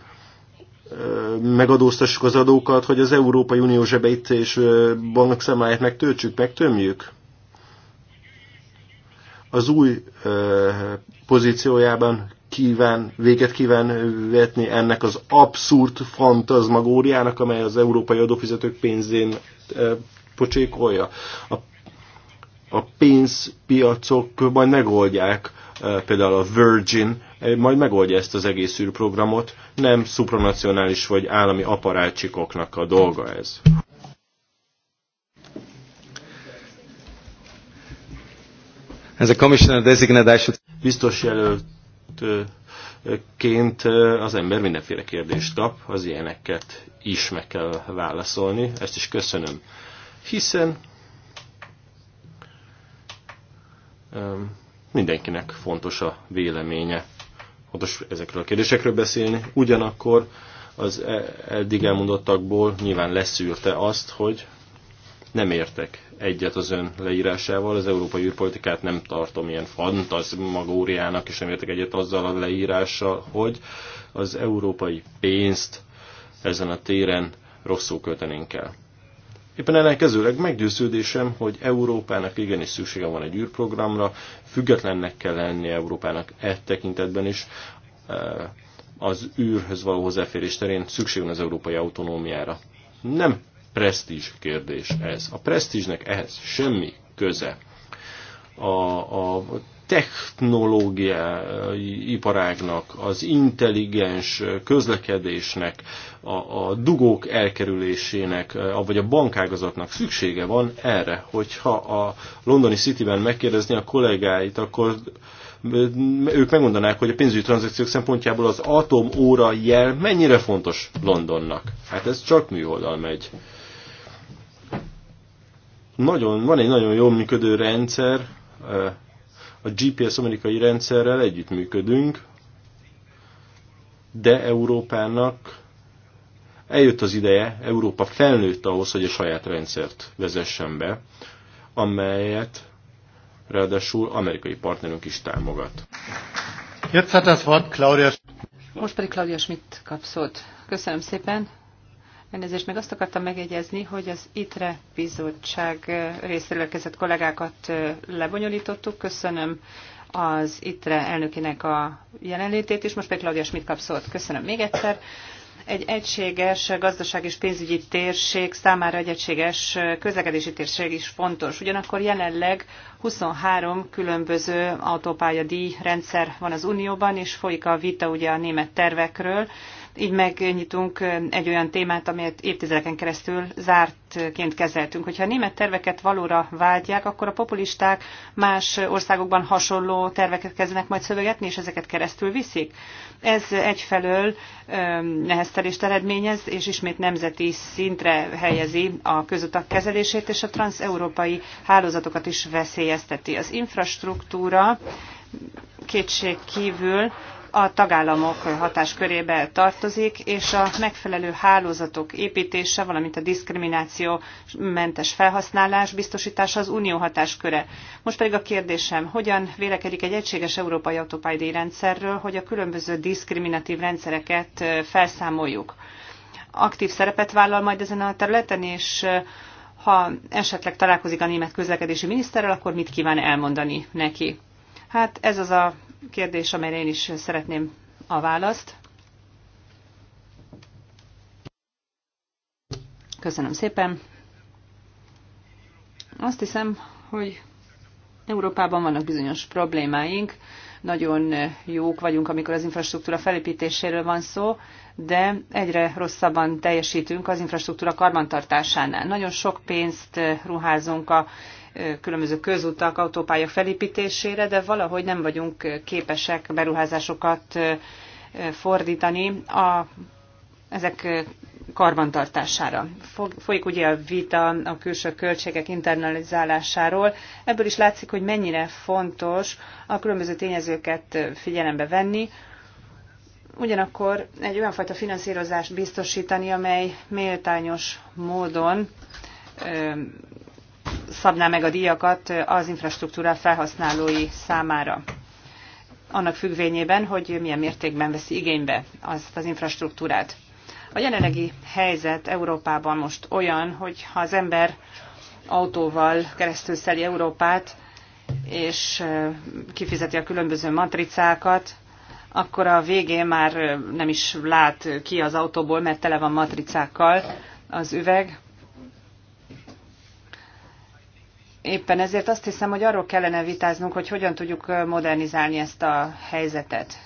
eh, megadóztassuk az adókat, hogy az Európai Unió zsebeit és eh, bankszámláját megtöltsük, megtömjük? az új pozíciójában kíván, véget kíván vetni ennek az abszurd fantazmagóriának, amely az európai adófizetők pénzén pocsékolja. A, a pénzpiacok majd megoldják, például a Virgin majd megoldja ezt az egész űrprogramot, nem szupranacionális vagy állami aparátcsikoknak a dolga ez. As a commissioner designate, I should... Biztos jelöltként az ember mindenféle kérdést kap, az ilyeneket is meg kell válaszolni, ezt is köszönöm. Hiszen mindenkinek fontos a véleménye. Fontos ezekről a kérdésekről beszélni. Ugyanakkor az e- eddig elmondottakból nyilván leszűrte azt, hogy nem értek egyet az ön leírásával. Az európai űrpolitikát nem tartom ilyen fantasmagóriának, és nem értek egyet azzal a leírással, hogy az európai pénzt ezen a téren rosszul költenénk el. Éppen ellenkezőleg meggyőződésem, hogy Európának igenis szüksége van egy űrprogramra, függetlennek kell lenni Európának e tekintetben is, eh, az űrhöz való hozzáférés terén szükség van az európai autonómiára. Nem presztízs kérdés ez. A presztízsnek ehhez semmi köze. A, a technológiai iparágnak, az intelligens közlekedésnek, a, a dugók elkerülésének, vagy a bankágazatnak szüksége van erre. Hogyha a londoni City-ben megkérdezni a kollégáit, akkor ők megmondanák, hogy a pénzügyi tranzakciók szempontjából az atomóra jel mennyire fontos Londonnak. Hát ez csak műholdal megy. Nagyon, van egy nagyon jól működő rendszer, a GPS amerikai rendszerrel együttműködünk, de Európának eljött az ideje, Európa felnőtt ahhoz, hogy a saját rendszert vezessen be, amelyet ráadásul amerikai partnerünk is támogat. Jetzt hat das Wort Claudia. Most pedig Claudia Schmidt kapszott. Köszönöm szépen. Elnézést, meg azt akartam megjegyezni, hogy az ITRE bizottság részéről kezdett kollégákat lebonyolítottuk. Köszönöm az ITRE elnökének a jelenlétét, is most pedig Claudia Schmidt kap szót. Köszönöm még egyszer. Egy egységes gazdaság és pénzügyi térség számára egy egységes közlekedési térség is fontos. Ugyanakkor jelenleg 23 különböző autópálya díjrendszer van az Unióban, és folyik a vita ugye a német tervekről így megnyitunk egy olyan témát, amelyet évtizedeken keresztül zártként kezeltünk. Hogyha a német terveket valóra váltják, akkor a populisták más országokban hasonló terveket kezdenek majd szövegetni, és ezeket keresztül viszik. Ez egyfelől neheztelést eredményez, és ismét nemzeti szintre helyezi a közutak kezelését, és a transeurópai hálózatokat is veszélyezteti. Az infrastruktúra kétség kívül a tagállamok hatáskörébe tartozik, és a megfelelő hálózatok építése, valamint a diszkrimináció mentes felhasználás biztosítása az unió hatásköre. Most pedig a kérdésem, hogyan vélekedik egy egységes európai autópályadíj rendszerről, hogy a különböző diszkriminatív rendszereket felszámoljuk? Aktív szerepet vállal majd ezen a területen, és ha esetleg találkozik a német közlekedési miniszterrel, akkor mit kíván elmondani neki? Hát ez az a kérdés, amelyre én is szeretném a választ. Köszönöm szépen. Azt hiszem, hogy Európában vannak bizonyos problémáink, nagyon jók vagyunk, amikor az infrastruktúra felépítéséről van szó, de egyre rosszabban teljesítünk az infrastruktúra karbantartásánál. Nagyon sok pénzt ruházunk a különböző közutak, autópályák felépítésére, de valahogy nem vagyunk képesek beruházásokat fordítani a, ezek karbantartására. Folyik ugye a vita a külső költségek internalizálásáról. Ebből is látszik, hogy mennyire fontos a különböző tényezőket figyelembe venni, ugyanakkor egy olyan fajta finanszírozást biztosítani, amely méltányos módon szabná meg a díjakat az infrastruktúra felhasználói számára annak függvényében, hogy milyen mértékben veszi igénybe azt az infrastruktúrát. A jelenlegi helyzet Európában most olyan, hogy ha az ember autóval keresztül szeli Európát, és kifizeti a különböző matricákat, akkor a végén már nem is lát ki az autóból, mert tele van matricákkal az üveg. Éppen ezért azt hiszem, hogy arról kellene vitáznunk, hogy hogyan tudjuk modernizálni ezt a helyzetet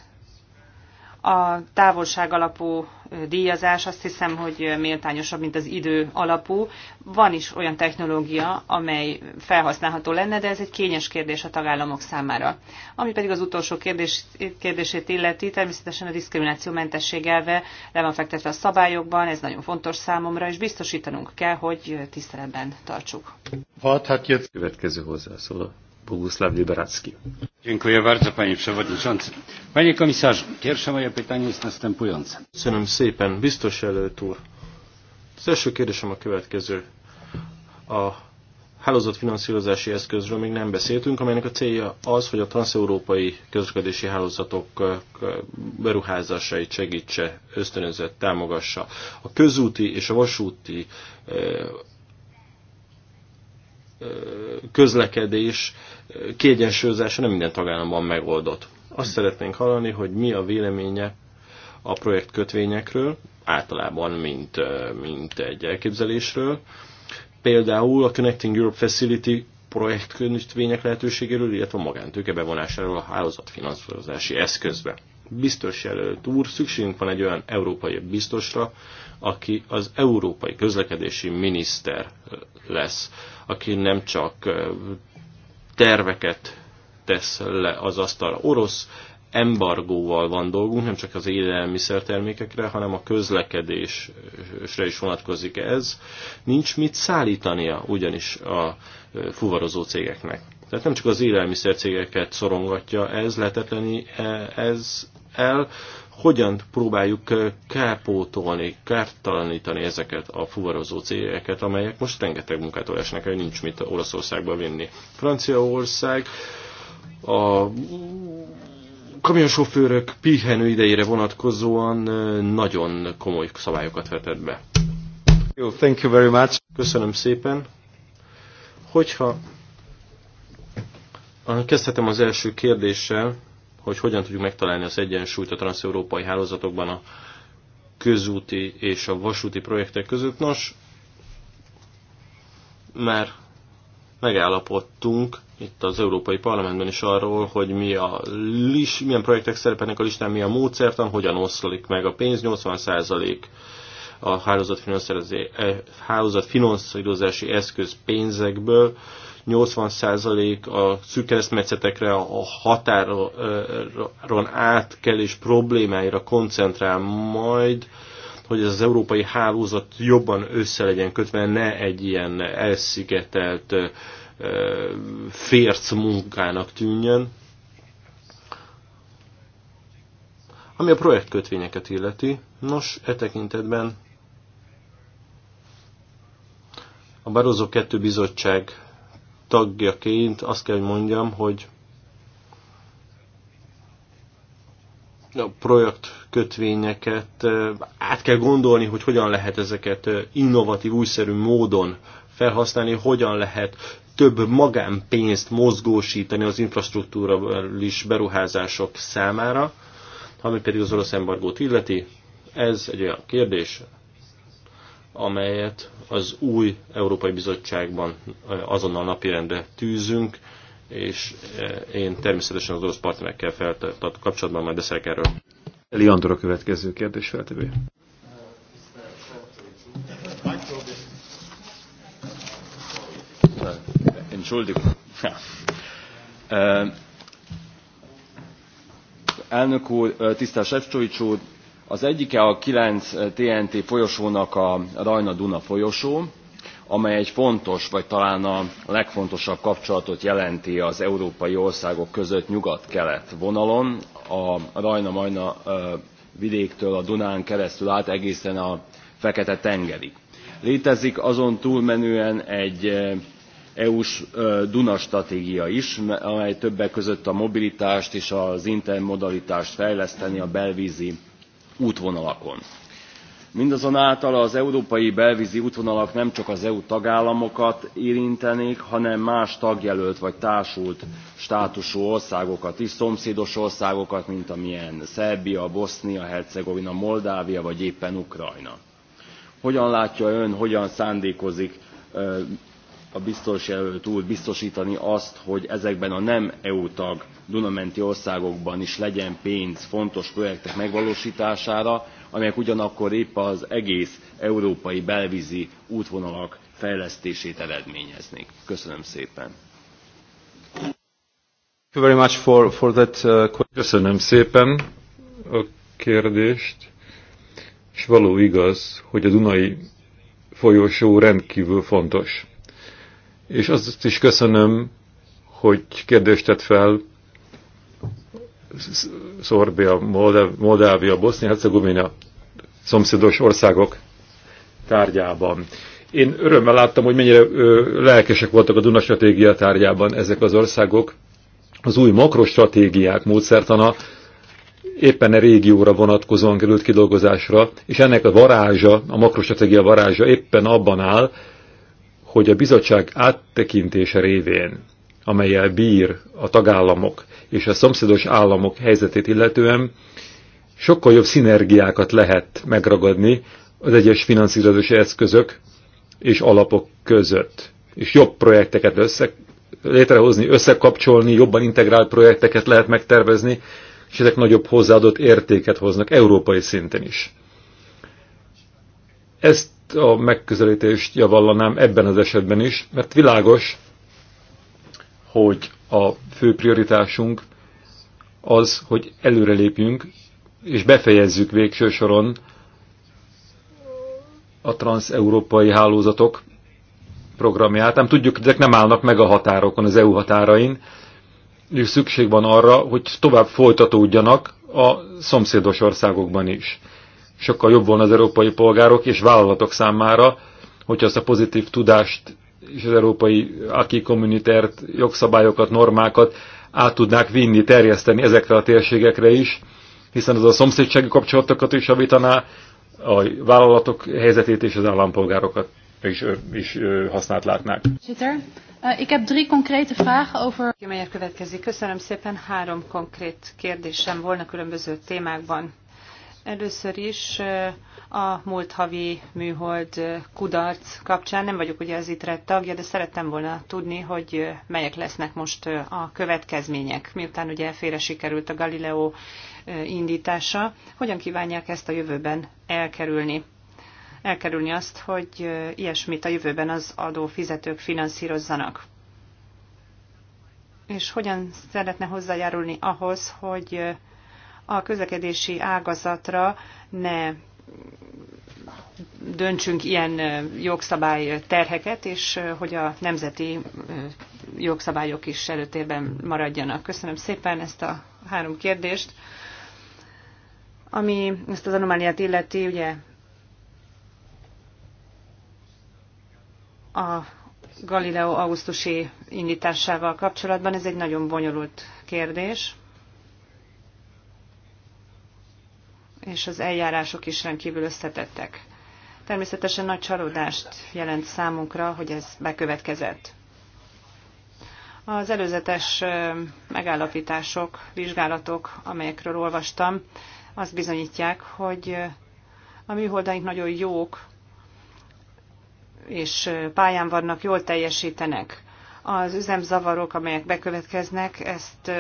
a távolság alapú díjazás azt hiszem, hogy méltányosabb, mint az idő alapú. Van is olyan technológia, amely felhasználható lenne, de ez egy kényes kérdés a tagállamok számára. Ami pedig az utolsó kérdés, kérdését illeti, természetesen a diszkrimináció mentesség elve le van fektetve a szabályokban, ez nagyon fontos számomra, és biztosítanunk kell, hogy tiszteletben tartsuk. Vad, hát jött következő hozzászóló. Bogusław Liberacki. Dziękuję bardzo, panie przewodniczący. Panie komisarzu, pierwsze moje pytanie jest następujące. Köszönöm szépen, biztos előtt úr. Az első kérdésem a következő. A hálózatfinanszírozási eszközről még nem beszéltünk, amelynek a célja az, hogy a transeurópai közlekedési hálózatok beruházásait segítse, ösztönözött, támogassa. A közúti és a vasúti közlekedés kiegyensúlyozása nem minden tagállamban megoldott. Azt szeretnénk hallani, hogy mi a véleménye a projekt kötvényekről, általában mint, mint egy elképzelésről. Például a Connecting Europe Facility projektkönyvtvények lehetőségéről, illetve a magántőke bevonásáról a hálózatfinanszírozási eszközbe. Biztos jelölt úr, szükségünk van egy olyan európai biztosra, aki az európai közlekedési miniszter lesz, aki nem csak terveket tesz le az asztalra. Orosz embargóval van dolgunk, nem csak az élelmiszertermékekre, hanem a közlekedésre is vonatkozik ez. Nincs mit szállítania ugyanis a e, fuvarozó cégeknek. Tehát nem csak az élelmiszer cégeket szorongatja ez, lehetetleni e, ez el, hogyan próbáljuk kárpótolni, kártalanítani ezeket a fuvarozó cégeket, amelyek most rengeteg munkát olvasnak, hogy nincs mit Olaszországba vinni. Franciaország a kamionsofőrök pihenő idejére vonatkozóan nagyon komoly szabályokat vetett be. thank you very much. Köszönöm szépen. Hogyha kezdhetem az első kérdéssel, hogy hogyan tudjuk megtalálni az egyensúlyt a transzeurópai hálózatokban a közúti és a vasúti projektek között. Nos, már megállapodtunk itt az Európai Parlamentben is arról, hogy mi a lis, milyen projektek szerepelnek a listán, mi a módszertan, hogyan oszlik meg a pénz, 80% a eh, hálózatfinanszírozási eszköz pénzekből, 80% a szűk keresztmetszetekre, a határon átkelés problémáira koncentrál majd, hogy ez az európai hálózat jobban össze legyen kötve, ne egy ilyen elszigetelt férc munkának tűnjön. Ami a projektkötvényeket illeti, nos, e tekintetben a Barozó 2 bizottság tagjaként azt kell, hogy mondjam, hogy a projekt kötvényeket át kell gondolni, hogy hogyan lehet ezeket innovatív, újszerű módon felhasználni, hogyan lehet több magánpénzt mozgósítani az infrastruktúralis beruházások számára, ami pedig az orosz embargót illeti. Ez egy olyan kérdés, amelyet az új Európai Bizottságban eh, azonnal napirendre tűzünk, és eh, én természetesen az orosz partnerekkel feltartott kapcsolatban majd beszélek erről. Eli Andor a következő kérdés feltevő. Elnök úr, tisztelt Sefcsovics úr, az egyike a 9 TNT folyosónak a Rajna-Duna folyosó, amely egy fontos, vagy talán a legfontosabb kapcsolatot jelenti az európai országok között nyugat-kelet vonalon, a Rajna-Majna vidéktől a Dunán keresztül át egészen a Fekete-tengerig. Létezik azon túlmenően egy EU-s Duna stratégia is, amely többek között a mobilitást és az intermodalitást fejleszteni a belvízi útvonalakon. Mindazonáltal az európai belvízi útvonalak nem csak az EU tagállamokat érintenék, hanem más tagjelölt vagy társult státusú országokat is, szomszédos országokat, mint amilyen Szerbia, Bosznia, Hercegovina, Moldávia vagy éppen Ukrajna. Hogyan látja ön, hogyan szándékozik a biztos jelölt úr biztosítani azt, hogy ezekben a nem EU tag dunamenti országokban is legyen pénz fontos projektek megvalóstására amelyek ugyanakkor épp az egész európai belvízi útvonalak fejlesztését eredményeznék. köszönöm szépen! Uh, köszönöm szépen a kérdést, és való igaz, hogy a Dunai folyosó rendkívül fontos. És azt is köszönöm, hogy kérdést tett fel Szorbia, Moldávia, Bosznia-Hercegovina szomszédos országok tárgyában. Én örömmel láttam, hogy mennyire ö, lelkesek voltak a Duna stratégia tárgyában ezek az országok. Az új makrostratégiák módszertana éppen a e régióra vonatkozóan került kidolgozásra, és ennek a varázsa, a makrostratégia varázsa éppen abban áll, hogy a bizottság áttekintése révén, amelyel bír a tagállamok és a szomszédos államok helyzetét illetően sokkal jobb szinergiákat lehet megragadni az egyes finanszírozási eszközök és alapok között, és jobb projekteket össze, létrehozni, összekapcsolni, jobban integrált projekteket lehet megtervezni, és ezek nagyobb hozzáadott értéket hoznak európai szinten is. Ezt a megközelítést javallanám ebben az esetben is, mert világos, hogy a fő prioritásunk az, hogy előrelépjünk és befejezzük végső soron a európai hálózatok programját. Nem tudjuk, ezek nem állnak meg a határokon, az EU határain, és szükség van arra, hogy tovább folytatódjanak a szomszédos országokban is. Sokkal jobb volna az európai polgárok és vállalatok számára, hogyha azt a pozitív tudást és az európai aki kommunitert, jogszabályokat, normákat át tudnák vinni, terjeszteni ezekre a térségekre is, hiszen az a szomszédsági kapcsolatokat is javítaná, a vállalatok helyzetét és az állampolgárokat is, is használt látnák. Eh, ik heb drie concrete vragen over... Meyer következik. Köszönöm szépen. Három konkrét kérdésem volna különböző témákban. Először is eh, a múlt havi műhold kudarc kapcsán. Nem vagyok ugye az ITRE tagja, de szerettem volna tudni, hogy melyek lesznek most a következmények, miután ugye félre sikerült a Galileo indítása. Hogyan kívánják ezt a jövőben elkerülni? Elkerülni azt, hogy ilyesmit a jövőben az adófizetők finanszírozzanak. És hogyan szeretne hozzájárulni ahhoz, hogy a közlekedési ágazatra ne döntsünk ilyen jogszabály terheket, és hogy a nemzeti jogszabályok is előtérben maradjanak. Köszönöm szépen ezt a három kérdést. Ami ezt az anomáliát illeti, ugye a Galileo augusztusi indításával kapcsolatban, ez egy nagyon bonyolult kérdés. és az eljárások is rendkívül összetettek. Természetesen nagy csalódást jelent számunkra, hogy ez bekövetkezett. Az előzetes megállapítások, vizsgálatok, amelyekről olvastam, azt bizonyítják, hogy a műholdaink nagyon jók, és pályán vannak, jól teljesítenek. Az üzemzavarok, amelyek bekövetkeznek, ezt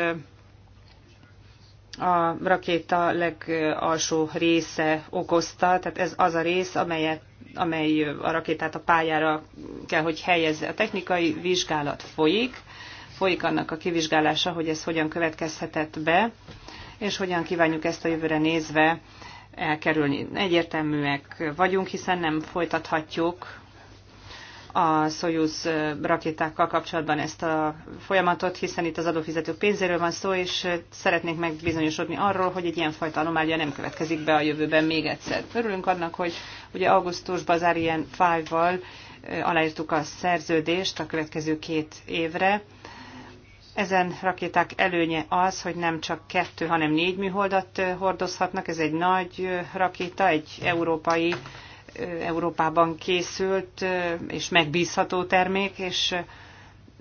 a rakéta legalsó része okozta, tehát ez az a rész, amelyet, amely a rakétát a pályára kell, hogy helyezze. A technikai vizsgálat folyik, folyik annak a kivizsgálása, hogy ez hogyan következhetett be, és hogyan kívánjuk ezt a jövőre nézve elkerülni. Egyértelműek vagyunk, hiszen nem folytathatjuk a Soyuz rakétákkal kapcsolatban ezt a folyamatot, hiszen itt az adófizetők pénzéről van szó, és szeretnék megbizonyosodni arról, hogy egy ilyenfajta anomália nem következik be a jövőben még egyszer. Örülünk annak, hogy ugye augusztusban az Ariane 5-val aláírtuk a szerződést a következő két évre. Ezen rakéták előnye az, hogy nem csak kettő, hanem négy műholdat hordozhatnak. Ez egy nagy rakéta, egy európai Európában készült és megbízható termék, és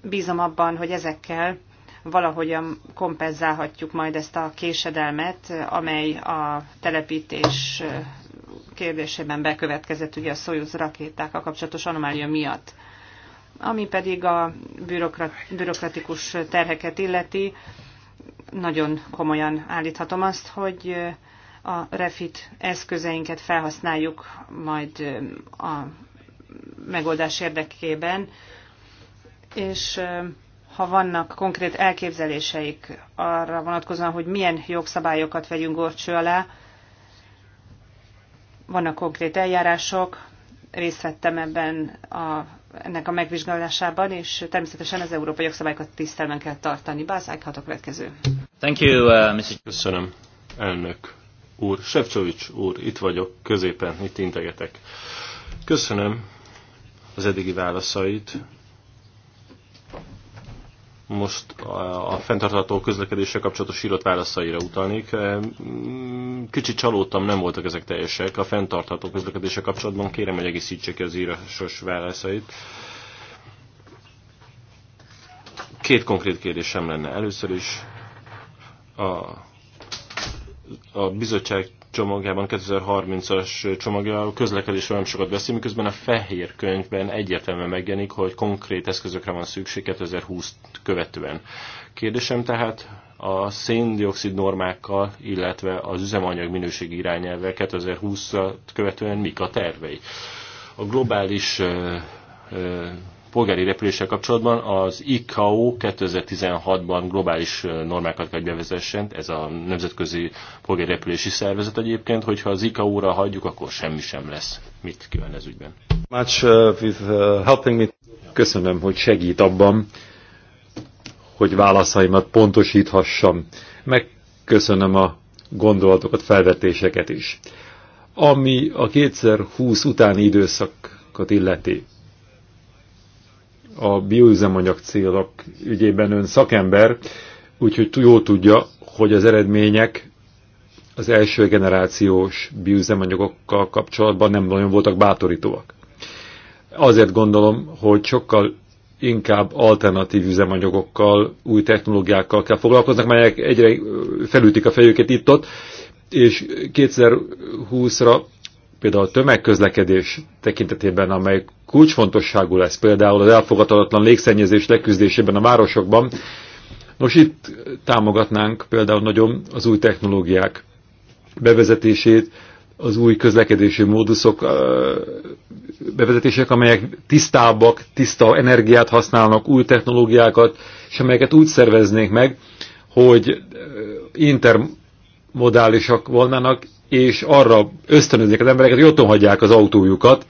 bízom abban, hogy ezekkel valahogyan kompenzálhatjuk majd ezt a késedelmet, amely a telepítés kérdésében bekövetkezett ugye a Soyuz rakétákkal kapcsolatos anomália miatt. Ami pedig a bürokrat, bürokratikus terheket illeti, nagyon komolyan állíthatom azt, hogy a refit eszközeinket felhasználjuk majd a megoldás érdekében, és ha vannak konkrét elképzeléseik arra vonatkozóan, hogy milyen jogszabályokat vegyünk gorcső alá, vannak konkrét eljárások, részt vettem ebben a, ennek a megvizsgálásában, és természetesen az európai jogszabályokat tisztelmen kell tartani. Bászák, hát a következő. Thank you, uh, Mr. Köszönöm, elnök úr, Sevcsovics úr, itt vagyok, középen, itt integetek. Köszönöm az eddigi válaszait. Most a fenntartható közlekedéssel kapcsolatos írott válaszaira utalnék. Kicsit csalódtam, nem voltak ezek teljesek. A fenntartható közlekedéssel kapcsolatban kérem, hogy egészítsék ki az írásos válaszait. Két konkrét kérdésem lenne. Először is a a bizottság csomagjában, 2030-as csomagja a közlekedésről nem sokat beszél, miközben a fehér könyvben egyértelműen megjelenik, hogy konkrét eszközökre van szükség 2020 követően. Kérdésem tehát a széndiokszid normákkal, illetve az üzemanyag minőségi irányelvvel 2020 követően mik a tervei? A globális polgári repüléssel kapcsolatban az ICAO 2016-ban globális normákat kell bevezessen, ez a Nemzetközi Polgári Repülési Szervezet egyébként, hogyha az ICAO-ra hagyjuk, akkor semmi sem lesz. Mit kíván ez ügyben? Much, uh, uh, helping me. Köszönöm, hogy segít abban, hogy válaszaimat pontosíthassam. Megköszönöm a gondolatokat, felvetéseket is. Ami a 2020 utáni időszakot illeti a bioüzemanyag célok ügyében ön szakember, úgyhogy jól tudja, hogy az eredmények az első generációs bioüzemanyagokkal kapcsolatban nem nagyon voltak bátorítóak. Azért gondolom, hogy sokkal inkább alternatív üzemanyagokkal, új technológiákkal kell foglalkoznak, melyek egyre felütik a fejüket itt-ott, és 2020-ra például a tömegközlekedés tekintetében, amely kulcsfontosságú lesz, például az elfogadhatatlan légszennyezés leküzdésében a városokban. Nos, itt támogatnánk például nagyon az új technológiák bevezetését, az új közlekedési móduszok bevezetések, amelyek tisztábbak, tiszta energiát használnak, új technológiákat, és amelyeket úgy szerveznék meg, hogy intermodálisak volnának, és arra ösztönöznek az embereket, hogy otthon hagyják az autójukat,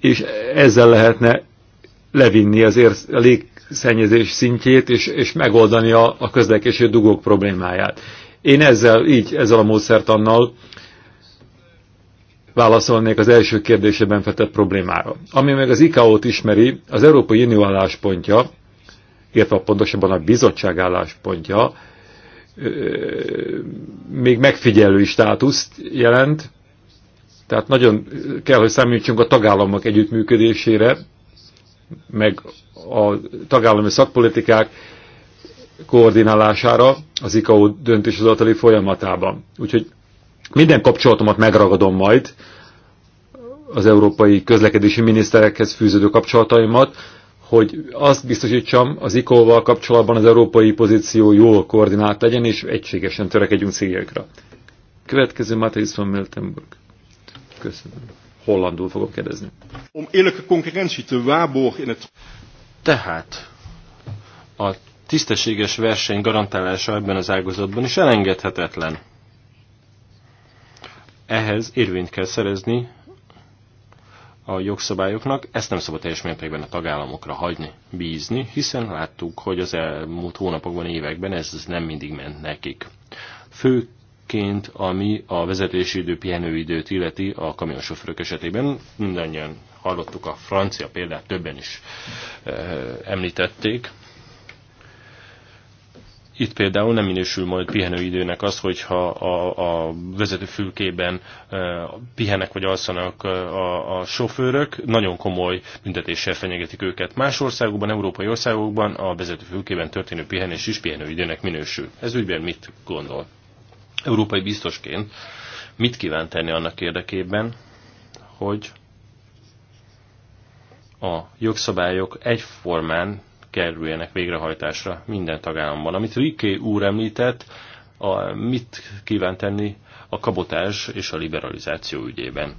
és ezzel lehetne levinni az ér, a légszennyezés szintjét, és, és megoldani a, a közlekedési dugók problémáját. Én ezzel, így, ezzel a módszertannal válaszolnék az első kérdésében fetett problémára. Ami meg az ICAO-t ismeri, az Európai Unió álláspontja, illetve pontosabban a bizottság álláspontja, még megfigyelői státuszt jelent, tehát nagyon kell, hogy számítsunk a tagállamok együttműködésére, meg a tagállami szakpolitikák koordinálására az ICAO döntéshozatali folyamatában. Úgyhogy minden kapcsolatomat megragadom majd, az európai közlekedési miniszterekhez fűződő kapcsolataimat, hogy azt biztosítsam az ICO-val kapcsolatban az európai pozíció jól koordinált legyen, és egységesen törekedjünk céljaikra. Következő Matthijs van Miltenburg. Köszönöm. Hollandul fogok kérdezni. Om eerlijke te in het... Tehát a tisztességes verseny garantálása ebben az ágazatban is elengedhetetlen. Ehhez érvényt kell szerezni a jogszabályoknak, ezt nem szabad teljes mértékben a tagállamokra hagyni, bízni, hiszen láttuk, hogy az elmúlt hónapokban, években ez nem mindig ment nekik. Főként, ami a vezetési idő, pihenőidőt illeti a kamionsofőrök esetében, mindannyian hallottuk a francia példát, többen is e, említették, itt például nem minősül majd pihenőidőnek az, hogyha a, a vezetőfülkében pihenek vagy alszanak a, a sofőrök, nagyon komoly büntetéssel fenyegetik őket. Más országokban, európai országokban a vezetőfülkében történő pihenés is pihenőidőnek minősül. Ez ügyben mit gondol? Európai biztosként mit kíván tenni annak érdekében, hogy a jogszabályok egyformán kerüljenek végrehajtásra minden tagállamban. Amit Riké úr említett, a, mit kíván tenni a kabotás és a liberalizáció ügyében.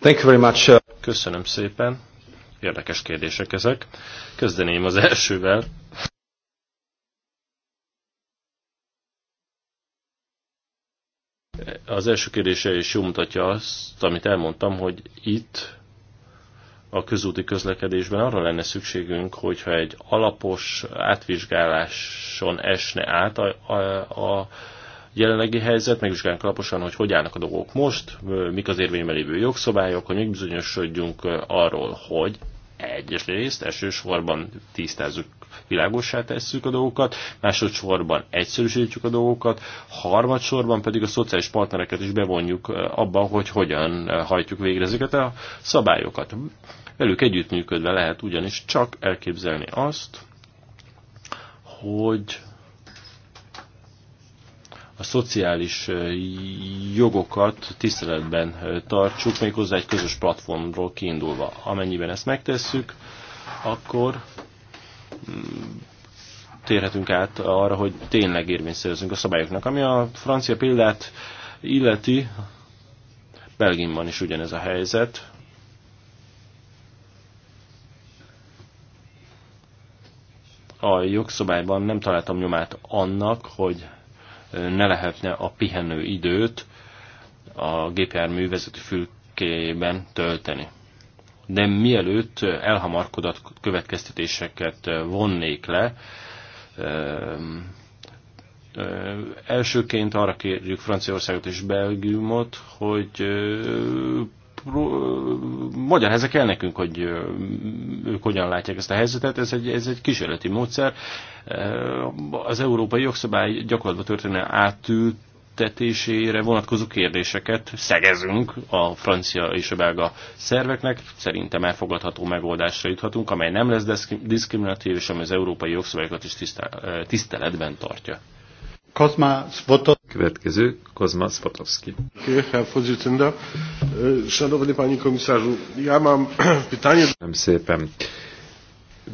Thank you very much. Uh, Köszönöm szépen. Érdekes kérdések ezek. Kezdeném az elsővel. Az első kérdése is jól mutatja azt, amit elmondtam, hogy itt a közúti közlekedésben arra lenne szükségünk, hogyha egy alapos átvizsgáláson esne át a, a, a jelenlegi helyzet, megvizsgálunk alaposan, hogy hogy állnak a dolgok most, mik az érvényben lévő jogszabályok, hogy megbizonyosodjunk arról, hogy részt elsősorban tisztázzuk, világossá tesszük a dolgokat, másodszorban egyszerűsítjük a dolgokat, harmadsorban pedig a szociális partnereket is bevonjuk abban, hogy hogyan hajtjuk végre ezeket a szabályokat. Velük együttműködve lehet ugyanis csak elképzelni azt, hogy a szociális jogokat tiszteletben tartsuk, méghozzá egy közös platformról kiindulva. Amennyiben ezt megtesszük, akkor mm, térhetünk át arra, hogy tényleg érvényszerezünk a szabályoknak. Ami a francia példát illeti, Belgiumban is ugyanez a helyzet. A jogszabályban nem találtam nyomát annak, hogy ne lehetne a pihenő időt a gépjármű vezető fülkében tölteni. De mielőtt elhamarkodott következtetéseket vonnék le, ehm, ehm, elsőként arra kérjük Franciaországot és Belgiumot, hogy ehm, ezek el nekünk, hogy ők hogyan látják ezt a helyzetet. Ez egy, ez egy kísérleti módszer. Az európai jogszabály gyakorlatban történő átült vonatkozó kérdéseket szegezünk a francia és a belga szerveknek. Szerintem elfogadható megoldásra juthatunk, amely nem lesz diszkriminatív, és ami az európai jogszabályokat is tiszteletben tartja. Kozma Svotowski. Következő Kozma Svotowski. szanowny panie komisarzu, ja mam pytanie... Nem szépen.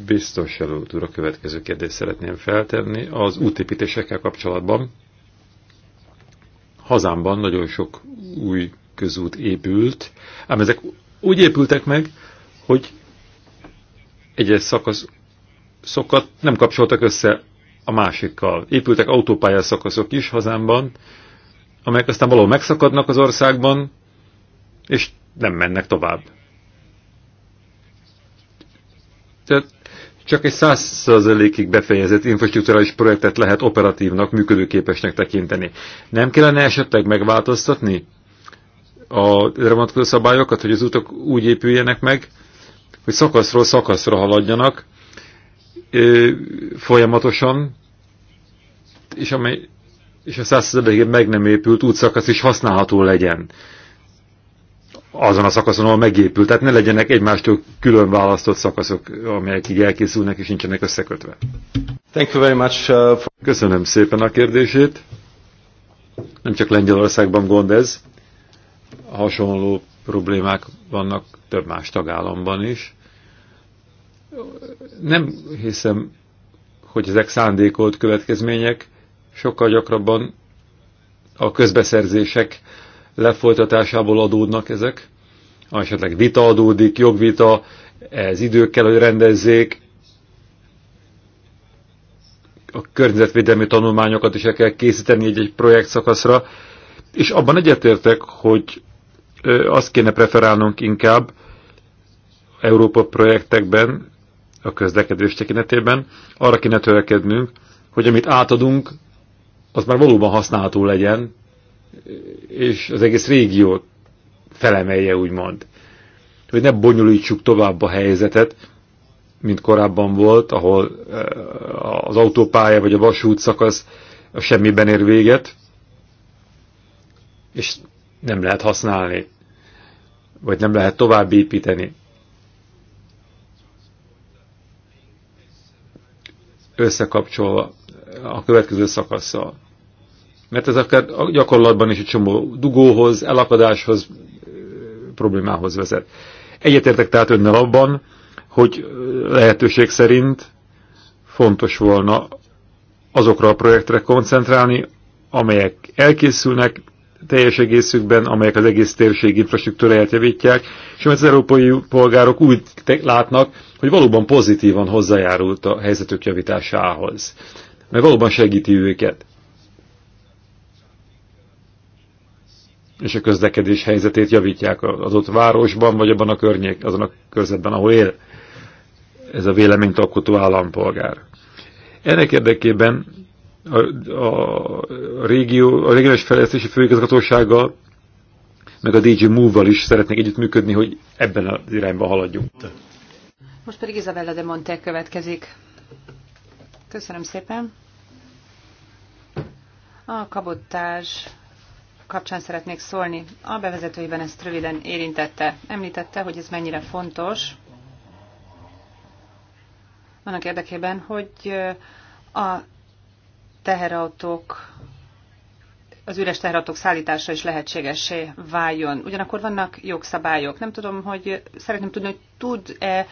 Biztos előtt úr, a következő kérdést szeretném feltenni. Az útépítésekkel kapcsolatban hazámban nagyon sok új közút épült, ám ezek úgy épültek meg, hogy egyes szakaszokat nem kapcsoltak össze a másikkal. Épültek autópályaszakaszok is hazámban, amelyek aztán valahol megszakadnak az országban, és nem mennek tovább. Tehát csak egy százszerzelékig befejezett infrastruktúrális projektet lehet operatívnak, működőképesnek tekinteni. Nem kellene esetleg megváltoztatni a vonatkozó szabályokat, hogy az utak úgy épüljenek meg, hogy szakaszról szakaszra haladjanak, ö, folyamatosan, és, amely, és a 100 meg nem épült útszakasz is használható legyen azon a szakaszon, ahol megépült. Tehát ne legyenek egymástól külön választott szakaszok, amelyek így elkészülnek és nincsenek összekötve. Thank you very much uh, for... Köszönöm szépen a kérdését. Nem csak Lengyelországban gond ez, hasonló problémák vannak több más tagállamban is nem hiszem, hogy ezek szándékolt következmények, sokkal gyakrabban a közbeszerzések lefolytatásából adódnak ezek, ha esetleg vita adódik, jogvita, ez idő kell, hogy rendezzék, a környezetvédelmi tanulmányokat is el kell készíteni egy-egy projekt szakaszra, és abban egyetértek, hogy azt kéne preferálnunk inkább Európa projektekben, a közlekedés tekintetében. Arra kéne törekednünk, hogy amit átadunk, az már valóban használható legyen, és az egész régiót felemelje, úgymond. Hogy ne bonyolítsuk tovább a helyzetet, mint korábban volt, ahol eh, az autópálya vagy a vasút szakasz a semmiben ér véget, és nem lehet használni, vagy nem lehet tovább építeni összekapcsolva a következő szakaszsal. Mert ez akár a gyakorlatban is egy csomó dugóhoz, elakadáshoz, problémához vezet. Egyetértek tehát önnel abban, hogy lehetőség szerint fontos volna azokra a projektre koncentrálni, amelyek elkészülnek teljes egészükben, amelyek az egész térség infrastruktúráját javítják, és amelyek az európai polgárok úgy látnak, hogy valóban pozitívan hozzájárult a helyzetük javításához, mert valóban segíti őket. És a közlekedés helyzetét javítják az ott városban, vagy abban a környék, azon a körzetben, ahol él ez a véleményt alkotó állampolgár. Ennek érdekében a, a, a, régió, a régiós fejlesztési főigazgatósággal, meg a DJ Move-val is szeretnék együttműködni, hogy ebben az irányba haladjunk. Most pedig Izabella de Monte következik. Köszönöm szépen. A kabottás kapcsán szeretnék szólni. A bevezetőiben ezt röviden érintette. Említette, hogy ez mennyire fontos annak érdekében, hogy a teherautók az üres teherautók szállítása is lehetségessé váljon. Ugyanakkor vannak jogszabályok. Nem tudom, hogy szeretném tudni, hogy tud-e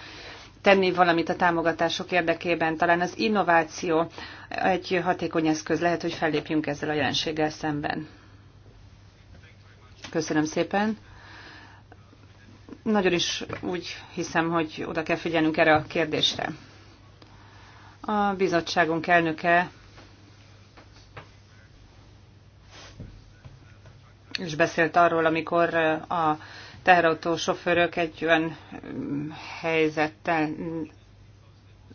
tenni valamit a támogatások érdekében. Talán az innováció egy hatékony eszköz lehet, hogy fellépjünk ezzel a jelenséggel szemben. Köszönöm szépen. Nagyon is úgy hiszem, hogy oda kell figyelnünk erre a kérdésre. A bizottságunk elnöke is beszélt arról, amikor a teherautó sofőrök egy olyan mm, helyzettel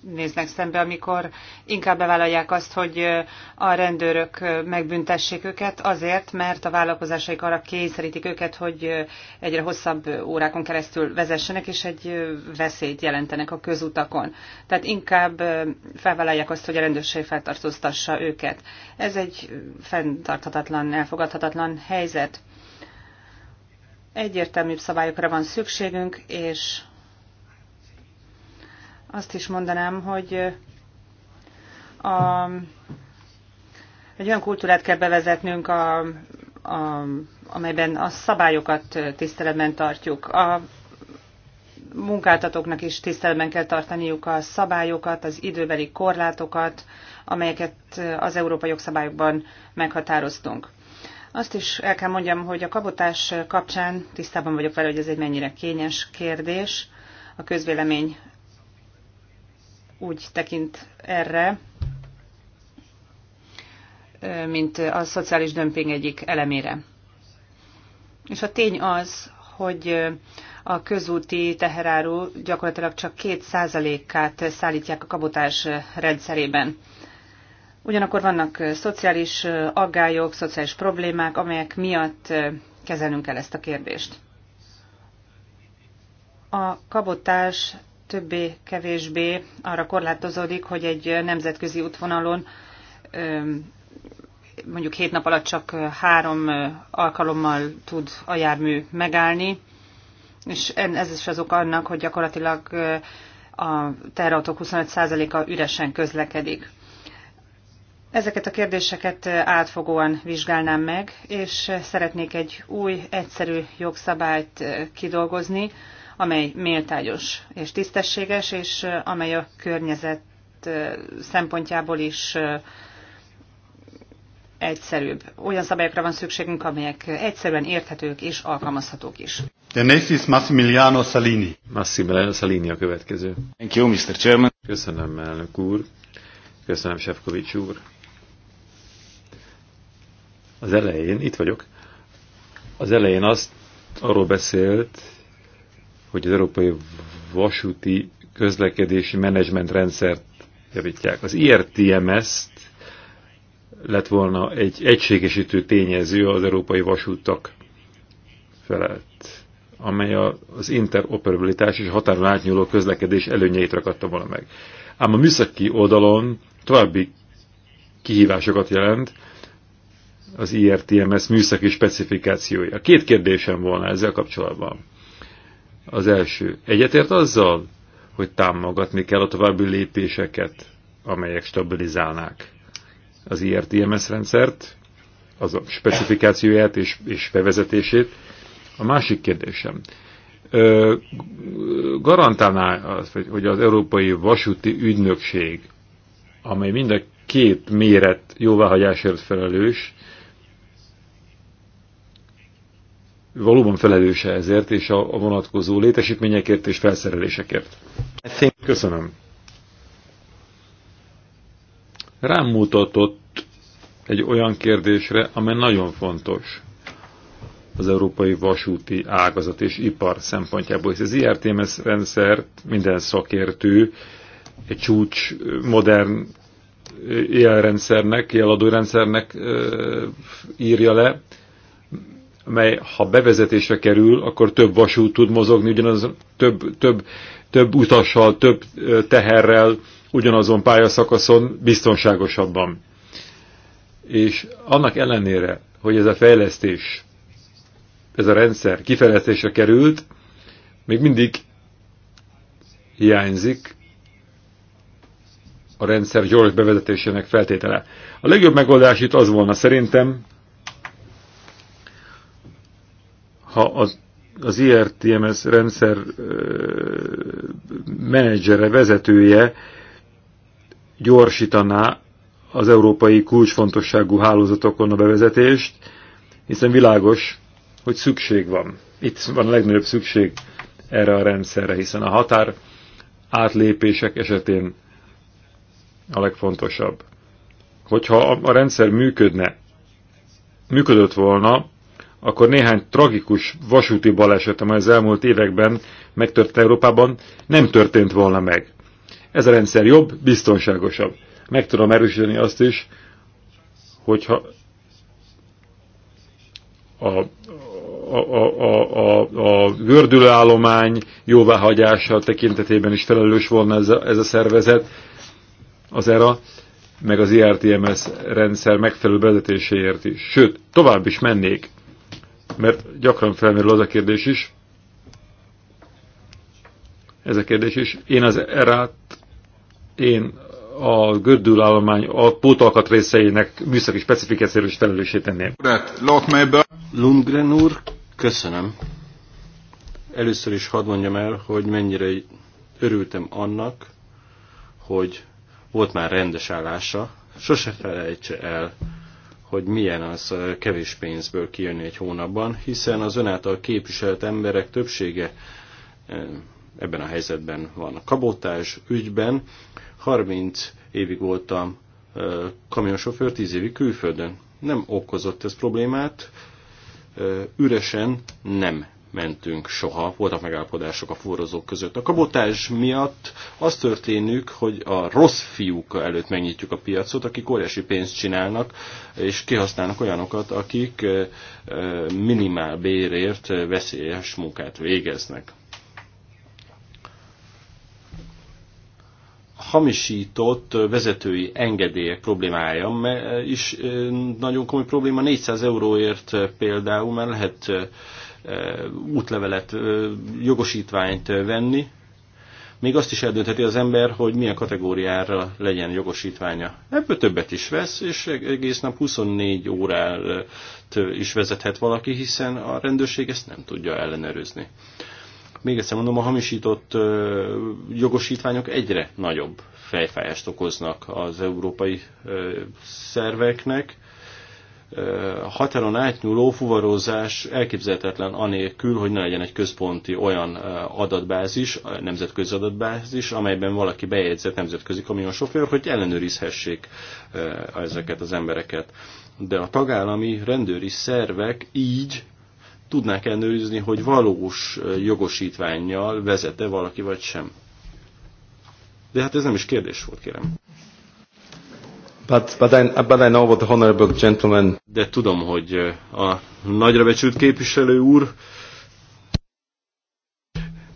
néznek szembe, amikor inkább bevállalják azt, hogy a rendőrök megbüntessék őket azért, mert a vállalkozásaik arra kényszerítik őket, hogy egyre hosszabb órákon keresztül vezessenek, és egy veszélyt jelentenek a közutakon. Tehát inkább felvállalják azt, hogy a rendőrség feltartóztassa őket. Ez egy fenntarthatatlan, elfogadhatatlan helyzet. Egyértelműbb szabályokra van szükségünk, és azt is mondanám, hogy a, egy olyan kultúrát kell bevezetnünk, a, a, amelyben a szabályokat tiszteletben tartjuk. A munkáltatóknak is tiszteletben kell tartaniuk a szabályokat, az időbeli korlátokat, amelyeket az európai jogszabályokban meghatároztunk. Azt is el kell mondjam, hogy a kabotás kapcsán tisztában vagyok vele, hogy ez egy mennyire kényes kérdés. A közvélemény úgy tekint erre, mint a szociális dömping egyik elemére. És a tény az, hogy a közúti teheráru gyakorlatilag csak 2%-át szállítják a kabotás rendszerében. Ugyanakkor vannak szociális aggályok, szociális problémák, amelyek miatt kezelnünk kell ezt a kérdést. A kabotás többé-kevésbé arra korlátozódik, hogy egy nemzetközi útvonalon mondjuk hét nap alatt csak három alkalommal tud a jármű megállni, és ez is az ok annak, hogy gyakorlatilag a teherautók 25%-a üresen közlekedik. Ezeket a kérdéseket átfogóan vizsgálnám meg, és szeretnék egy új, egyszerű jogszabályt kidolgozni, amely méltányos és tisztességes, és amely a környezet szempontjából is egyszerűbb. Olyan szabályokra van szükségünk, amelyek egyszerűen érthetők és alkalmazhatók is. The next is Massimiliano Salini. Massimiliano Salini a következő. Thank you, Mr. Chairman. Köszönöm, elnök úr. Köszönöm, Sefkovics úr az elején, itt vagyok, az elején azt arról beszélt, hogy az európai vasúti közlekedési menedzsment rendszert javítják. Az IRTMS-t lett volna egy egységesítő tényező az európai vasútak felett, amely az interoperabilitás és határon átnyúló közlekedés előnyeit rakatta volna meg. Ám a műszaki oldalon további kihívásokat jelent, az IRTMS műszaki specifikációja. Két kérdésem volna ezzel kapcsolatban. Az első, egyetért azzal, hogy támogatni kell a további lépéseket, amelyek stabilizálnák az IRTMS rendszert, az a specifikációját és, és bevezetését. A másik kérdésem, Ö, garantálná hogy az Európai Vasúti Ügynökség, amely mind a két méret jóváhagyásért felelős, valóban felelőse ezért és a, a vonatkozó létesítményekért és felszerelésekért. Köszönöm. Rám mutatott egy olyan kérdésre, amely nagyon fontos az európai vasúti ágazat és ipar szempontjából. Ez az IRTMS rendszert minden szakértő egy csúcs modern jelrendszernek, jeladórendszernek írja le, amely ha bevezetésre kerül, akkor több vasút tud mozogni, ugyanaz több, több, több utassal, több teherrel, ugyanazon pályaszakaszon biztonságosabban. És annak ellenére, hogy ez a fejlesztés, ez a rendszer kifejlesztésre került, még mindig hiányzik a rendszer gyors bevezetésének feltétele. A legjobb megoldás itt az volna szerintem, ha az, az IRTMS rendszer menedzsere, vezetője gyorsítaná az európai kulcsfontosságú hálózatokon a bevezetést, hiszen világos, hogy szükség van. Itt van a legnagyobb szükség erre a rendszerre, hiszen a határ átlépések esetén a legfontosabb. Hogyha a rendszer működne, működött volna, akkor néhány tragikus vasúti baleset, amely az elmúlt években megtörtént Európában, nem történt volna meg. Ez a rendszer jobb, biztonságosabb. Meg tudom erősíteni azt is, hogyha a, a, a, a, a gördülőállomány jóváhagyása tekintetében is felelős volna ez a, ez a szervezet, az ERA, meg az IRTMS rendszer megfelelő vezetéséért is. Sőt, tovább is mennék mert gyakran felmerül az a kérdés is, ez a kérdés is, én az erát, én a gördülállomány a pótalkat részeinek műszaki specifikációs felelősét tenném. Lundgren úr, köszönöm. Először is hadd mondjam el, hogy mennyire örültem annak, hogy volt már rendes állása, sose felejtse el hogy milyen az kevés pénzből kijönni egy hónapban, hiszen az ön által képviselt emberek többsége ebben a helyzetben van. A kabotás ügyben 30 évig voltam kamionsofőr, 10 évig külföldön. Nem okozott ez problémát, üresen nem mentünk soha, voltak megállapodások a forrozók között. A kabotás miatt az történik, hogy a rossz fiúk előtt megnyitjuk a piacot, akik óriási pénzt csinálnak, és kihasználnak olyanokat, akik minimál bérért veszélyes munkát végeznek. hamisított vezetői engedélyek problémája is nagyon komoly probléma. 400 euróért például mert lehet útlevelet, jogosítványt venni, még azt is eldöntheti az ember, hogy milyen kategóriára legyen jogosítványa. Ebből többet is vesz, és egész nap 24 órát is vezethet valaki, hiszen a rendőrség ezt nem tudja ellenőrizni. Még egyszer mondom, a hamisított jogosítványok egyre nagyobb fejfájást okoznak az európai szerveknek, határon átnyúló fuvarozás elképzelhetetlen anélkül, hogy ne legyen egy központi olyan adatbázis, nemzetközi adatbázis, amelyben valaki bejegyzett nemzetközi kamionsofőr, hogy ellenőrizhessék ezeket az embereket. De a tagállami rendőri szervek így tudnák ellenőrizni, hogy valós jogosítványjal vezete valaki vagy sem. De hát ez nem is kérdés volt, kérem. But, but, I, but I know what the honorable gentleman... De tudom, hogy a nagyra becsült képviselő úr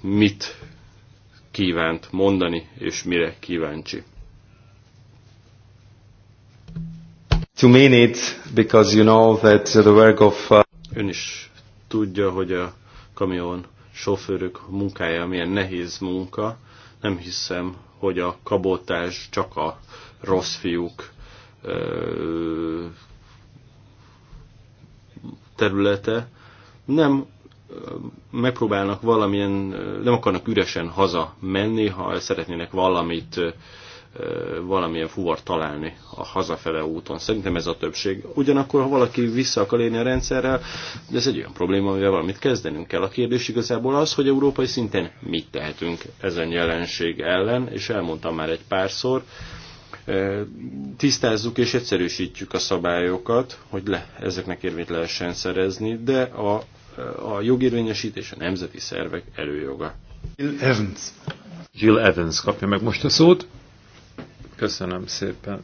mit kívánt mondani, és mire kíváncsi. To mean it, because you know that the work of... Uh... Ön is tudja, hogy a kamion sofőrök munkája milyen nehéz munka. Nem hiszem, hogy a kabotás csak a rossz fiúk területe nem megpróbálnak valamilyen, nem akarnak üresen haza menni, ha szeretnének valamit, valamilyen fuvar találni a hazafele úton. Szerintem ez a többség. Ugyanakkor, ha valaki vissza akar élni a rendszerrel, ez egy olyan probléma, amivel valamit kezdenünk kell. A kérdés igazából az, hogy európai szinten mit tehetünk ezen jelenség ellen, és elmondtam már egy párszor, tisztázzuk és egyszerűsítjük a szabályokat, hogy le, ezeknek érvényt lehessen szerezni, de a, a jogérvényesítés a nemzeti szervek előjoga. Jill Evans. Jill Evans kapja meg most a szót. Köszönöm szépen.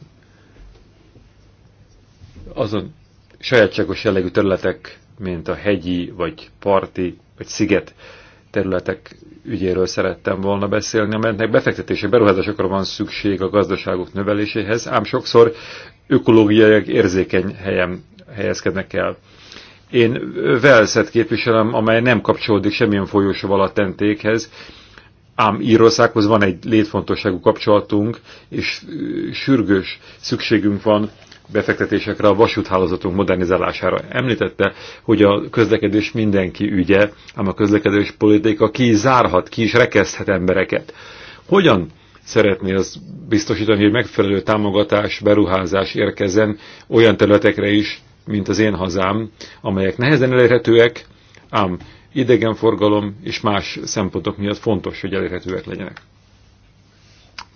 Azon sajátságos jellegű területek, mint a hegyi, vagy parti, vagy sziget területek ügyéről szerettem volna beszélni, amelynek befektetési beruházásokra van szükség a gazdaságok növeléséhez, ám sokszor ökológiai érzékeny helyen helyezkednek el. Én Velszet képviselem, amely nem kapcsolódik semmilyen folyósóval a tentékhez, ám Írországhoz van egy létfontosságú kapcsolatunk, és sürgős szükségünk van befektetésekre, a vasúthálózatunk modernizálására. Említette, hogy a közlekedés mindenki ügye, ám a közlekedés politika ki is zárhat, ki is rekeszthet embereket. Hogyan szeretné az biztosítani, hogy megfelelő támogatás, beruházás érkezzen olyan területekre is, mint az én hazám, amelyek nehezen elérhetőek, ám idegenforgalom és más szempontok miatt fontos, hogy elérhetőek legyenek.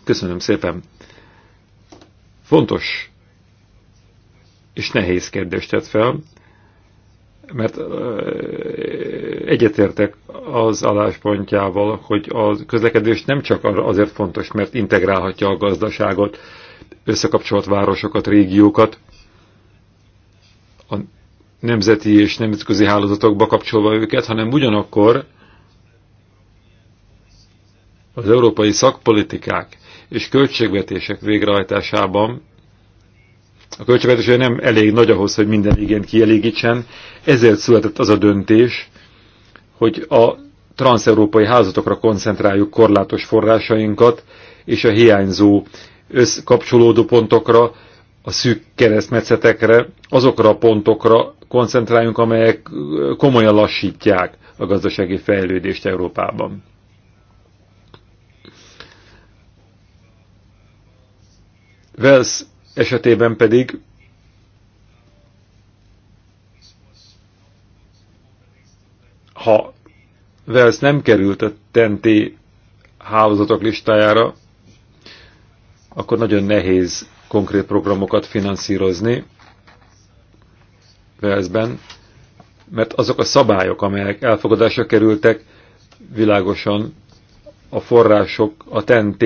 Köszönöm szépen. Fontos és nehéz kérdést tett fel, mert egyetértek az álláspontjával, hogy a közlekedés nem csak azért fontos, mert integrálhatja a gazdaságot, összekapcsolt városokat, régiókat, a nemzeti és nemzetközi hálózatokba kapcsolva őket, hanem ugyanakkor az európai szakpolitikák és költségvetések végrehajtásában a költségvetés nem elég nagy ahhoz, hogy minden igényt kielégítsen, ezért született az a döntés, hogy a transeurópai házatokra koncentráljuk korlátos forrásainkat, és a hiányzó összkapcsolódó pontokra, a szűk keresztmetszetekre, azokra a pontokra koncentráljunk, amelyek komolyan lassítják a gazdasági fejlődést Európában. Wells esetében pedig ha Wells nem került a TNT hálózatok listájára, akkor nagyon nehéz konkrét programokat finanszírozni Velszben, mert azok a szabályok, amelyek elfogadásra kerültek, világosan a források a TNT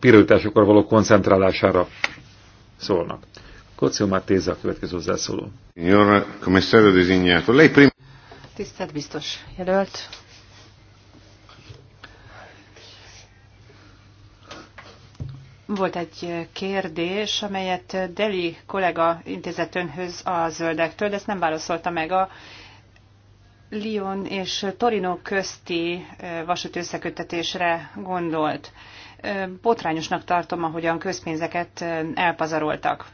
pirításokra való koncentrálására szólnak. Kocsiumát Téza a következő hozzászóló. Tisztelt biztos jelölt! Volt egy kérdés, amelyet Deli kollega intézett önhöz a zöldektől, de ezt nem válaszolta meg. A Lyon és Torino közti vasúti összeköttetésre gondolt botrányosnak tartom, ahogyan közpénzeket elpazaroltak.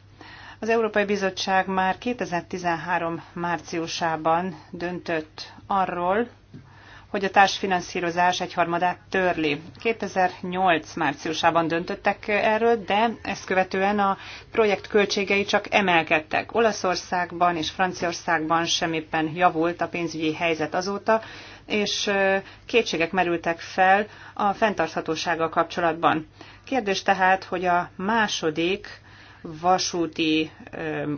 Az Európai Bizottság már 2013 márciusában döntött arról, hogy a társfinanszírozás egyharmadát törli. 2008 márciusában döntöttek erről, de ezt követően a projekt költségei csak emelkedtek. Olaszországban és Franciaországban semmiben javult a pénzügyi helyzet azóta, és kétségek merültek fel a fenntarthatósággal kapcsolatban. Kérdés tehát, hogy a második vasúti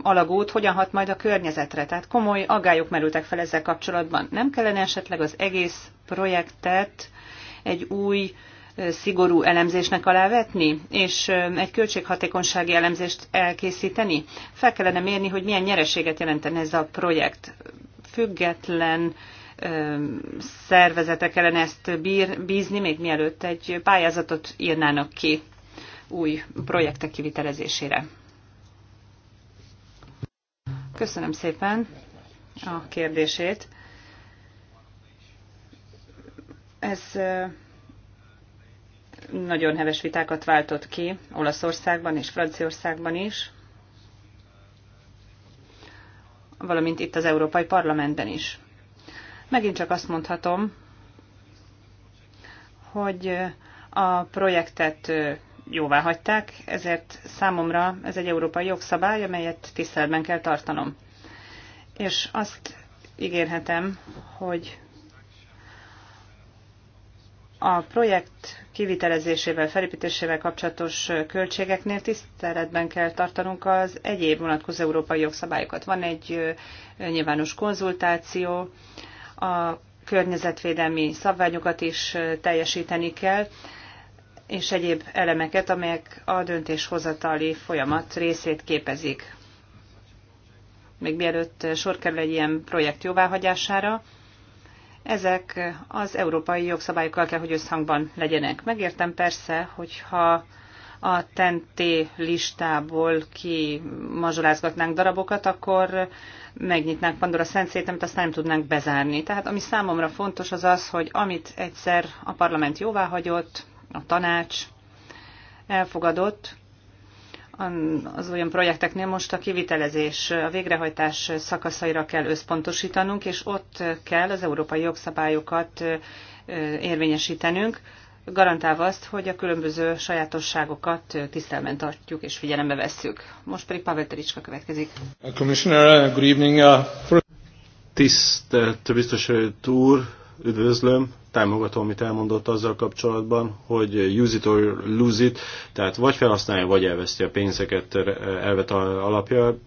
alagút hogyan hat majd a környezetre. Tehát komoly aggályok merültek fel ezzel kapcsolatban. Nem kellene esetleg az egész projektet egy új szigorú elemzésnek alávetni, és egy költséghatékonysági elemzést elkészíteni? Fel kellene mérni, hogy milyen nyereséget jelenten ez a projekt. Független szervezetek ellen ezt bír, bízni, még mielőtt egy pályázatot írnának ki új projektek kivitelezésére. Köszönöm szépen a kérdését. Ez nagyon heves vitákat váltott ki Olaszországban és Franciaországban is, valamint itt az Európai Parlamentben is. Megint csak azt mondhatom, hogy a projektet jóvá hagyták, ezért számomra ez egy európai jogszabály, amelyet tiszteletben kell tartanom. És azt ígérhetem, hogy a projekt kivitelezésével, felépítésével kapcsolatos költségeknél tiszteletben kell tartanunk az egyéb vonatkozó európai jogszabályokat. Van egy nyilvános konzultáció, a környezetvédelmi szabványokat is teljesíteni kell, és egyéb elemeket, amelyek a döntéshozatali folyamat részét képezik. Még mielőtt sor kerül egy ilyen projekt jóváhagyására, ezek az európai jogszabályokkal kell, hogy összhangban legyenek. Megértem persze, hogyha a TNT listából ki mazsolázgatnánk darabokat, akkor megnyitnánk Pandora szentszét, amit aztán nem tudnánk bezárni. Tehát ami számomra fontos az az, hogy amit egyszer a parlament jóváhagyott a tanács elfogadott az olyan projekteknél most a kivitelezés, a végrehajtás szakaszaira kell összpontosítanunk, és ott kell az európai jogszabályokat érvényesítenünk, garantálva azt, hogy a különböző sajátosságokat tisztelmen tartjuk és figyelembe vesszük. Most pedig Pavel Tericska következik. Commissioner, good evening. Uh, Tisztelt biztos úr, üdvözlöm, támogatom, amit elmondott azzal kapcsolatban, hogy use it or lose it, tehát vagy felhasználja, vagy elveszti a pénzeket, e, elvet alapja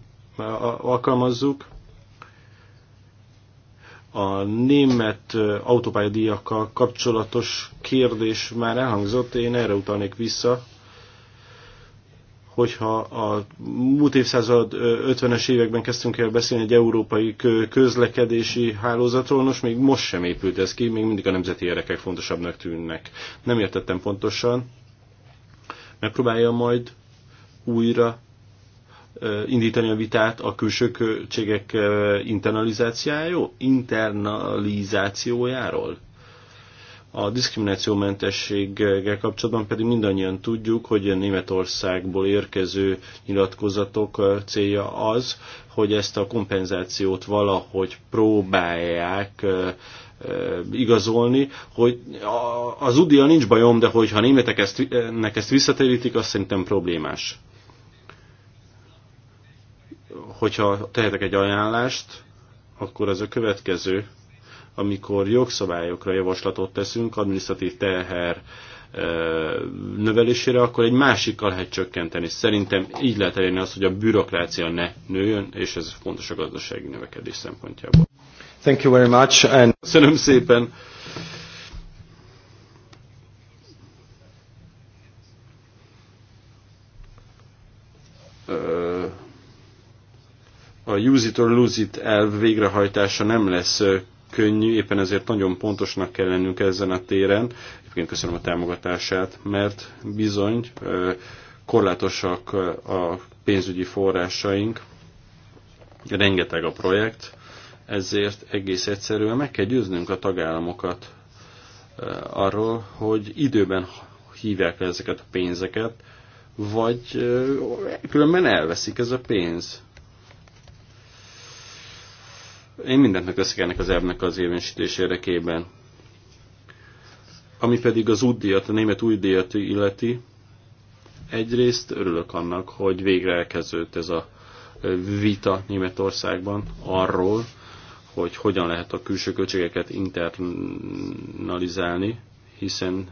alkalmazzuk. A német e, autópályadíjakkal kapcsolatos kérdés már elhangzott, én erre utalnék vissza, hogyha a múlt évszázad 50-es években kezdtünk el beszélni egy európai közlekedési hálózatról, nos még most sem épült ez ki, még mindig a nemzeti érdekek fontosabbnak tűnnek. Nem értettem pontosan. Megpróbálja majd újra indítani a vitát a külső költségek internalizációjáról? internalizációjáról? A diszkriminációmentességgel kapcsolatban pedig mindannyian tudjuk, hogy a Németországból érkező nyilatkozatok célja az, hogy ezt a kompenzációt valahogy próbálják igazolni, hogy az udia nincs bajom, de hogyha a németek ezt, nek ezt visszatérítik, az szerintem problémás. Hogyha tehetek egy ajánlást, akkor ez a következő, amikor jogszabályokra javaslatot teszünk, administratív teher e, növelésére, akkor egy másikkal lehet csökkenteni. Szerintem így lehet elérni azt, hogy a bürokrácia ne nőjön, és ez fontos a gazdasági növekedés szempontjából. Thank you very much. And... Köszönöm szépen. E, a use it or lose it elv végrehajtása nem lesz e, könnyű, éppen ezért nagyon pontosnak kell lennünk ezen a téren. Egyébként köszönöm a támogatását, mert bizony korlátosak a pénzügyi forrásaink, rengeteg a projekt, ezért egész egyszerűen meg kell győznünk a tagállamokat arról, hogy időben hívják le ezeket a pénzeket, vagy különben elveszik ez a pénz. Én mindent megteszek ennek az elvnek az érvényesítés érdekében. Ami pedig az útdíjat, a német újdíjat illeti, egyrészt örülök annak, hogy végre elkezdődött ez a vita Németországban arról, hogy hogyan lehet a külső költségeket internalizálni, hiszen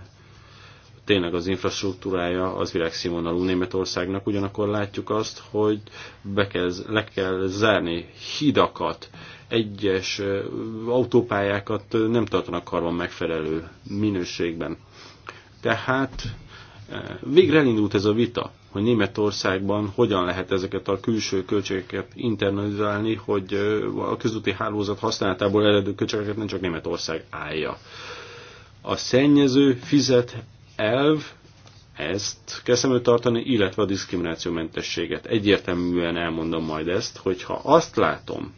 tényleg az infrastruktúrája az világszínvonalú Németországnak, ugyanakkor látjuk azt, hogy be kell, le kell zárni hidakat, egyes autópályákat nem tartanak karban megfelelő minőségben. Tehát végre elindult ez a vita, hogy Németországban hogyan lehet ezeket a külső költségeket internalizálni, hogy a közúti hálózat használatából eredő költségeket nem csak Németország állja. A szennyező fizet elv, ezt kell tartani, illetve a diszkriminációmentességet. Egyértelműen elmondom majd ezt, hogyha azt látom,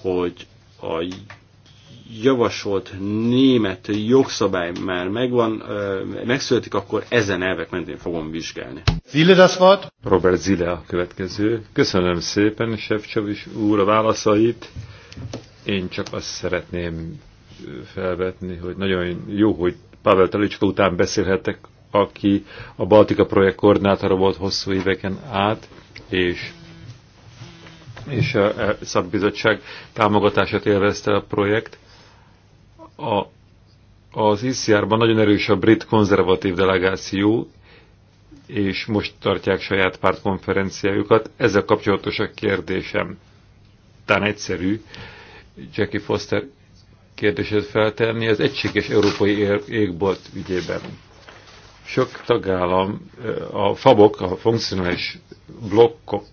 hogy a javasolt német jogszabály már megvan, megszületik, akkor ezen elvek mentén fogom vizsgálni. Zille das Wort? Robert Zille a következő. Köszönöm szépen, Sefcsovics úr, a válaszait. Én csak azt szeretném felvetni, hogy nagyon jó, hogy Pavel Talicska után beszélhetek, aki a Baltika projekt koordinátora volt hosszú éveken át, és, és a szakbizottság támogatását élvezte a projekt. A, az ICR-ban nagyon erős a brit konzervatív delegáció, és most tartják saját pártkonferenciájukat. Ezzel kapcsolatos a kérdésem. Tán egyszerű, Jackie Foster kérdését feltenni az egységes európai égbolt ügyében. Sok tagállam eh, a fabok, a funkcionális blokkok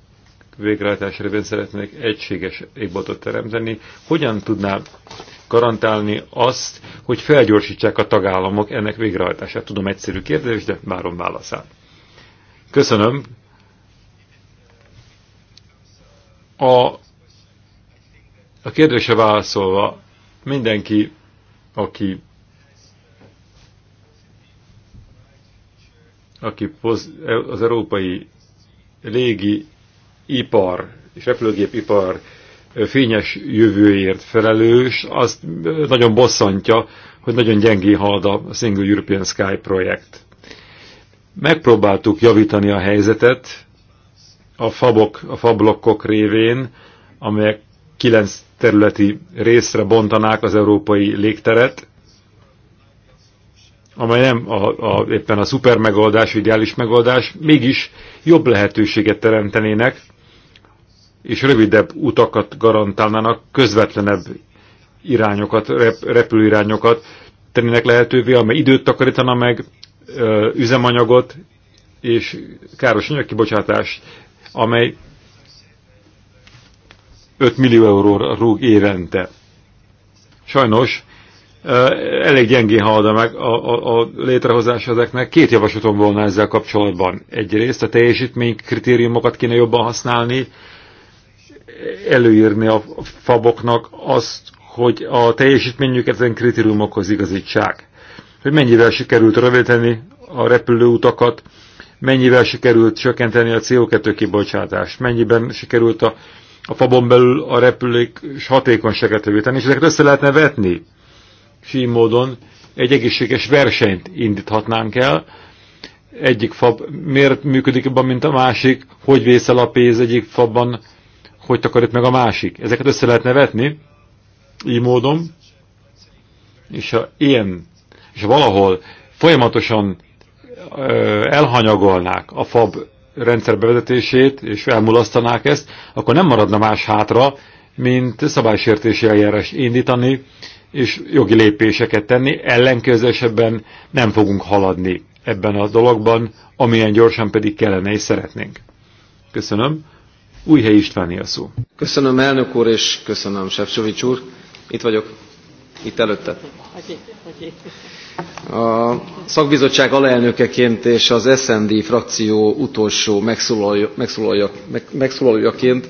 végrehajtásában szeretnék egységes égboltot teremteni. Hogyan tudná garantálni azt, hogy felgyorsítsák a tagállamok ennek végrehajtását? Tudom, egyszerű kérdés, de várom válaszát. Köszönöm. A, a kérdése válaszolva, Mindenki, aki aki poz, az európai légi ipar és repülőgépipar fényes jövőért felelős, azt nagyon bosszantja, hogy nagyon gyengé halad a Single European Sky projekt. Megpróbáltuk javítani a helyzetet a fabok, a fablokkok révén, amelyek kilenc területi részre bontanák az európai légteret, amely nem a, a, éppen a szuper megoldás, ideális megoldás, mégis jobb lehetőséget teremtenének, és rövidebb utakat garantálnának, közvetlenebb irányokat, rep, repülőirányokat tennének lehetővé, amely időt takarítana meg, üzemanyagot és káros anyagkibocsátást, amely 5 millió euróra rúg évente. Sajnos elég gyengén halad meg a, a, a létrehozás ezeknek. Két javaslatom volna ezzel kapcsolatban. Egyrészt a teljesítmény kritériumokat kéne jobban használni, előírni a faboknak azt, hogy a teljesítményüket ezen kritériumokhoz igazítsák. Hogy mennyivel sikerült rövidíteni a repülőutakat, mennyivel sikerült csökkenteni a CO2 kibocsátást, mennyiben sikerült a a fabon belül a repülék hatékonyságát javítani, és ezeket össze lehetne vetni. És így módon egy egészséges versenyt indíthatnánk el. Egyik fab miért működik abban, mint a másik, hogy vészel a pénz egyik fabban, hogy takarít meg a másik. Ezeket össze lehetne vetni, így módon, és ha ilyen, és ha valahol folyamatosan elhanyagolnák a fab rendszer bevezetését, és elmulasztanák ezt, akkor nem maradna más hátra, mint szabálysértési eljárás indítani, és jogi lépéseket tenni, ellenkezősebben nem fogunk haladni ebben a dologban, amilyen gyorsan pedig kellene és szeretnénk. Köszönöm. Újhely Istváni a szó. Köszönöm elnök úr, és köszönöm Sefcsovics úr. Itt vagyok. Itt előtte. A szakbizottság alelnökeként és az SND frakció utolsó megszólalójaként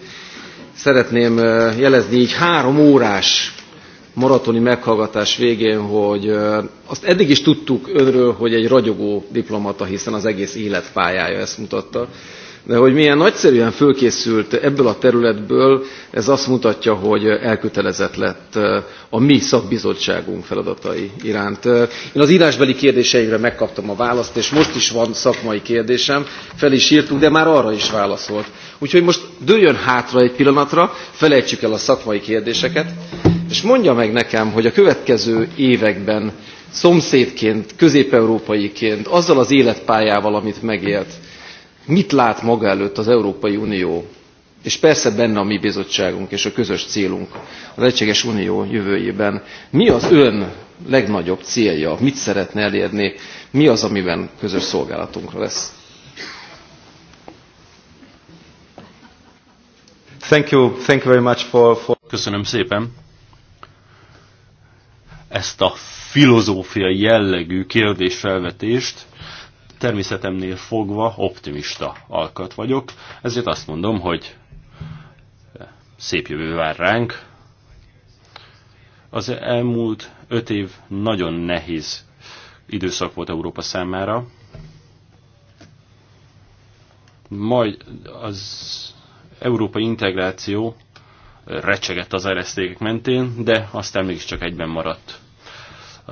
szeretném jelezni így három órás maratoni meghallgatás végén, hogy azt eddig is tudtuk önről, hogy egy ragyogó diplomata, hiszen az egész életpályája ezt mutatta de hogy milyen nagyszerűen fölkészült ebből a területből, ez azt mutatja, hogy elkötelezett lett a mi szakbizottságunk feladatai iránt. Én az írásbeli kérdéseimre megkaptam a választ, és most is van szakmai kérdésem, fel is írtuk, de már arra is válaszolt. Úgyhogy most dőljön hátra egy pillanatra, felejtsük el a szakmai kérdéseket, és mondja meg nekem, hogy a következő években szomszédként, közép-európaiként, azzal az életpályával, amit megélt, mit lát maga előtt az Európai Unió, és persze benne a mi bizottságunk és a közös célunk az Egységes Unió jövőjében. Mi az ön legnagyobb célja, mit szeretne elérni, mi az, amiben közös szolgálatunkra lesz? Thank you, thank you very much for, for... Köszönöm szépen ezt a filozófiai jellegű kérdésfelvetést természetemnél fogva optimista alkat vagyok, ezért azt mondom, hogy szép jövő vár ránk. Az elmúlt öt év nagyon nehéz időszak volt Európa számára. Majd az európai integráció recsegett az eresztékek mentén, de aztán mégiscsak egyben maradt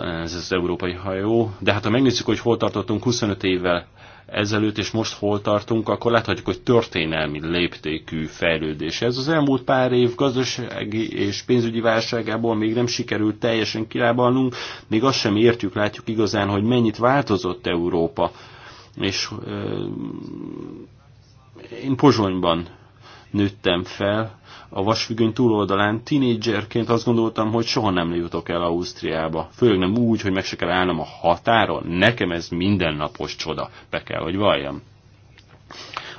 ez az európai hajó. De hát ha megnézzük, hogy hol tartottunk 25 évvel ezelőtt, és most hol tartunk, akkor láthatjuk, hogy történelmi léptékű fejlődés. Ez az elmúlt pár év gazdasági és pénzügyi válságából még nem sikerült teljesen kilábalnunk, még azt sem értjük, látjuk igazán, hogy mennyit változott Európa. És euh, én Pozsonyban nőttem fel, a vasfüggöny túloldalán. Tínédzserként azt gondoltam, hogy soha nem jutok el Ausztriába. Főleg nem úgy, hogy meg se kell állnom a határon. Nekem ez mindennapos csoda. Be kell, hogy valljam.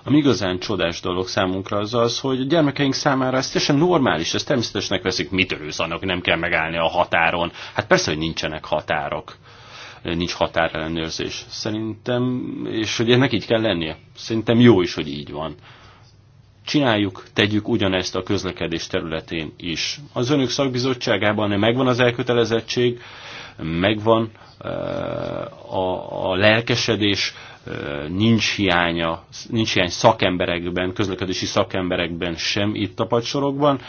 Ami igazán csodás dolog számunkra az az, hogy a gyermekeink számára ez teljesen normális, ez természetesnek veszik, mit örülsz annak, hogy nem kell megállni a határon. Hát persze, hogy nincsenek határok. Nincs határellenőrzés. Szerintem, és hogy ennek így kell lennie. Szerintem jó is, hogy így van. Csináljuk, tegyük ugyanezt a közlekedés területén is. Az önök szakbizottságában megvan az elkötelezettség, megvan e, a, a lelkesedés, e, nincs hiánya, nincs hiány szakemberekben, közlekedési szakemberekben sem itt a padsorokban.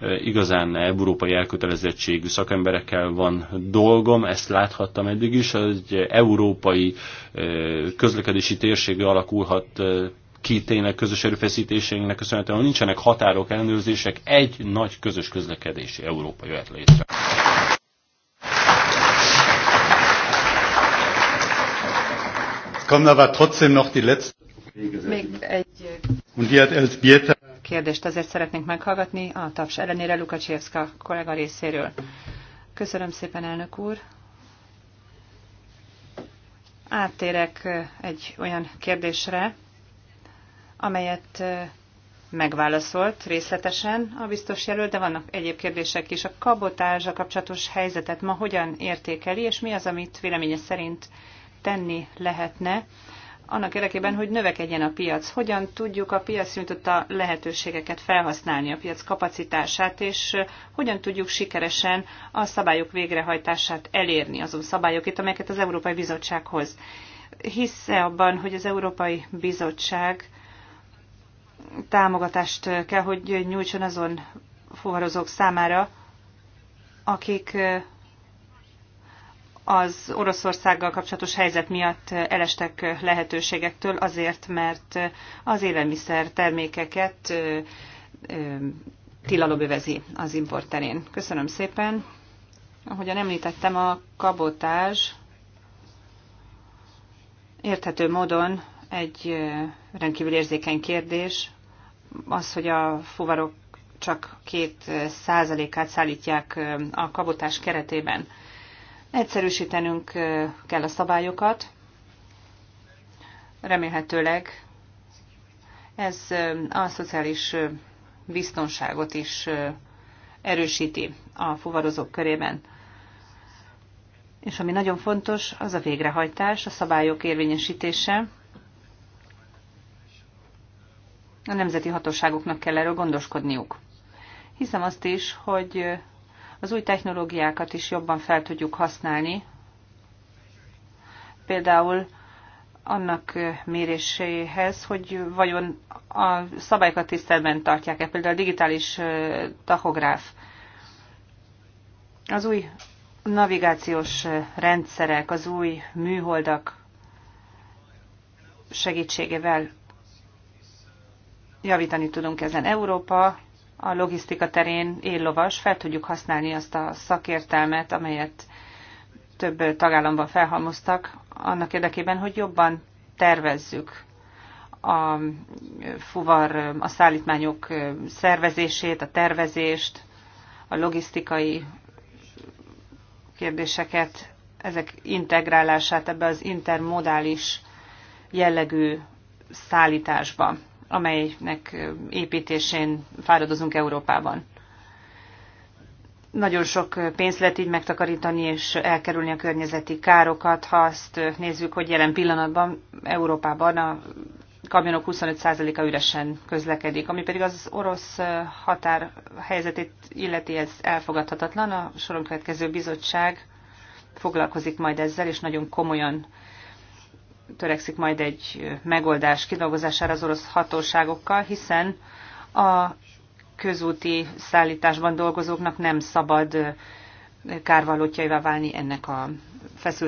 E, igazán európai elkötelezettségű szakemberekkel van dolgom, ezt láthattam eddig is, egy európai közlekedési térsége alakulhat Két tényleg közös erőfeszítéseinknek köszönhetően nincsenek határok, ellenőrzések, egy nagy közös közlekedési Európa jöhet létre. Kommen aber trotzdem noch die letzte. Még egy Und die hat Elzbieta. kérdést azért szeretnénk meghallgatni a taps ellenére Lukacsevska kollega részéről. Köszönöm szépen, elnök úr. Áttérek egy olyan kérdésre, amelyet megválaszolt részletesen a biztos jelölt, de vannak egyéb kérdések is. A kabotázsa kapcsolatos helyzetet ma hogyan értékeli, és mi az, amit véleménye szerint tenni lehetne, annak érdekében, hogy növekedjen a piac. Hogyan tudjuk a piac a lehetőségeket felhasználni, a piac kapacitását, és hogyan tudjuk sikeresen a szabályok végrehajtását elérni, azon szabályokat, amelyeket az Európai Bizottsághoz. Hisze abban, hogy az Európai Bizottság támogatást kell, hogy nyújtson azon fuvarozók számára, akik az Oroszországgal kapcsolatos helyzet miatt elestek lehetőségektől azért, mert az élelmiszer termékeket tilalobövezi az import terén. Köszönöm szépen. Ahogyan említettem, a kabotás érthető módon egy rendkívül érzékeny kérdés, az, hogy a fuvarok csak két százalékát szállítják a kabotás keretében. Egyszerűsítenünk kell a szabályokat. Remélhetőleg ez a szociális biztonságot is erősíti a fuvarozók körében. És ami nagyon fontos, az a végrehajtás, a szabályok érvényesítése, A nemzeti hatóságoknak kell erről gondoskodniuk. Hiszem azt is, hogy az új technológiákat is jobban fel tudjuk használni. Például annak méréséhez, hogy vajon a szabályokat tiszteletben tartják-e, például a digitális tachográf. Az új navigációs rendszerek, az új műholdak segítségével javítani tudunk ezen. Európa a logisztika terén éllovas, fel tudjuk használni azt a szakértelmet, amelyet több tagállamban felhalmoztak, annak érdekében, hogy jobban tervezzük a fuvar, a szállítmányok szervezését, a tervezést, a logisztikai kérdéseket, ezek integrálását ebbe az intermodális jellegű szállításba amelynek építésén fáradozunk Európában. Nagyon sok pénzt lehet így megtakarítani és elkerülni a környezeti károkat, ha azt nézzük, hogy jelen pillanatban Európában a kamionok 25%-a üresen közlekedik, ami pedig az orosz határ helyzetét illeti, ez elfogadhatatlan. A soron következő bizottság foglalkozik majd ezzel, és nagyon komolyan törekszik majd egy megoldás kidolgozására az orosz hatóságokkal, hiszen a közúti szállításban dolgozóknak nem szabad kárvalótjaivá válni ennek a feszültségnek.